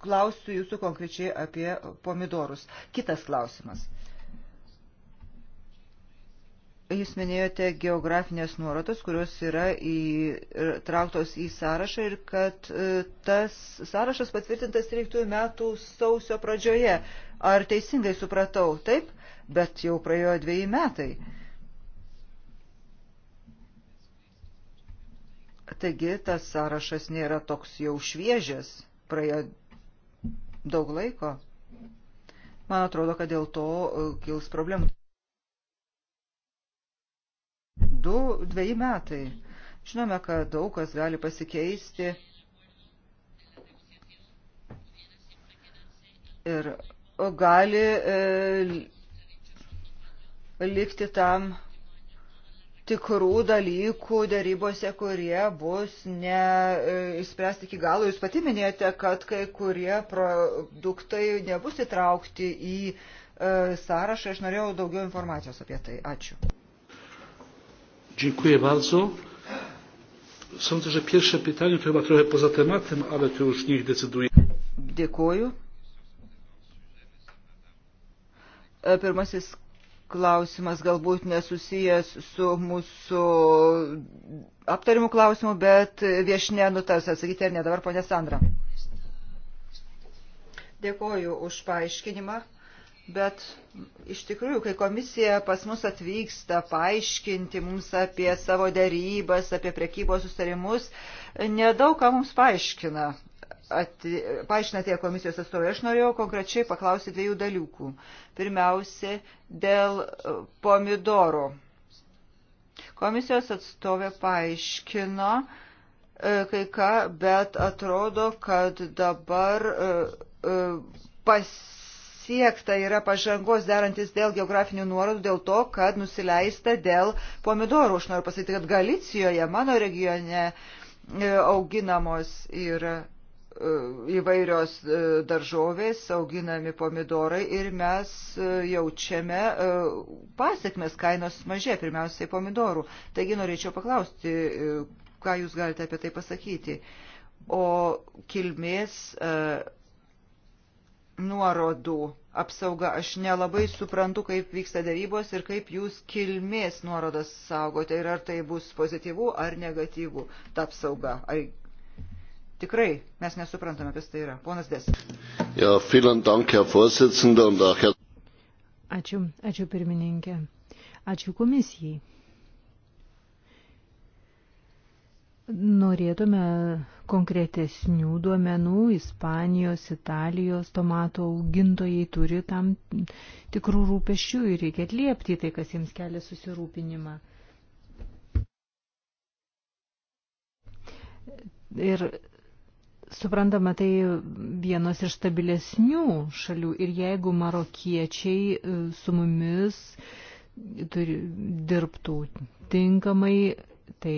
klausiu jūsų konkrečiai apie pomidorus. Kitas klausimas. Jūs minėjote geografinės nuorodas, kurios yra įtrauktos į sąrašą ir kad e, tas sąrašas patvirtintas 13 metų sausio pradžioje. Ar teisingai supratau? Taip, bet jau praėjo dviejai metai. Taigi tas sąrašas nėra toks jau šviežias, praėjo daug laiko. Man atrodo, kad dėl to e, kils problemų. Du, dveji metai. Žinome, kad daug kas gali pasikeisti. Ir gali e, likti tam tikrų dalykų darybose, kurie bus neįspręsti e, iki galo. Jūs pati minėjote, kad kai kurie produktai nebus įtraukti į e, sąrašą. Aš norėjau daugiau informacijos apie tai. Ačiū. Dziękuję bardzo. Sądzę, że pierwsze pytanie to chyba trochę poza tematem, ale to już niech decyduje. Dziękuję. E, Pirmasis klausimas galbūt nesusijęs su mūsų aptarimu klausimu, bet viešinė nutars atsakyti ar ne dabar, ponė Sandra. Dėkoju už paaiškinimą, bet iš tikrųjų, kai komisija pas mus atvyksta paaiškinti mums apie savo darybas, apie prekybos sustarimus, nedaug ką mums paaiškina ati, paaiškina tie komisijos atstovai. Aš norėjau konkrečiai paklausyti dviejų dalykų. Pirmiausia, dėl e, pomidorų. Komisijos atstovė paaiškino e, kai ką, bet atrodo, kad dabar e, pasiekta yra pažangos derantis dėl geografinių nuorodų, dėl to, kad nusileista dėl pomidorų. Aš noriu pasakyti, kad Galicijoje, mano regione, auginamos yra E, įvairios e, daržovės, auginami pomidorai ir mes e, jaučiame pasiekmes kainos mažė, pirmiausiai pomidorų. Taigi norėčiau paklausti, ką jūs galite apie tai pasakyti. O kilmės nuorodų apsauga. Aš nelabai suprantu, kaip vyksta darybos ir kaip jūs kilmės nuorodas saugote ir ar tai bus pozityvu ar negatyvu ta apsauga, ar Tikrai mes nesuprantame, kas tai yra. Ponas Des. Ja, dank, Herr ačiū, ačiū pirmininkė. Ačiū komisijai. Norėtume konkretesnių duomenų. Ispanijos, Italijos tomato augintojai turi tam tikrų rūpešių ir reikia atliepti tai, kas jiems kelia susirūpinimą. Ir Suprantama, tai vienos iš stabilesnių šalių ir jeigu marokiečiai e, su mumis turi, dirbtų tinkamai, tai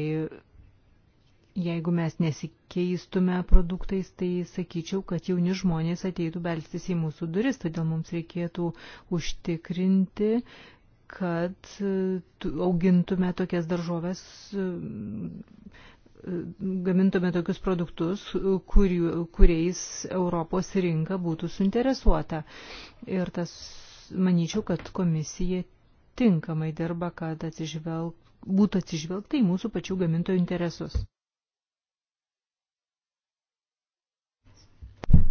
jeigu mes nesikeistume produktais, tai sakyčiau, kad jauni žmonės ateitų belstis į mūsų duris, todėl mums reikėtų užtikrinti, kad e, augintume tokias daržovės e, gamintume tokius produktus, kur, kuriais Europos rinka būtų suinteresuota. Ir tas, manyčiau, kad komisija tinkamai dirba, kad atsižvelg, būtų atsižvelgta į mūsų pačių gamintojų interesus.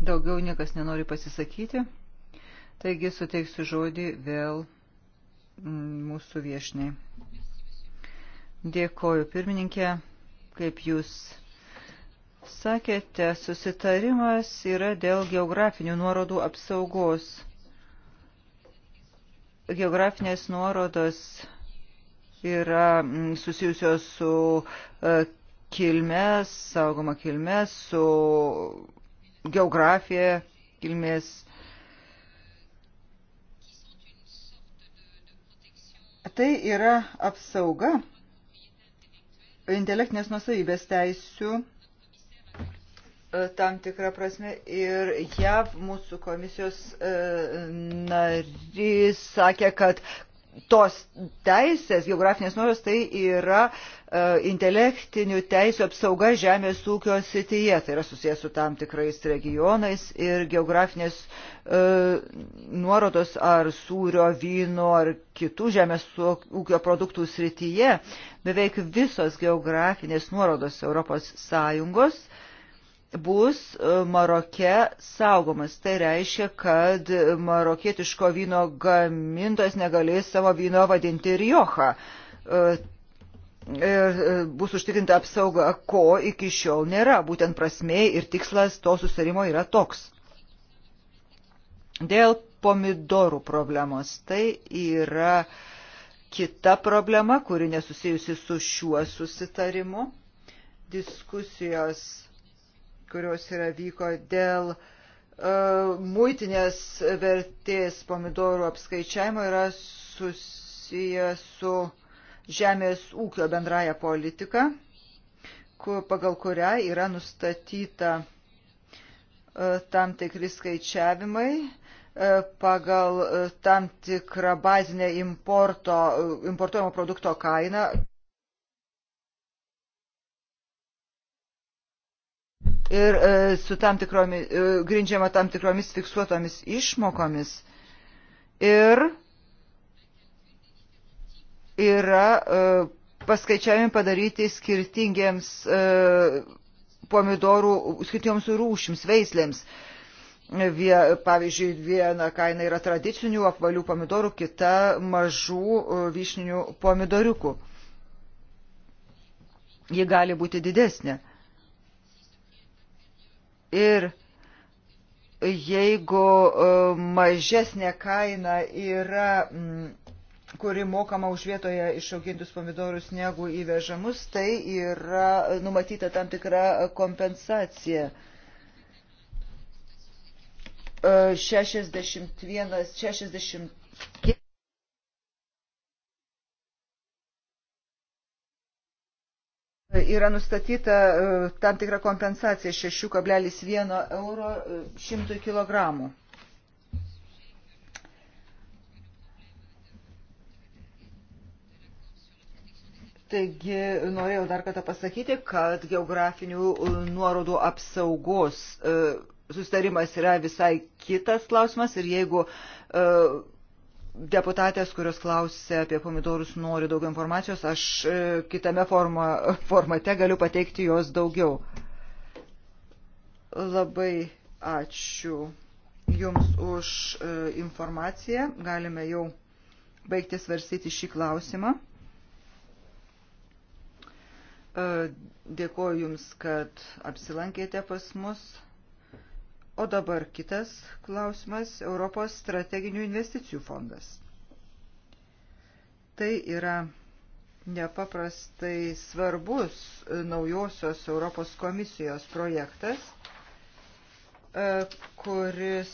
Daugiau niekas nenori pasisakyti, taigi suteiksiu žodį vėl mm, mūsų viešniai. Dėkoju pirmininkė. Kaip jūs sakėte, susitarimas yra dėl geografinių nuorodų apsaugos. Geografinės nuorodos yra mm, susijusios su e, kilme, saugoma kilme, su geografija kilmės. Tai yra apsauga intelektinės nusavybės teisių e, tam tikrą prasme ir JAV mūsų komisijos e, narys sakė, kad tos teisės, geografinės nuoros, tai yra e, intelektinių teisų apsauga žemės ūkio sityje. Tai yra susijęs su tam tikrais regionais ir geografinės e, nuorodos ar sūrio, vyno ar kitų žemės ūkio produktų srityje. Beveik visos geografinės nuorodos Europos Sąjungos e, bus e, Maroke saugomas. Tai reiškia, kad marokietiško vyno gamintojas negalės savo vyno vadinti Rioja. Ir e, e, bus užtikrinta apsauga, ko iki šiol nėra. Būtent prasmė ir tikslas to susirimo yra toks. Dėl pomidorų problemos. Tai yra kita problema, kuri nesusijusi su šiuo susitarimu. Diskusijos kurios yra vyko dėl uh, muitinės vertės pomidorų apskaičiavimo yra susiję su žemės ūkio bendraja politika, kur, pagal kurią yra nustatyta uh, tam tikri skaičiavimai, e, pagal tam tikrą bazinę importo, importuojamo produkto kainą ir e, su tam tikromis, e, grindžiama tam tikromis fiksuotomis išmokomis. Ir yra e, paskaičiavimai padaryti skirtingiems e, pomidorų, skirtingoms rūšims, veislėms. Vie, pavyzdžiui, viena kaina yra tradicinių apvalių pomidorų, kita mažų e, vyšninių pomidoriukų. Ji gali būti didesnė. E, Ir jeigu e, mažesnė kaina yra kuri mokama už vietoje išaugintus pomidorus negu įvežamus, tai yra numatyta tam tikra kompensacija. 61, e, 60, Yra nustatyta e, tam tikra kompensacija 6,1 euro 100 e, kg. Taigi norėjau dar kartą pasakyti, kad geografinių e, nuorodų apsaugos sustarimas yra visai kitas klausimas ir jeigu uh, deputatės, kurios klausė apie pomidorus, nori daugiau informacijos, aš e, kitame forma, formate galiu pateikti jos daugiau. Labai ačiū Jums už e, informaciją. Galime jau baigti svarstyti šį klausimą. E, dėkoju Jums, kad apsilankėte pas mus. O dabar kitas klausimas – Europos strateginių investicijų fondas. Tai yra nepaprastai svarbus naujosios Europos komisijos projektas, e, kuris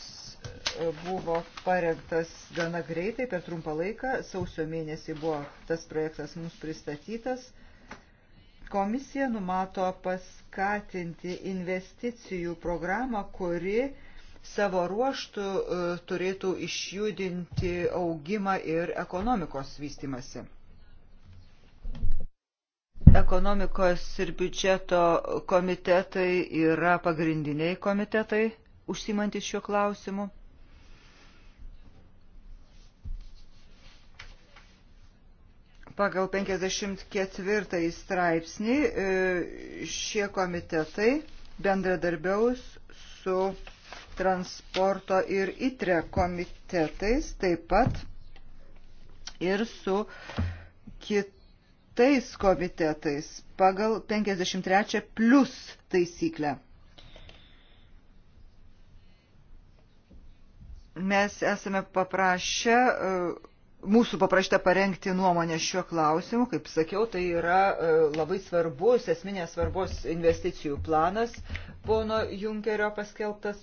buvo parengtas gana greitai per trumpą laiką. Sausio mėnesį buvo tas projektas mums pristatytas – Komisija numato paskatinti investicijų programą, kuri savo ruoštų e, turėtų išjudinti augimą ir ekonomikos vystimasi. Ekonomikos ir biudžeto komitetai yra pagrindiniai komitetai užsimantis šiuo klausimu. pagal 54 straipsnį e, šie komitetai bendradarbiaus su transporto ir ITRE komitetais, taip pat ir su kitais komitetais pagal 53 plus taisyklę. Mes esame paprašę uh, mūsų paprašta parengti nuomonę šiuo klausimu. Kaip sakiau, tai yra e, labai svarbus, esminės svarbos investicijų planas pono Junkerio paskelbtas.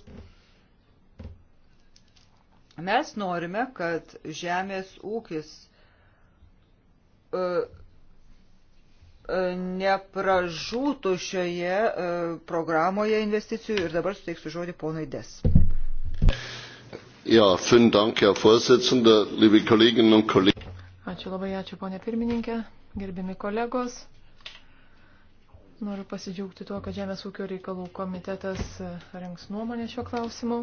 Mes norime, kad žemės ūkis e, e, nepražūtų šioje programoje investicijų ir dabar suteiksiu žodį ponui Des. Ja, vielen Dank, Herr Vorsitzender, liebe Kolleginnen und Kollegen. Ačiū labai, ačiū ponė pirmininkė, gerbiami kolegos. Noriu pasidžiaugti tuo, kad Žemės ūkio reikalų komitetas e, rengs nuomonę šiuo klausimu.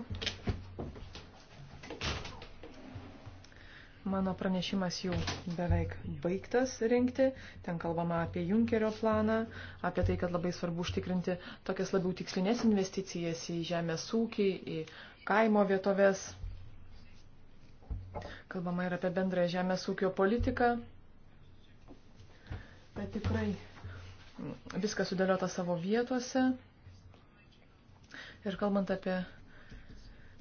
Mano pranešimas jau beveik baigtas rinkti. Ten kalbama apie Junkerio planą, apie tai, kad labai svarbu užtikrinti tokias labiau tikslinės investicijas į žemės ūkį, į kaimo vietovės. Kalbama ir apie bendrąją žemės ūkio politiką. Bet tai tikrai viskas sudėliota savo vietose. Ir kalbant apie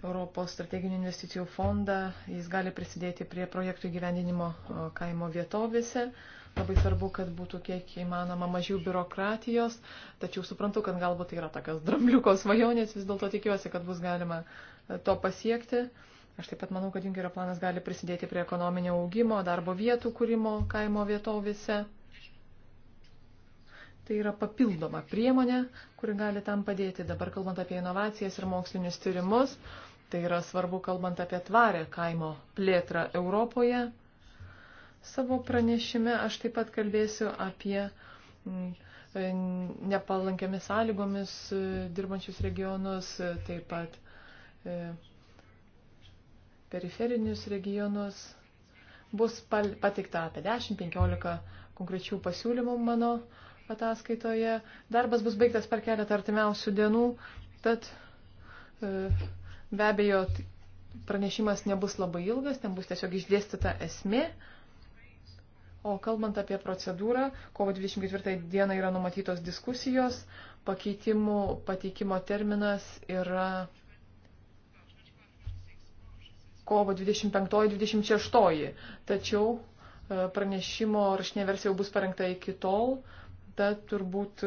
Europos strateginių investicijų fondą, jis gali prisidėti prie projektų gyvendinimo kaimo vietovėse. Labai svarbu, kad būtų kiek įmanoma mažiau biurokratijos, tačiau suprantu, kad galbūt tai yra tokios drambliukos svajonės, vis dėlto tikiuosi, kad bus galima e, to pasiekti. Uh, Aš taip pat manau, kad Junkerio planas gali prisidėti prie ekonominio augimo, darbo vietų kūrimo kaimo vietovėse. Tai yra papildoma priemonė, kuri gali tam padėti. Dabar kalbant apie inovacijas ir mokslinius tyrimus, tai yra svarbu kalbant apie tvarę kaimo plėtrą Europoje. Savo pranešime aš taip pat kalbėsiu apie mm, e, nepalankiamis sąlygomis e, dirbančius regionus, e, taip pat periferinius regionus. Bus pateikta apie 10-15 konkrečių pasiūlymų mano ataskaitoje. Darbas bus baigtas per keletą artimiausių dienų, tad e, be abejo pranešimas nebus labai ilgas, ten bus tiesiog išdėstyta esmė. O kalbant apie procedūrą, kovo 24 dieną yra numatytos diskusijos, pakeitimų pateikimo terminas yra kovo 25-26. Tačiau e, pranešimo rašinė versija jau bus parengta iki tol, tad turbūt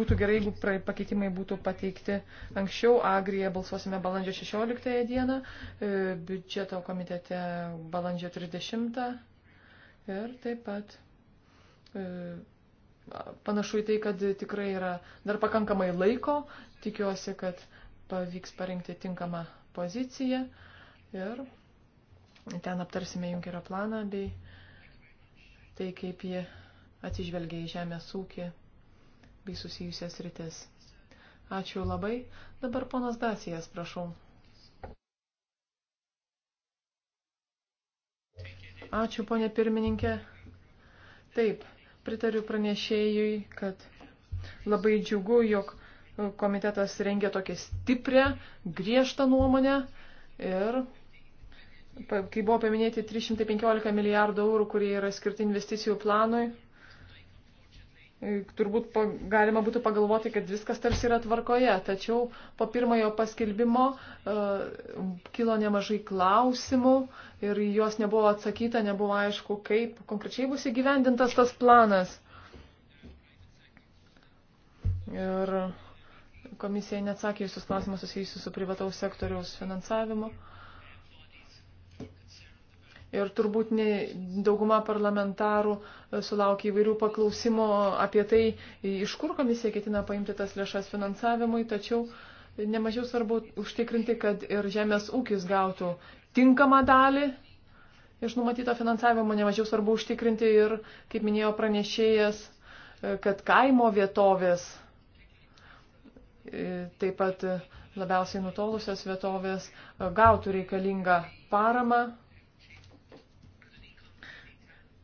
būtų gerai, jeigu pakeitimai būtų pateikti anksčiau. Agrija balsuosime balandžio 16 dieną, e, biudžeto komitete balandžio 30 ir taip pat e, panašu į tai, kad tikrai yra dar pakankamai laiko. Tikiuosi, kad pavyks parinkti tinkamą poziciją ir ten aptarsime Junkerio planą bei tai, kaip jie atsižvelgia į žemės ūkį bei susijusias rytis. Ačiū labai. Dabar ponas Dasijas, prašau. Ačiū, ponė pirmininkė. Taip, pritariu pranešėjui, kad labai džiugu, jog komitetas rengia tokią stiprią, griežtą nuomonę ir kai buvo paminėti 315 milijardų eurų, kurie yra skirti investicijų planui, e, turbūt galima būtų pagalvoti, kad viskas tarsi yra tvarkoje, tačiau po pirmojo paskelbimo uh, kilo nemažai klausimų ir juos nebuvo atsakyta, nebuvo aišku, kaip konkrečiai bus įgyvendintas tas planas. Ir komisija neatsakė visus klausimus susijusius su privataus sektoriaus finansavimu. Uh, Ir turbūt ne, dauguma parlamentarų e, sulaukia įvairių paklausimų apie tai, iš kur komisija ketina paimti tas lėšas finansavimui, tačiau e, nemažiau svarbu užtikrinti, kad ir žemės ūkis gautų tinkamą dalį iš numatyto finansavimo, nemažiau svarbu užtikrinti ir, kaip minėjo pranešėjas, e, kad kaimo vietovės, taip pat labiausiai nutolusios vietovės, gautų reikalingą paramą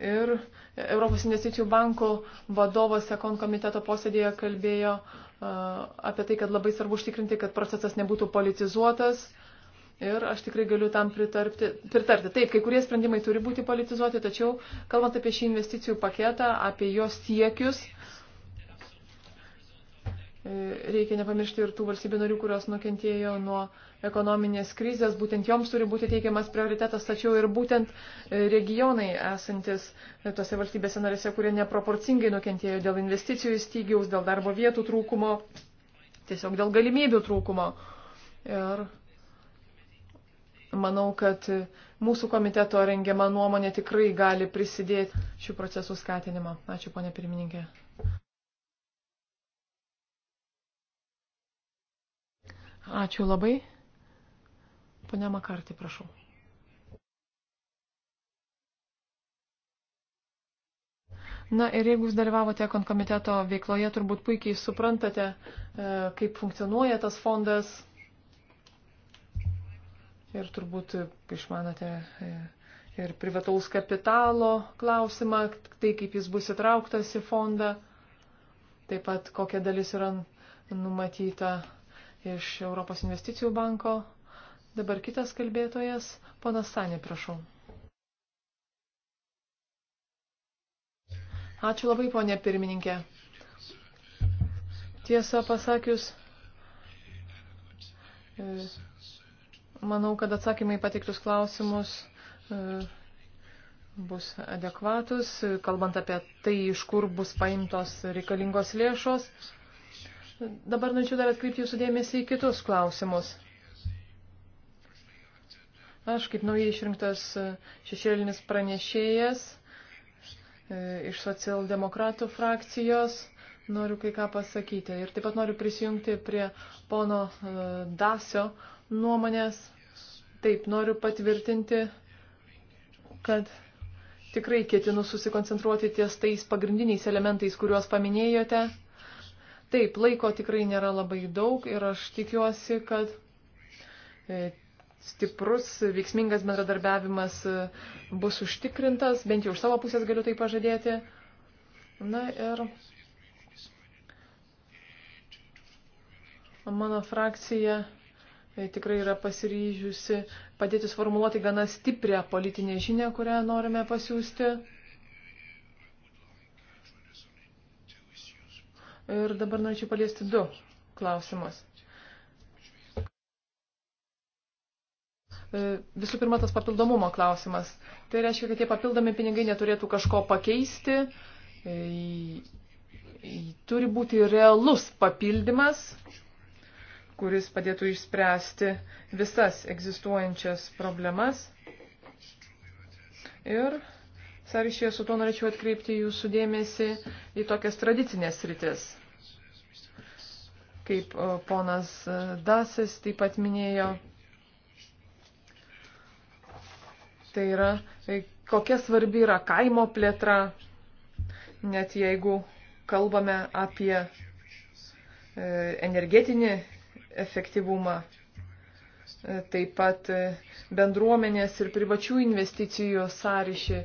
Ir Europos investicijų banko vadovas Ekon komiteto posėdėje kalbėjo apie tai, kad labai svarbu užtikrinti, kad procesas nebūtų politizuotas. Ir aš tikrai galiu tam pritarpti, pritarti. Taip, kai kurie sprendimai turi būti politizuoti, tačiau kalbant apie šį investicijų paketą, apie jos siekius, uh, E, reikia nepamiršti ir tų valstybių narių, kurios nukentėjo nuo ekonominės krizės, būtent joms turi būti teikiamas prioritetas, tačiau ir būtent e, regionai esantis e, tose valstybėse narėse, kurie neproporcingai nukentėjo dėl investicijų įstygiaus, dėl darbo vietų trūkumo, tiesiog dėl galimybių trūkumo. Ir manau, kad mūsų komiteto rengiama nuomonė tikrai gali prisidėti šių procesų skatinimą. Ačiū, ponė pirmininkė. Ačiū labai. Pane Makartį, prašau. Na ir jeigu jūs dalyvavote konkomiteto veikloje, turbūt puikiai suprantate, e, kaip funkcionuoja tas fondas. Ir turbūt išmanote e, ir privataus kapitalo klausimą, tai kaip jis bus įtrauktas į fondą, taip pat kokia dalis yra numatyta iš Europos investicijų banko. Dabar kitas kalbėtojas, ponas Sanė, prašau. Ačiū labai, ponė pirmininkė. Tiesą pasakius, e, manau, kad atsakymai pateiktus klausimus e, bus adekvatus, kalbant apie tai, iš kur bus paimtos reikalingos lėšos. Dabar norėčiau dar atkreipti jūsų dėmesį į kitus klausimus. Aš kaip naujai išrinktas e, šešėlinis pranešėjas e, iš socialdemokratų frakcijos noriu kai ką pasakyti. Ir taip pat noriu prisijungti prie pono e, Dasio nuomonės. Taip, noriu patvirtinti, kad tikrai ketinu susikoncentruoti ties tais pagrindiniais elementais, kuriuos paminėjote. Taip, laiko tikrai nėra labai daug ir aš tikiuosi, kad e, stiprus, veiksmingas bendradarbiavimas e, bus užtikrintas, bent jau už savo pusės galiu tai pažadėti. Na ir mano frakcija e, tikrai yra pasiryžiusi padėti sformuluoti gana stiprią politinę žinę, kurią norime pasiūsti. Ir dabar norėčiau paliesti du klausimus. E, visų pirma, tas papildomumo klausimas. Tai reiškia, kad tie papildomi pinigai neturėtų kažko pakeisti. E, turi būti realus papildymas, kuris padėtų išspręsti visas egzistuojančias problemas. Ir sąryšyje su tuo norėčiau atkreipti jūsų dėmesį į tokias tradicinės rytis. Kaip e, ponas Dasis taip pat minėjo, tai yra, e, kokia svarbi yra kaimo plėtra, net jeigu kalbame apie e, energetinį efektyvumą, taip pat bendruomenės ir privačių investicijų sąryšį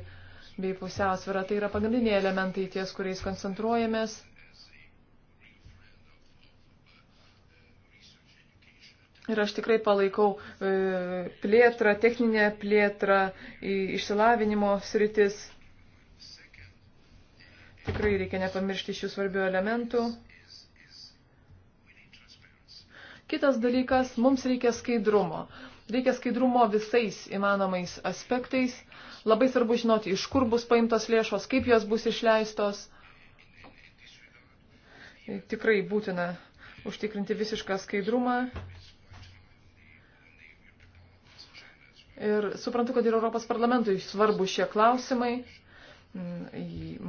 bei pusiausvyrą. Tai yra pagrindiniai elementai ties, kuriais koncentruojamės. Ir aš tikrai palaikau e, plėtrą, techninę plėtrą, išsilavinimo sritis. Tikrai reikia nepamiršti šių svarbių elementų. Kitas dalykas, mums reikia skaidrumo. Reikia skaidrumo visais įmanomais aspektais. Labai svarbu žinoti, iš kur bus paimtos lėšos, kaip jos bus išleistos. Tikrai būtina užtikrinti visišką skaidrumą. Ir suprantu, kad ir Europos parlamentui svarbu šie klausimai.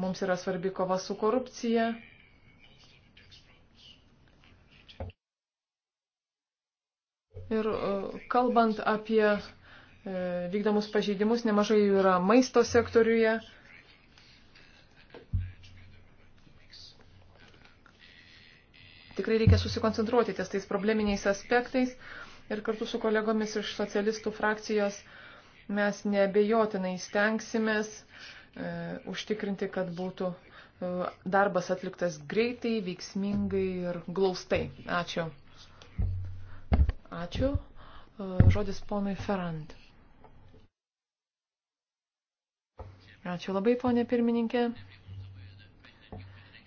Mums yra svarbi kova su korupcija. Ir kalbant apie E, vykdomus pažeidimus, nemažai jų yra maisto sektoriuje. Tikrai reikia susikoncentruoti ties tais probleminiais aspektais ir kartu su kolegomis iš socialistų frakcijos mes nebejotinai stengsimės e, užtikrinti, kad būtų e, darbas atliktas greitai, veiksmingai ir glaustai. Ačiū. Ačiū. E, žodis ponui Ferrand. Ačiū labai, ponė pirmininkė.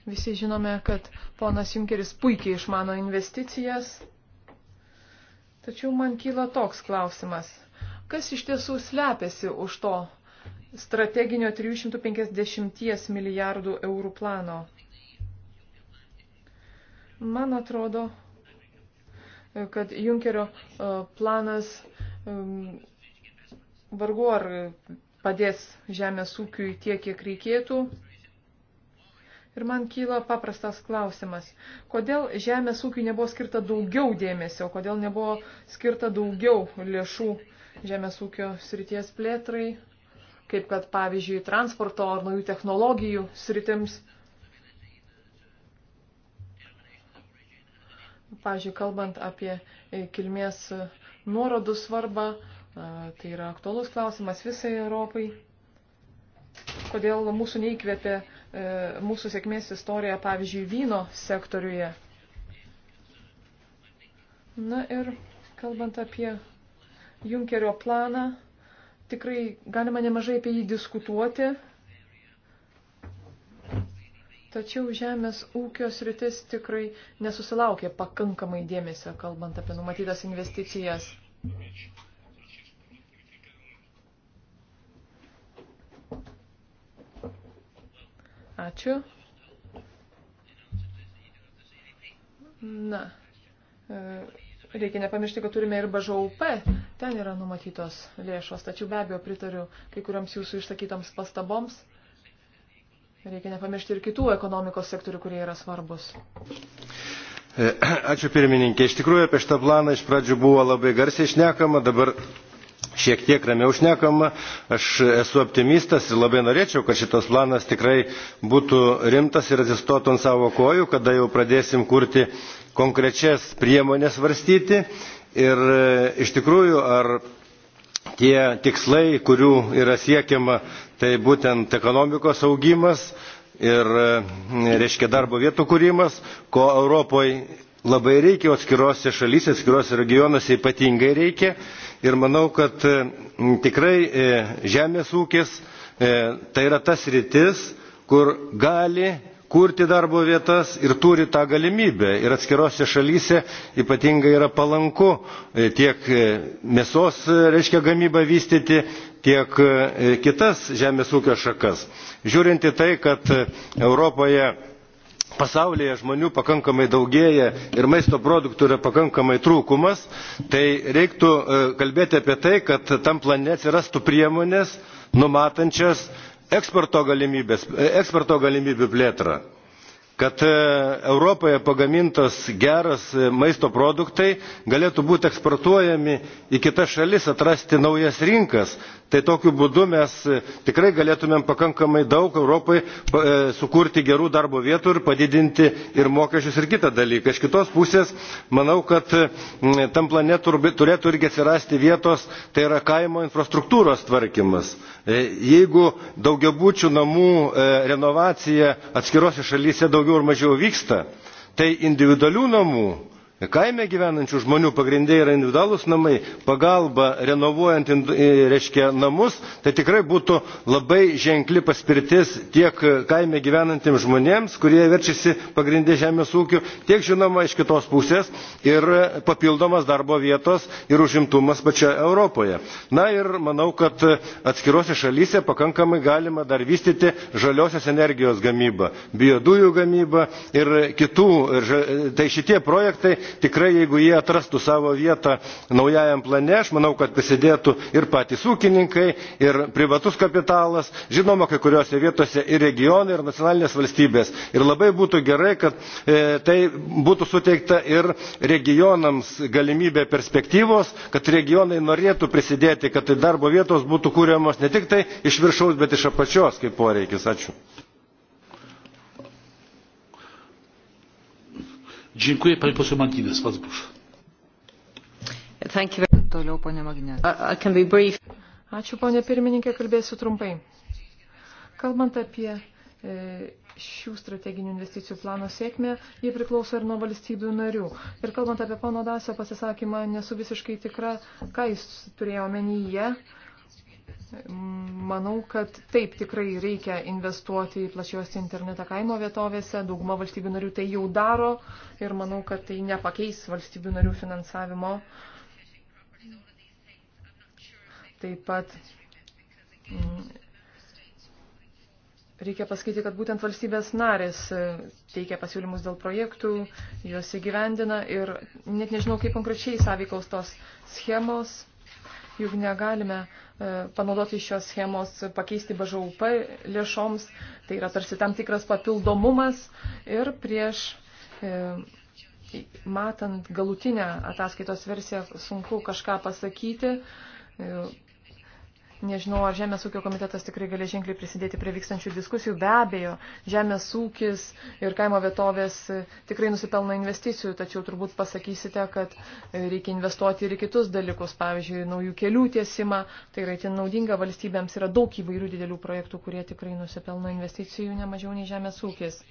Visi žinome, kad ponas Junkeris puikiai išmano investicijas. Tačiau man kyla toks klausimas. Kas iš tiesų slepiasi už to strateginio 350 milijardų eurų plano? Man atrodo, kad Junkerio e, planas vargu ar padės žemės ūkiui tiek, kiek reikėtų. Ir man kyla paprastas klausimas, kodėl žemės ūkiui nebuvo skirta daugiau dėmesio, kodėl nebuvo skirta daugiau lėšų žemės ūkio srities plėtrai, kaip kad pavyzdžiui transporto ar naujų technologijų sritims. Pavyzdžiui, kalbant apie kilmės nuorodų svarbą, Tai yra aktuolus klausimas visai Europai. Kodėl mūsų neįkvėpė e, mūsų sėkmės istorija, pavyzdžiui, vyno sektoriuje. Na ir kalbant apie Junkerio planą, tikrai galima nemažai apie jį diskutuoti. Tačiau žemės ūkio sritis tikrai nesusilaukė pakankamai dėmesio, kalbant apie numatytas investicijas. Thank you. Ačiū. Na, e, reikia nepamiršti, kad turime ir BŽUP, ten yra numatytos lėšos, tačiau be abejo pritariu kai kuriams jūsų išsakytoms pastaboms. Reikia nepamiršti ir kitų ekonomikos sektorių, kurie yra svarbus. E, ačiū pirmininkė. Iš tikrųjų apie šitą planą iš pradžių buvo labai garsiai šnekama, dabar šiek tiek ramiau šnekama aš esu optimistas ir labai norėčiau kad šitas planas tikrai būtų rimtas ir atsistotų ant savo kojų kada jau pradėsim kurti konkrečias priemones svarstyti ir e, iš tikrųjų ar tie tikslai kurių yra siekiama tai būtent ekonomikos augimas ir e, reiškia darbo vietų kūrimas ko europoje labai reikia o atskirose šalyse atskiruose regionuose ypatingai reikia ir manau, kad e, tikrai e, žemės ūkis e, tai yra tas rytis, kur gali kurti darbo vietas ir turi tą galimybę. Ir atskirose šalyse ypatingai yra palanku tiek mėsos, reiškia, gamybą vystyti, tiek kitas žemės ūkio šakas. Žiūrint į tai, kad Europoje pasaulyje žmonių pakankamai daugėja ir maisto produktų yra pakankamai trūkumas tai reiktų e, kalbėti apie tai kad tam plane atsirastų priemonės numatančios eksporto e, galimybių plėtrą kad e, europoje pagamintas geras e, maisto produktai galėtų būti eksportuojami į kitas šalis atrasti naujas rinkas tai tokiu būdu mes e, tikrai galėtumėm pakankamai daug europai sukurti gerų darbo vietų ir padidinti ir mokesčius ir kitą dalyką. iš kitos pusės manau kad tam plane turėtų irgi atsirasti vietos tai yra kaimo infrastruktūros tvarkymas. jeigu daugiabučių namų renovacija atskirose šalyse daugiau ar mažiau vyksta tai individualių namų kaime gyvenančių žmonių pagrinde yra individualūs namai pagalba renovuojant e, reiškia namus tai tikrai būtų labai ženkli paspirtis tiek kaime gyvenantiems žmonėms kurie verčiasi pagrinde žemės ūkiu tiek žinoma iš kitos pusės ir papildomos darbo vietos ir užimtumas pačioje europoje. na ir manau kad atskirose šalyse pakankamai galima dar vystyti žaliosios energijos gamybą biodujų gamybą ir kitų tai šitie projektai tikrai jeigu jie atrastų savo vietą naujajam plane aš manau kad prisidėtų ir patys ūkininkai ir privatus kapitalas žinoma kai kuriose vietose ir regionai ir nacionalinės valstybės ir labai būtų gerai kad e, tai būtų suteikta ir regionams galimybė perspektyvos kad regionai norėtų prisidėti kad darbo vietos būtų kuriamos ne tik tai iš viršaus bet iš apačios kaip poreikis. ačiū. Dziękuję pani poseł Martinez. Bardzo proszę. Thank you. Toliau, ponė Magnė. Ačiū, ponė pirmininkė, kalbėsiu trumpai. Kalbant apie e, šių strateginių investicijų plano sėkmė, jie priklauso ir nuo valstybių narių. Ir kalbant apie pono Dasio pasisakymą, nesu visiškai tikra, ką jis turėjo omenyje. Manau, kad taip tikrai reikia investuoti į plačiuosi internetą kaimo vietovėse. Dauguma valstybių narių tai jau daro ir manau, kad tai nepakeis valstybių narių finansavimo. Taip pat mm, reikia pasakyti, kad būtent valstybės narės e, teikia pasiūlymus dėl projektų, juos įgyvendina ir net nežinau, kaip konkrečiai sąveikaus tos schemos juk negalime e, panaudoti šios schemos pakeisti BŽUP lėšoms, tai yra tarsi tam tikras papildomumas ir prieš e, matant galutinę ataskaitos versiją sunku kažką pasakyti, e, Nežinau, ar Žemės ūkio komitetas tikrai gali ženkliai prisidėti prie vykstančių diskusijų. Be abejo, Žemės ūkis ir kaimo vietovės tikrai nusipelna investicijų, tačiau turbūt pasakysite, kad reikia investuoti ir į kitus dalykus, pavyzdžiui, naujų kelių tiesimą. Tai yra itin naudinga valstybėms, yra daug įvairių didelių projektų, kurie tikrai nusipelna investicijų, nemažiau nei Žemės ūkis.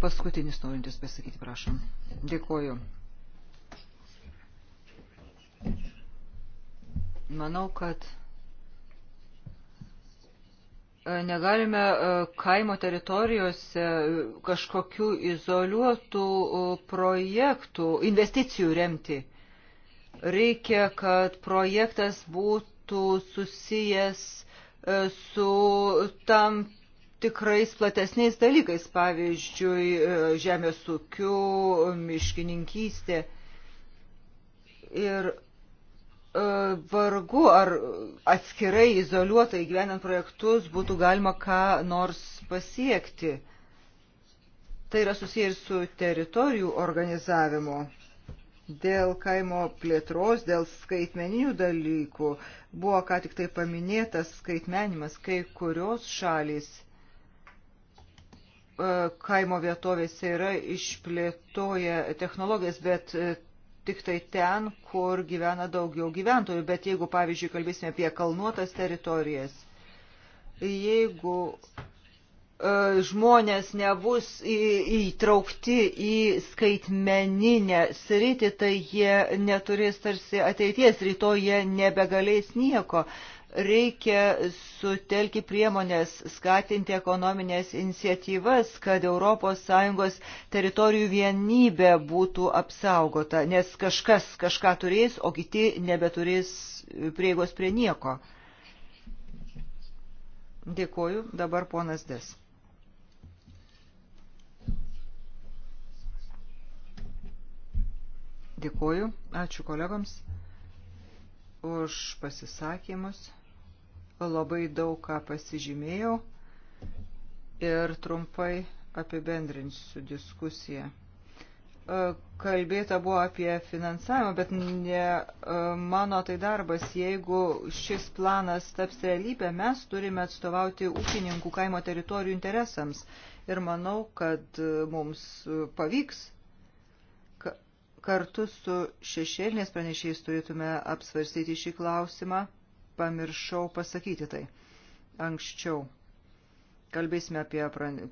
Paskutinis norintis pasakyti, prašom. Dėkuoju. Manau, kad e, negalime e, kaimo teritorijose e, kažkokių izoliuotų projektų, investicijų remti. Reikia, kad projektas būtų susijęs su tam tikrais platesniais dalykais, pavyzdžiui, e, žemės ūkių, miškininkystė. Ir e, vargu ar atskirai izoliuotai gyvenant projektus būtų galima ką nors pasiekti. Tai yra susiję ir su teritorijų organizavimu. Dėl kaimo plėtros, dėl skaitmeninių dalykų buvo ką tik tai paminėtas skaitmenimas, kai kurios šalys – E, kaimo vietovėse yra išplėtoję technologijas, bet e, tik tai ten, kur gyvena daugiau gyventojų. Bet jeigu, pavyzdžiui, kalbėsime apie kalnuotas teritorijas, jeigu e, žmonės nebus įtraukti į skaitmeninę sritį, tai jie neturės tarsi ateities, rytoj jie nebegalės nieko. Reikia sutelki priemonės, skatinti ekonominės iniciatyvas, kad ES teritorijų vienybė būtų apsaugota, nes kažkas kažką turės, o kiti nebeturės prieigos prie nieko. Dėkoju, dabar ponas Des. Dėkoju, ačiū kolegoms už pasisakymus labai daug ką pasižymėjau ir trumpai apibendrinsiu diskusiją. E, kalbėta buvo apie finansavimą, bet ne e, mano tai darbas. Jeigu šis planas taps realybė, mes turime atstovauti ūkininkų kaimo teritorijų interesams. Ir manau, kad e, mums pavyks kartu su šešėlinės pranešėjais turėtume apsvarstyti šį klausimą pamiršau pasakyti tai anksčiau. Kalbėsime apie,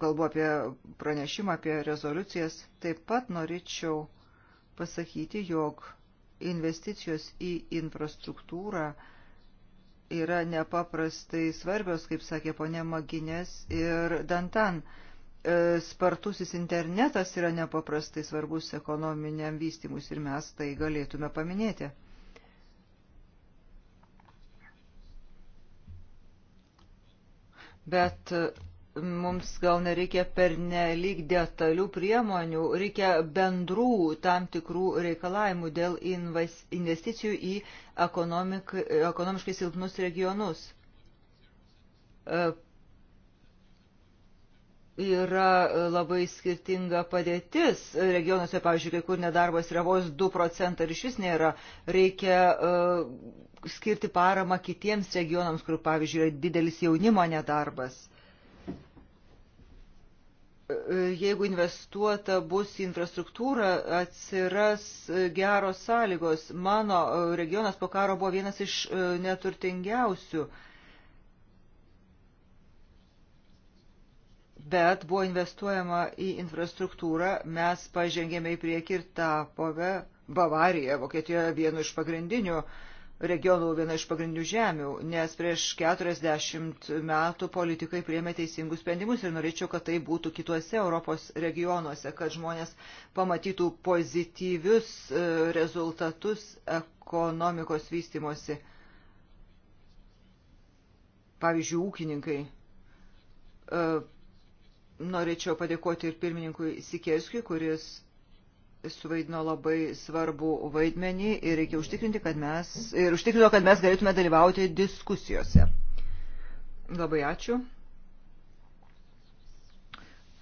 kalbu apie pranešimą, apie rezoliucijas. Taip pat norėčiau pasakyti, jog investicijos į infrastruktūrą yra nepaprastai svarbios, kaip sakė ponė Maginės ir Dantan. E, spartusis internetas yra nepaprastai svarbus ekonominiam vystimus ir mes tai galėtume paminėti. bet e, mums gal nereikia pernelyg detalių priemonių, reikia bendrų tam tikrų reikalavimų dėl investicijų į ekonomiškai silpnus regionus. E, yra e, labai skirtinga padėtis regionuose, pavyzdžiui, kai kur nedarbas yra vos 2 procentai ir iš vis nėra, reikia uh, skirti paramą kitiems regionams, kur, pavyzdžiui, yra didelis jaunimo nedarbas. E, jeigu investuota bus į infrastruktūrą, atsiras geros sąlygos. Mano regionas po karo buvo vienas iš neturtingiausių. Uh, bet buvo investuojama į infrastruktūrą, mes pažengėme į priekį ir tapome Bavarija, Vokietijoje vienu iš pagrindinių regionų, viena iš pagrindinių žemių, nes prieš 40 metų politikai priėmė teisingus sprendimus ir norėčiau, kad tai būtų kituose Europos regionuose, kad žmonės pamatytų pozityvius e, rezultatus ekonomikos vystimosi. Pavyzdžiui, ūkininkai e, norėčiau padėkoti ir pirmininkui Sikerskiui, kuris suvaidino labai svarbu vaidmenį ir reikia užtikrinti, kad mes, ir užtikrino, kad mes galėtume dalyvauti diskusijose. Labai ačiū.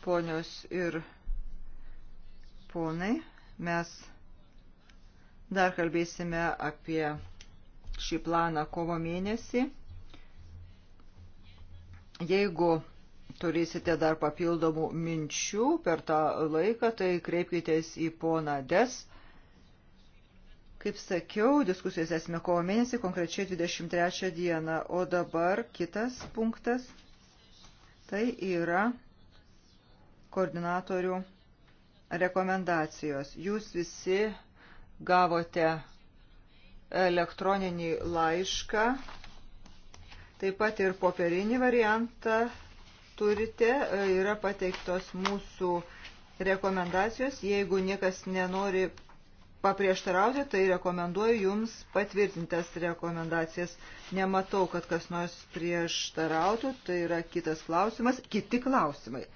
Ponios ir ponai, mes dar kalbėsime apie šį planą kovo mėnesį. Jeigu turėsite dar papildomų minčių per tą laiką, tai kreipkitės į poną Des. Kaip sakiau, diskusijas esame kovo mėnesį, konkrečiai 23 dieną. O dabar kitas punktas, tai yra koordinatorių rekomendacijos. Jūs visi gavote elektroninį laišką, taip pat ir popierinį variantą turite, e, yra pateiktos mūsų rekomendacijos. Jeigu niekas nenori paprieštarauti, tai rekomenduoju jums patvirtintas rekomendacijas. Nematau, kad kas nors prieštarautų, tai yra kitas klausimas, kiti klausimai.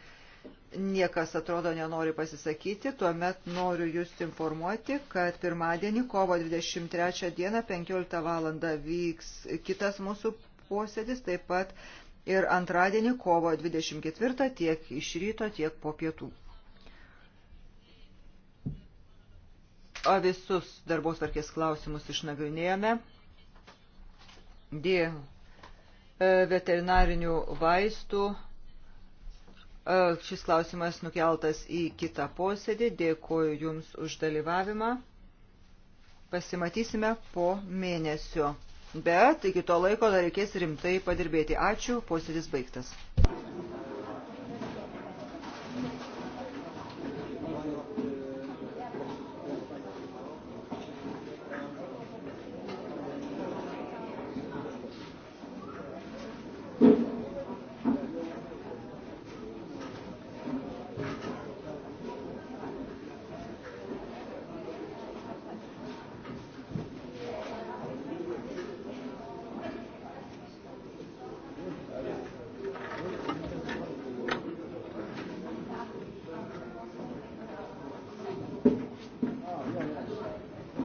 Niekas atrodo nenori pasisakyti, tuomet noriu jūs informuoti, kad pirmadienį, kovo 23 dieną, 15 val. vyks kitas mūsų posėdis, taip pat ir antradienį kovo 24 tiek iš ryto, tiek po pietų. O visus darbos varkės klausimus išnagrinėjome. D. E, veterinarinių vaistų. E, šis klausimas nukeltas į kitą posėdį. Dėkuoju Jums už dalyvavimą. Pasimatysime po mėnesio bet iki to laiko dar reikės rimtai padirbėti. Ačiū, posėdis baigtas.